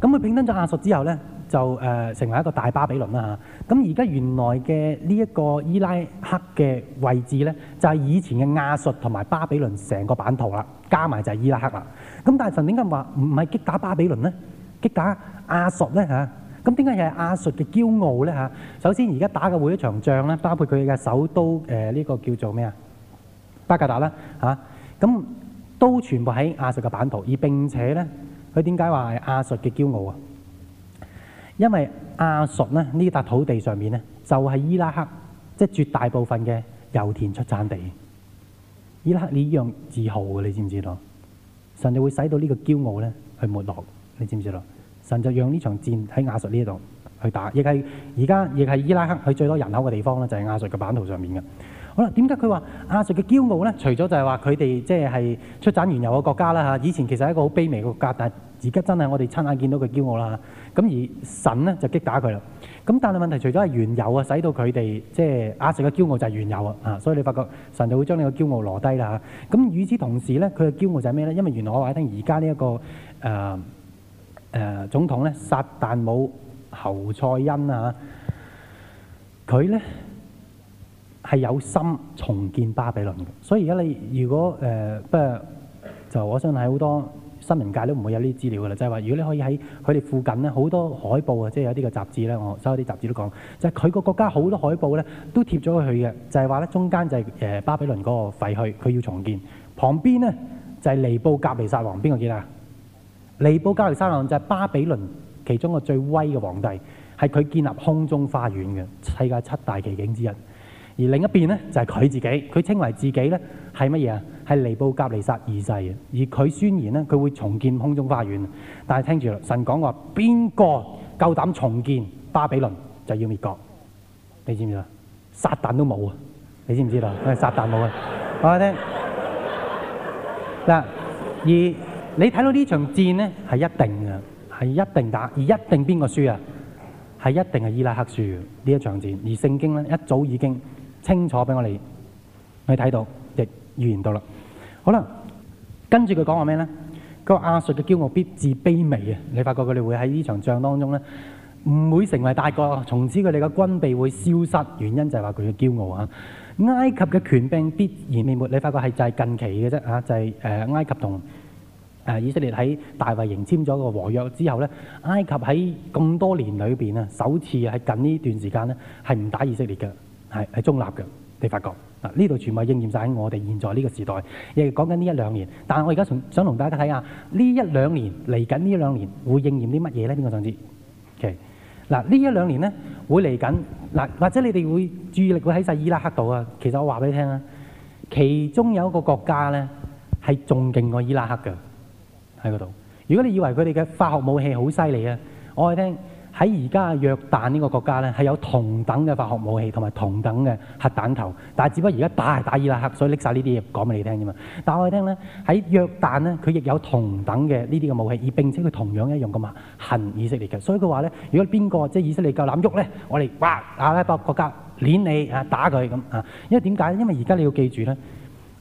咁佢拼吞咗亞述之後咧？就誒成為一個大巴比倫啦嚇，咁而家原來嘅呢一個伊拉克嘅位置咧，就係、是、以前嘅亞述同埋巴比倫成個版圖啦，加埋就係伊拉克啦。咁但係神點解話唔係擊打巴比倫咧，擊打亞述咧嚇？咁點解又係亞述嘅驕傲咧嚇？首先而家打嘅每場仗咧，包括佢嘅首都誒呢、呃這個叫做咩啊？巴格達啦嚇，咁、啊、都全部喺亞述嘅版圖，而並且咧，佢點解話係亞述嘅驕傲啊？因為亞述咧呢笪土地上面咧就係伊拉克，即係絕大部分嘅油田出產地。伊拉克呢樣自豪嘅，你知唔知道？神就會使到呢個驕傲咧去沒落，你知唔知道？神就讓呢場戰喺亞述呢一度去打，亦係而家亦係伊拉克佢最多人口嘅地方咧，就係亞述嘅版圖上面嘅。好啦，點解佢話亞述嘅驕傲咧？除咗就係話佢哋即係出產原油嘅國家啦嚇，以前其實係一個好卑微嘅國家，但係而家真係我哋親眼見到佢驕傲啦。咁而神咧就擊打佢啦。咁但係問題除咗係原油啊，使到佢哋即係亞述嘅驕傲就係原油啊。啊，所以你發覺神就會將你個驕傲攞低啦。嚇，咁與此同時咧，佢嘅驕傲就係咩咧？因為原來我話聽而家呢一個誒誒、呃呃、總統咧，薩達姆侯賽因啊，佢咧係有心重建巴比倫嘅。所以而家你如果誒、呃，不過就我相信喺好多。新聞界都唔會有呢啲資料噶啦，就係話如果你可以喺佢哋附近咧，好多海報啊，即係有啲嘅雜誌咧，我所有啲雜誌都講，就係佢個國家好多海報咧都貼咗佢去嘅，就係話咧中間就係誒巴比倫嗰個廢墟，佢要重建。旁邊呢，就係尼布甲尼撒王，邊個建啊？尼布甲尼撒王就係巴比倫其中個最威嘅皇帝，係佢建立空中花園嘅世界七大奇景之一。而另一邊呢，就係佢自己，佢稱為自己咧。係乜嘢啊？係尼布甲尼撒二世。而佢宣言咧，佢會重建空中花園。但係聽住神講話，邊個夠膽重建巴比倫就要滅國？你知唔知啊？撒旦都冇啊！你知唔知啦？佢係撒旦冇啊！講俾你聽嗱， 而你睇到呢場戰咧，係一定嘅，係一定打，而一定邊個輸啊？係一定係伊拉克輸嘅呢一場戰。而聖經咧一早已經清楚俾我哋去睇到。預言到啦，好啦，跟住佢講話咩咧？佢話亞述嘅驕傲必至卑微啊！你發覺佢哋會喺呢場仗當中咧，唔會成為大國。從此佢哋嘅軍備會消失，原因就係話佢嘅驕傲啊！埃及嘅權柄必然滅沒，你發覺係就係近期嘅啫嚇，就係、是、誒埃及同誒以色列喺大衛營簽咗個和約之後咧，埃及喺咁多年裏邊啊，首次喺近呢段時間咧係唔打以色列嘅，係係中立嘅，你發覺。嗱，呢度全部係應驗曬喺我哋現在呢個時代，亦講緊呢一兩年。但係我而家想同大家睇下，呢一兩年嚟緊呢一兩年會應驗啲乜嘢咧？邊個想知？OK，嗱，呢一兩年咧會嚟緊，嗱或者你哋會注意力會喺曬伊拉克度啊。其實我話俾你聽啊，其中有一個國家咧係仲勁過伊拉克嘅喺嗰度。如果你以為佢哋嘅化學武器好犀利啊，我話俾你聽。喺而家約旦呢個國家呢，係有同等嘅化學武器同埋同等嘅核彈頭，但只不過而家打係打伊拉克，所以拎曬呢啲嘢講俾你聽啫嘛。但我哋聽咧，喺約旦咧，佢亦有同等嘅呢啲嘅武器，而並且佢同樣一樣咁恨以色列嘅，所以佢話咧，如果邊個即係以色列夠膽喐咧，我哋哇阿拉伯國家碾你啊，打佢咁啊，因為點解？因為而家你要記住呢，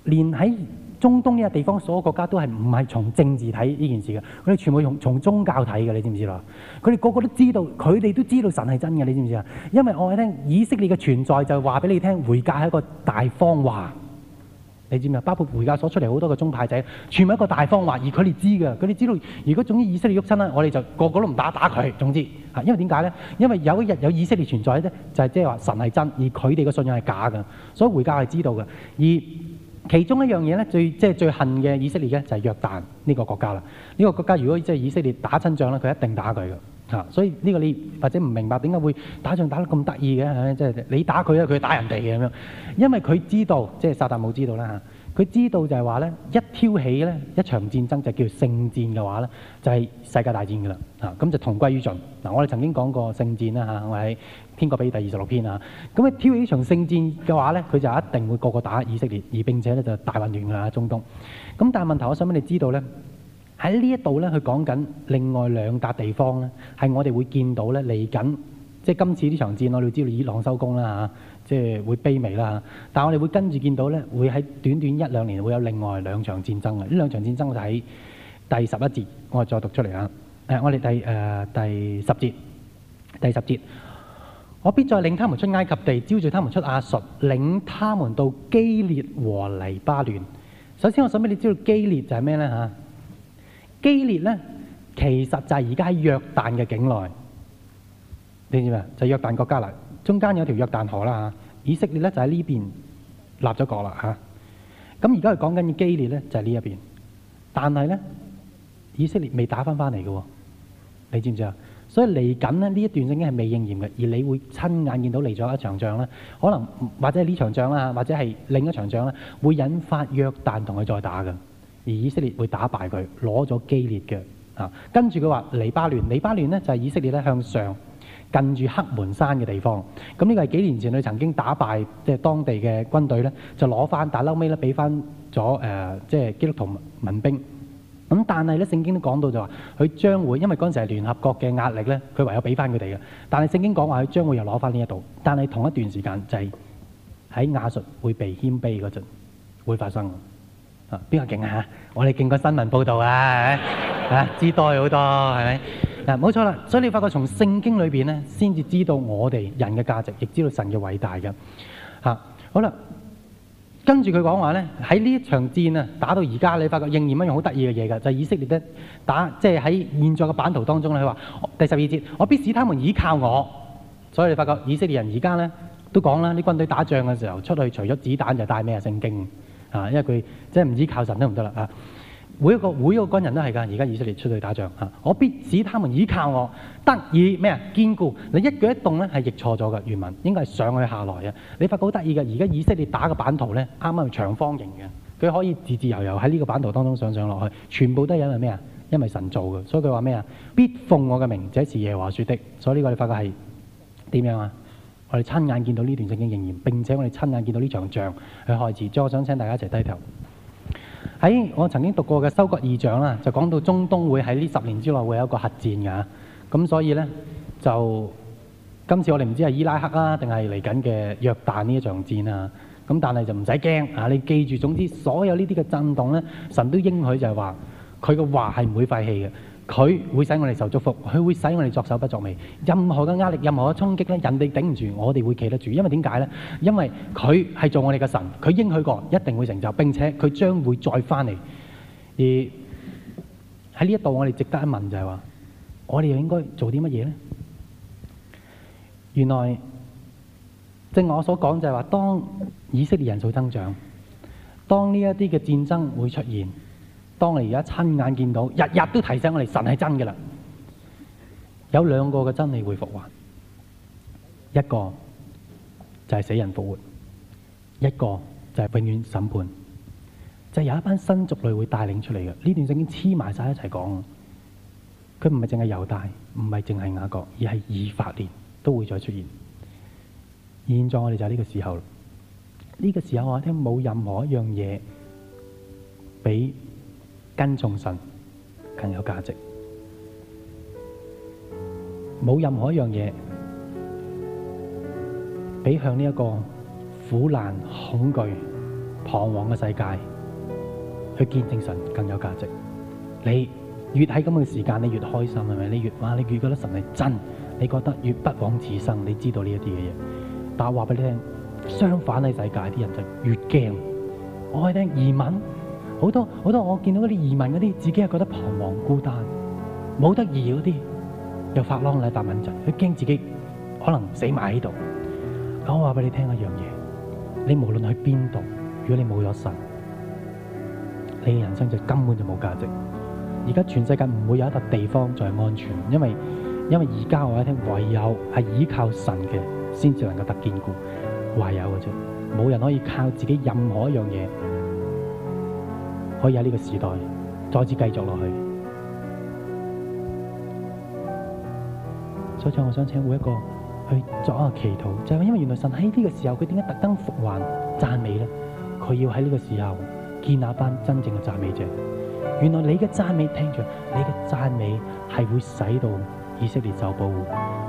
連喺。中東呢個地方所有的國家都係唔係從政治睇呢件事嘅，佢哋全部用從宗教睇嘅，你知唔知啦？佢哋個個都知道，佢哋都知道神係真嘅，你知唔知啊？因為我喺聽以色列嘅存在就話俾你聽，回教係一個大謊話，你知唔知啊？包括回教所出嚟好多個宗派仔，全部一個大謊話，而佢哋知嘅，佢哋知道，知道如果總之以色列喐親啦，我哋就個個都唔打打佢。總之嚇，因為點解咧？因為有一日有以色列存在嘅就係即係話神係真，而佢哋嘅信仰係假嘅，所以回教係知道嘅，而。其中一樣嘢咧，最即係最恨嘅以色列咧，就係、是、約旦呢個國家啦。呢、這個國家如果即係以色列打親仗咧，佢一定打佢嘅嚇。所以呢個你或者唔明白點解會打仗打得咁得意嘅？即係你打佢咧，佢打人哋嘅咁樣。因為佢知道，即係薩達姆知道啦嚇。佢、啊、知道就係話咧，一挑起咧一場戰爭就叫聖戰嘅話咧，就係、是、世界大戰嘅啦嚇。咁、啊、就同歸於盡嗱。我哋曾經講過聖戰啦嚇，我、啊、喺。天國比第二十六篇啊，咁啊挑起呢場聖戰嘅話咧，佢就一定會個，個個打以色列，而並且咧就大混亂啊，中東咁。但係問題，我想俾你知道咧喺呢一度咧，佢講緊另外兩笪地方咧，係我哋會見到咧嚟緊，即係今次呢場戰，我哋知道伊朗收工啦嚇，即係會卑微啦嚇。但係我哋會跟住見到咧，會喺短短一兩年會有另外兩場戰爭嘅，呢兩場戰爭就喺第十一節，我再讀出嚟嚇。誒，我哋第誒、呃、第十節，第十節。我必再領他們出埃及地，招聚他們出亞述，領他們到基列和黎巴嫩。首先，我想俾你知道基列就係什咩呢？基列其實就係而家喺約旦嘅境內。你知道嗎？就約旦國家中間有條約旦河啦。以色列就喺呢邊立咗國啦。現咁而家講緊基列就係呢一邊。但係咧，以色列未打返返嚟，你知唔知？所以嚟緊呢一段已經係未應驗嘅，而你會親眼見到嚟咗一場仗啦，可能或者呢場仗啦，或者係另一場仗啦，會引發約旦同佢再打嘅，而以色列會打敗佢，攞咗基列嘅啊。跟住佢話黎巴嫩，黎巴嫩呢就係以色列向上近住黑門山嘅地方。咁呢個係幾年前佢曾經打敗即係當地嘅軍隊呢，就攞返，但係嬲尾俾返咗即係基督徒民兵。咁但係咧，聖經都講到就話，佢將會因為嗰陣係聯合國嘅壓力咧，佢唯有俾翻佢哋嘅。但係聖經講話佢將會又攞翻呢一度，但係同一段時間就係喺亞述會被謙卑嗰陣會發生嘅啊，邊個勁啊？我哋勁過新聞報道啊，啊，知多好多係咪？啊，冇錯啦。所以你發覺從聖經裏邊咧，先至知道我哋人嘅價值，亦知道神嘅偉大嘅。啊，好啦。跟住佢講話呢，喺呢一場戰啊，打到而家，你發覺仍然一樣好得意嘅嘢㗎，就係、是、以色列打，即係喺現在嘅版圖當中咧，佢話第十二節，我必使他們依靠我，所以你發覺以色列人而家呢都講啦，啲軍隊打仗嘅時候出去除，除咗子彈就帶咩啊聖經啊？因為佢真係唔知靠神都唔得啦啊！每一個每一個軍人都係噶，而家以色列出嚟打仗嚇，我必使他們依靠我，得以咩啊堅固。你一舉一動咧係譯錯咗嘅原文，應該係上去下來嘅。你發覺得意嘅，而家以色列打嘅版圖咧，啱啱係長方形嘅，佢可以自自由由喺呢個版圖當中上上落去，全部都係因為咩啊？因為神造嘅，所以佢話咩啊？必奉我嘅名，這是耶和華説的。所以呢個你發覺係點樣啊？我哋親眼見到呢段聖經應驗，並且我哋親眼見到呢場仗佢開始。所以我想請大家一齊低頭。欸、我曾經讀過嘅《收割異象》就講到中東會喺呢十年之內會有一個核戰㗎，咁所以呢，就今次我哋唔知係伊拉克啊，定係嚟緊嘅約旦呢一場戰啊，咁但係就唔使驚，你記住，總之所有呢啲嘅震動呢，神都應許就係話佢嘅話係唔會廢棄嘅。佢會使我哋受祝福，佢會使我哋作首不作尾。任何嘅壓力，任何嘅衝擊咧，人哋頂唔住，我哋會企得住。因為點解咧？因為佢係做我哋嘅神，佢應許過一定會成就，並且佢將會再翻嚟。而喺呢一度，我哋值得一問就係話：我哋又應該做啲乜嘢咧？原來，正係我所講就係話，當以色列人數增長，當呢一啲嘅戰爭會出現。當你而家親眼見到，日日都提醒我哋神係真嘅啦。有兩個嘅真理會復還，一個就係死人復活，一個就係永遠審判。就係有一班新族類會帶領出嚟嘅。呢段聖經黐埋晒一齊講，佢唔係淨係猶大，唔係淨係雅各，而係以法蓮都會再出現。現在我哋就係呢個時候，呢、呢個時候，我聽冇任何一樣嘢俾。跟從神更有價值，冇任何一樣嘢，比向呢一個苦難、恐懼、彷徨嘅世界去見證神更有價值。你越喺咁嘅時間，你越開心係咪？你越話，你越覺得神係真，你覺得越不枉此生。你知道呢一啲嘅嘢，但我話俾你聽，相反嘅世界啲人就越驚。我可以聽移民。疑問好多好多我見到嗰啲移民嗰啲，自己係覺得彷徨孤單，冇得意嗰啲，又發廊嚟發敏疾，佢驚自己可能死埋喺度。我話俾你聽一樣嘢，你無論去邊度，如果你冇咗神，你嘅人生就根本就冇價值。而家全世界唔會有一笪地方再係安全，因為因為而家我話你聽，唯有係倚靠神嘅先至能夠得堅固，唯有嘅啫，冇人可以靠自己任何一樣嘢。可以喺呢個時代再次繼續落去，所以我想請每一個去作一個祈禱，就係、是、因為原來神喺呢個時候，佢點解特登復還讚美呢？佢要喺呢個時候見那班真正嘅讚美者。原來你嘅讚美聽住，你嘅讚美係會使到以色列受保護，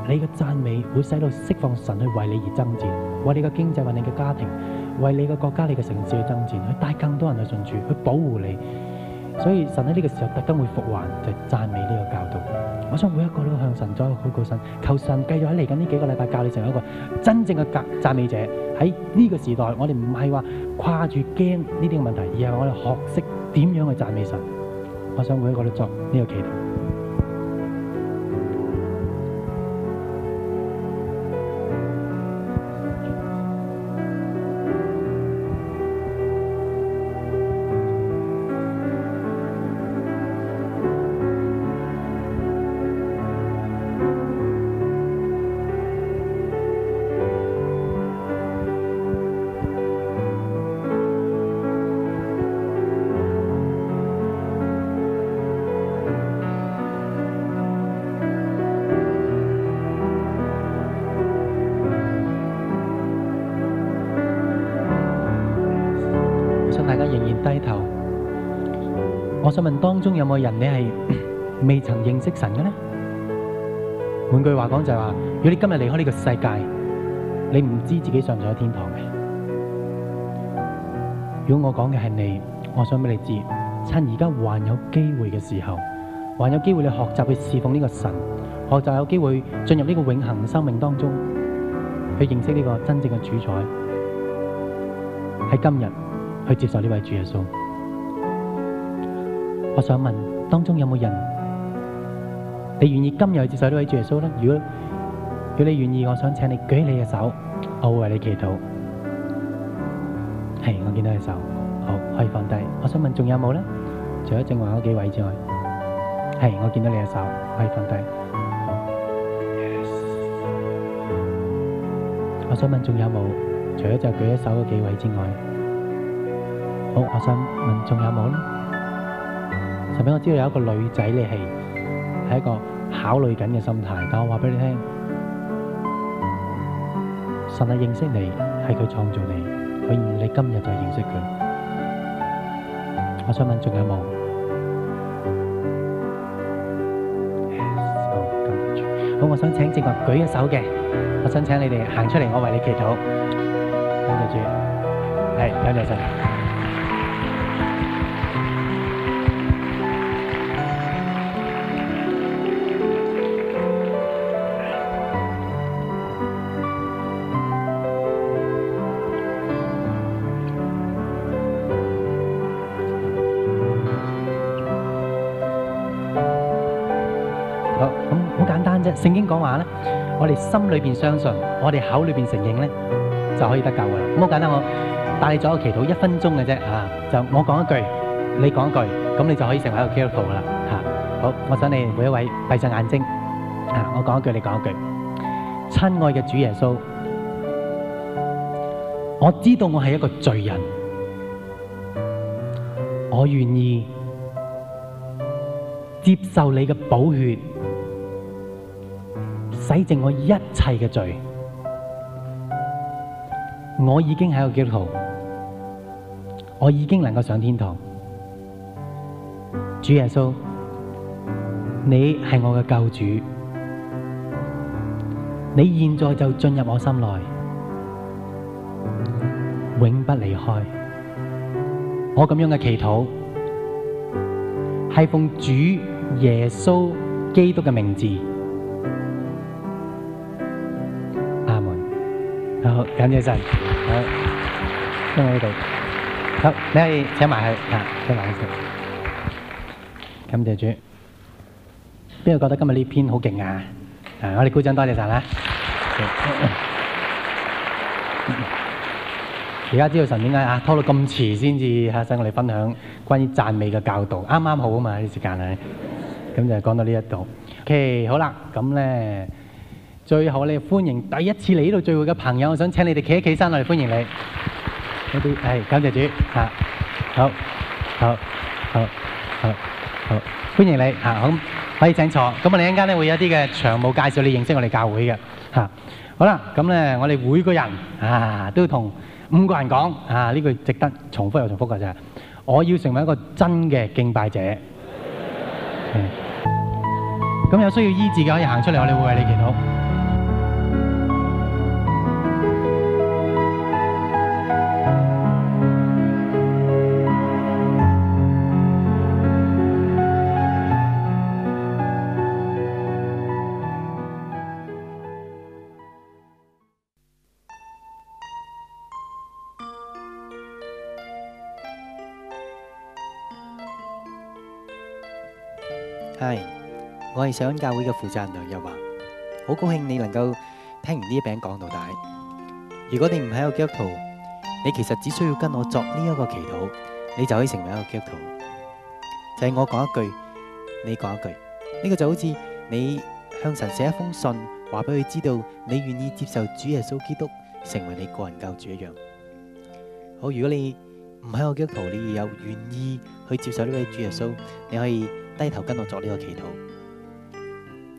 你嘅讚美會使到釋放神去為你而爭戰，為你嘅經濟，為你嘅家庭。為你嘅國家、你嘅城市去征戰，去帶更多人去進住，去保護你。所以神喺呢個時候特登會復還，就是讚美呢個教導。我想每一個都向神再求告神，求神繼續喺嚟緊呢幾個禮拜教你成為一個真正嘅讚美者。喺呢個時代，我哋唔係話跨住驚呢啲嘅問題，而係我哋學識點樣去讚美神。我想每一個都作呢個祈禱。當中有冇人你係未曾認識神嘅呢？換句話講就係話，如果你今日離開呢個世界，你唔知自己上唔上天堂嘅。如果我講嘅係你，我想俾你知，趁而家還有機會嘅時候，還有機會去學習去侍奉呢個神，學習有機會進入呢個永恆生命當中，去認識呢個真正嘅主宰，喺今日去接受呢位主耶穌。我想問當中有冇人，你願意今日去接受呢位主耶穌咧？如果，如果你願意，我想請你舉起你嘅手，我會為你祈禱。係，我見到你嘅手，好，可以放低。我想問仲有冇咧？除咗正話嗰幾位之外，係，我見到你嘅手，可以放低。好，Yes，我想問仲有冇？除咗就舉起手嗰幾位之外，好，我想問仲有冇咧？俾我知道有一個女仔，你係係一個考慮緊嘅心態，但係我話俾你聽，神係認識你，係佢創造你，佢願意你今日就認識佢。我想問仲有冇？好，我想請證人舉一手嘅，我想請你哋行出嚟，我為你祈禱。感謝主，係感謝神。聖經講話咧，我哋心裏邊相信，我哋口裏邊承認咧，就可以得救噶啦。好簡單，我帶你咗個祈禱一分鐘嘅啫，吓就我講一句，你講一句，咁你就可以成為一個基督徒噶啦。吓好，我想你每一位閉上眼睛，吓我講一句，你講一句。親愛嘅主耶穌，我知道我係一個罪人，我願意接受你嘅寶血。我一切嘅罪，我已經係一個基督徒，我已經能夠上天堂。主耶穌，你係我嘅救主，你現在就進入我心內，永不離開。我咁樣嘅祈禱係奉主耶穌基督嘅名字。感謝神，好，喺我呢度，好，你可以請埋佢，啊，請埋佢，感謝主，邊個覺得今日呢篇好勁啊？啊，我哋鼓掌多謝曬啦！而家知道神點解啊拖到咁遲先至嚇，使我哋分享關於讚美嘅教導，啱啱好啊嘛，呢啲時間係，咁就講到呢一度，OK，好啦，咁咧。最後你歡迎第一次嚟呢度聚會嘅朋友，我想請你哋企一企身嚟歡迎你。嗰啲係感謝主嚇，好好好好好好，歡迎你嚇，好可以請坐。咁我哋一陣間咧會有一啲嘅長務介紹你認識我哋教會嘅嚇。好啦，咁咧我哋每個人啊都同五個人講啊呢句值得重複又重複嘅就係我要成為一個真嘅敬拜者。咁、嗯、有需要醫治嘅可以行出嚟，我哋會為你祈禱。你想教會嘅負責人又話：好高興你能夠聽完呢一餅講到大。如果你唔喺個基督徒，你其實只需要跟我作呢一個祈禱，你就可以成為一個基督徒。就係我講一句，你講一句，呢個就好似你向神寫一封信，話俾佢知道你願意接受主耶穌基督成為你個人教主一樣。好，如果你唔喺個基督徒，你有願意去接受呢位主耶穌，你可以低頭跟我作呢個祈禱。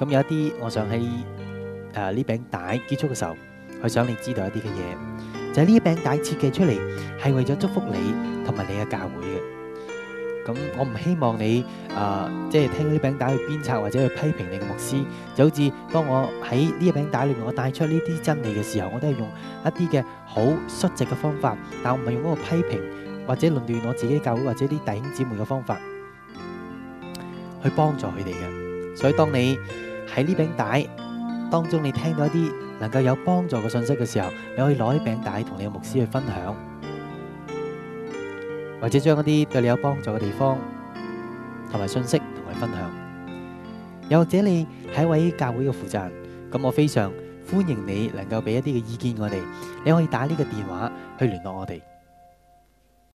咁有一啲，我想喺誒呢餅帶結束嘅時候，佢想你知道一啲嘅嘢，就係呢一餅帶設計出嚟係為咗祝福你同埋你嘅教會嘅。咁我唔希望你誒即係聽到呢餅帶去鞭策，或者去批評你嘅牧師，就好似當我喺呢一餅帶裏面我帶出呢啲真理嘅時候，我都係用一啲嘅好率直嘅方法，但我唔係用嗰個批評或者論斷我自己教會或者啲弟兄姊妹嘅方法去幫助佢哋嘅。所以當你，喺呢餅帶當中，你聽到一啲能夠有幫助嘅信息嘅時候，你可以攞啲餅帶同你嘅牧師去分享，或者將一啲對你有幫助嘅地方同埋信息同佢分享。又或者你係一位教會嘅負責人，咁我非常歡迎你能夠俾一啲嘅意見我哋。你可以打呢個電話去聯絡我哋。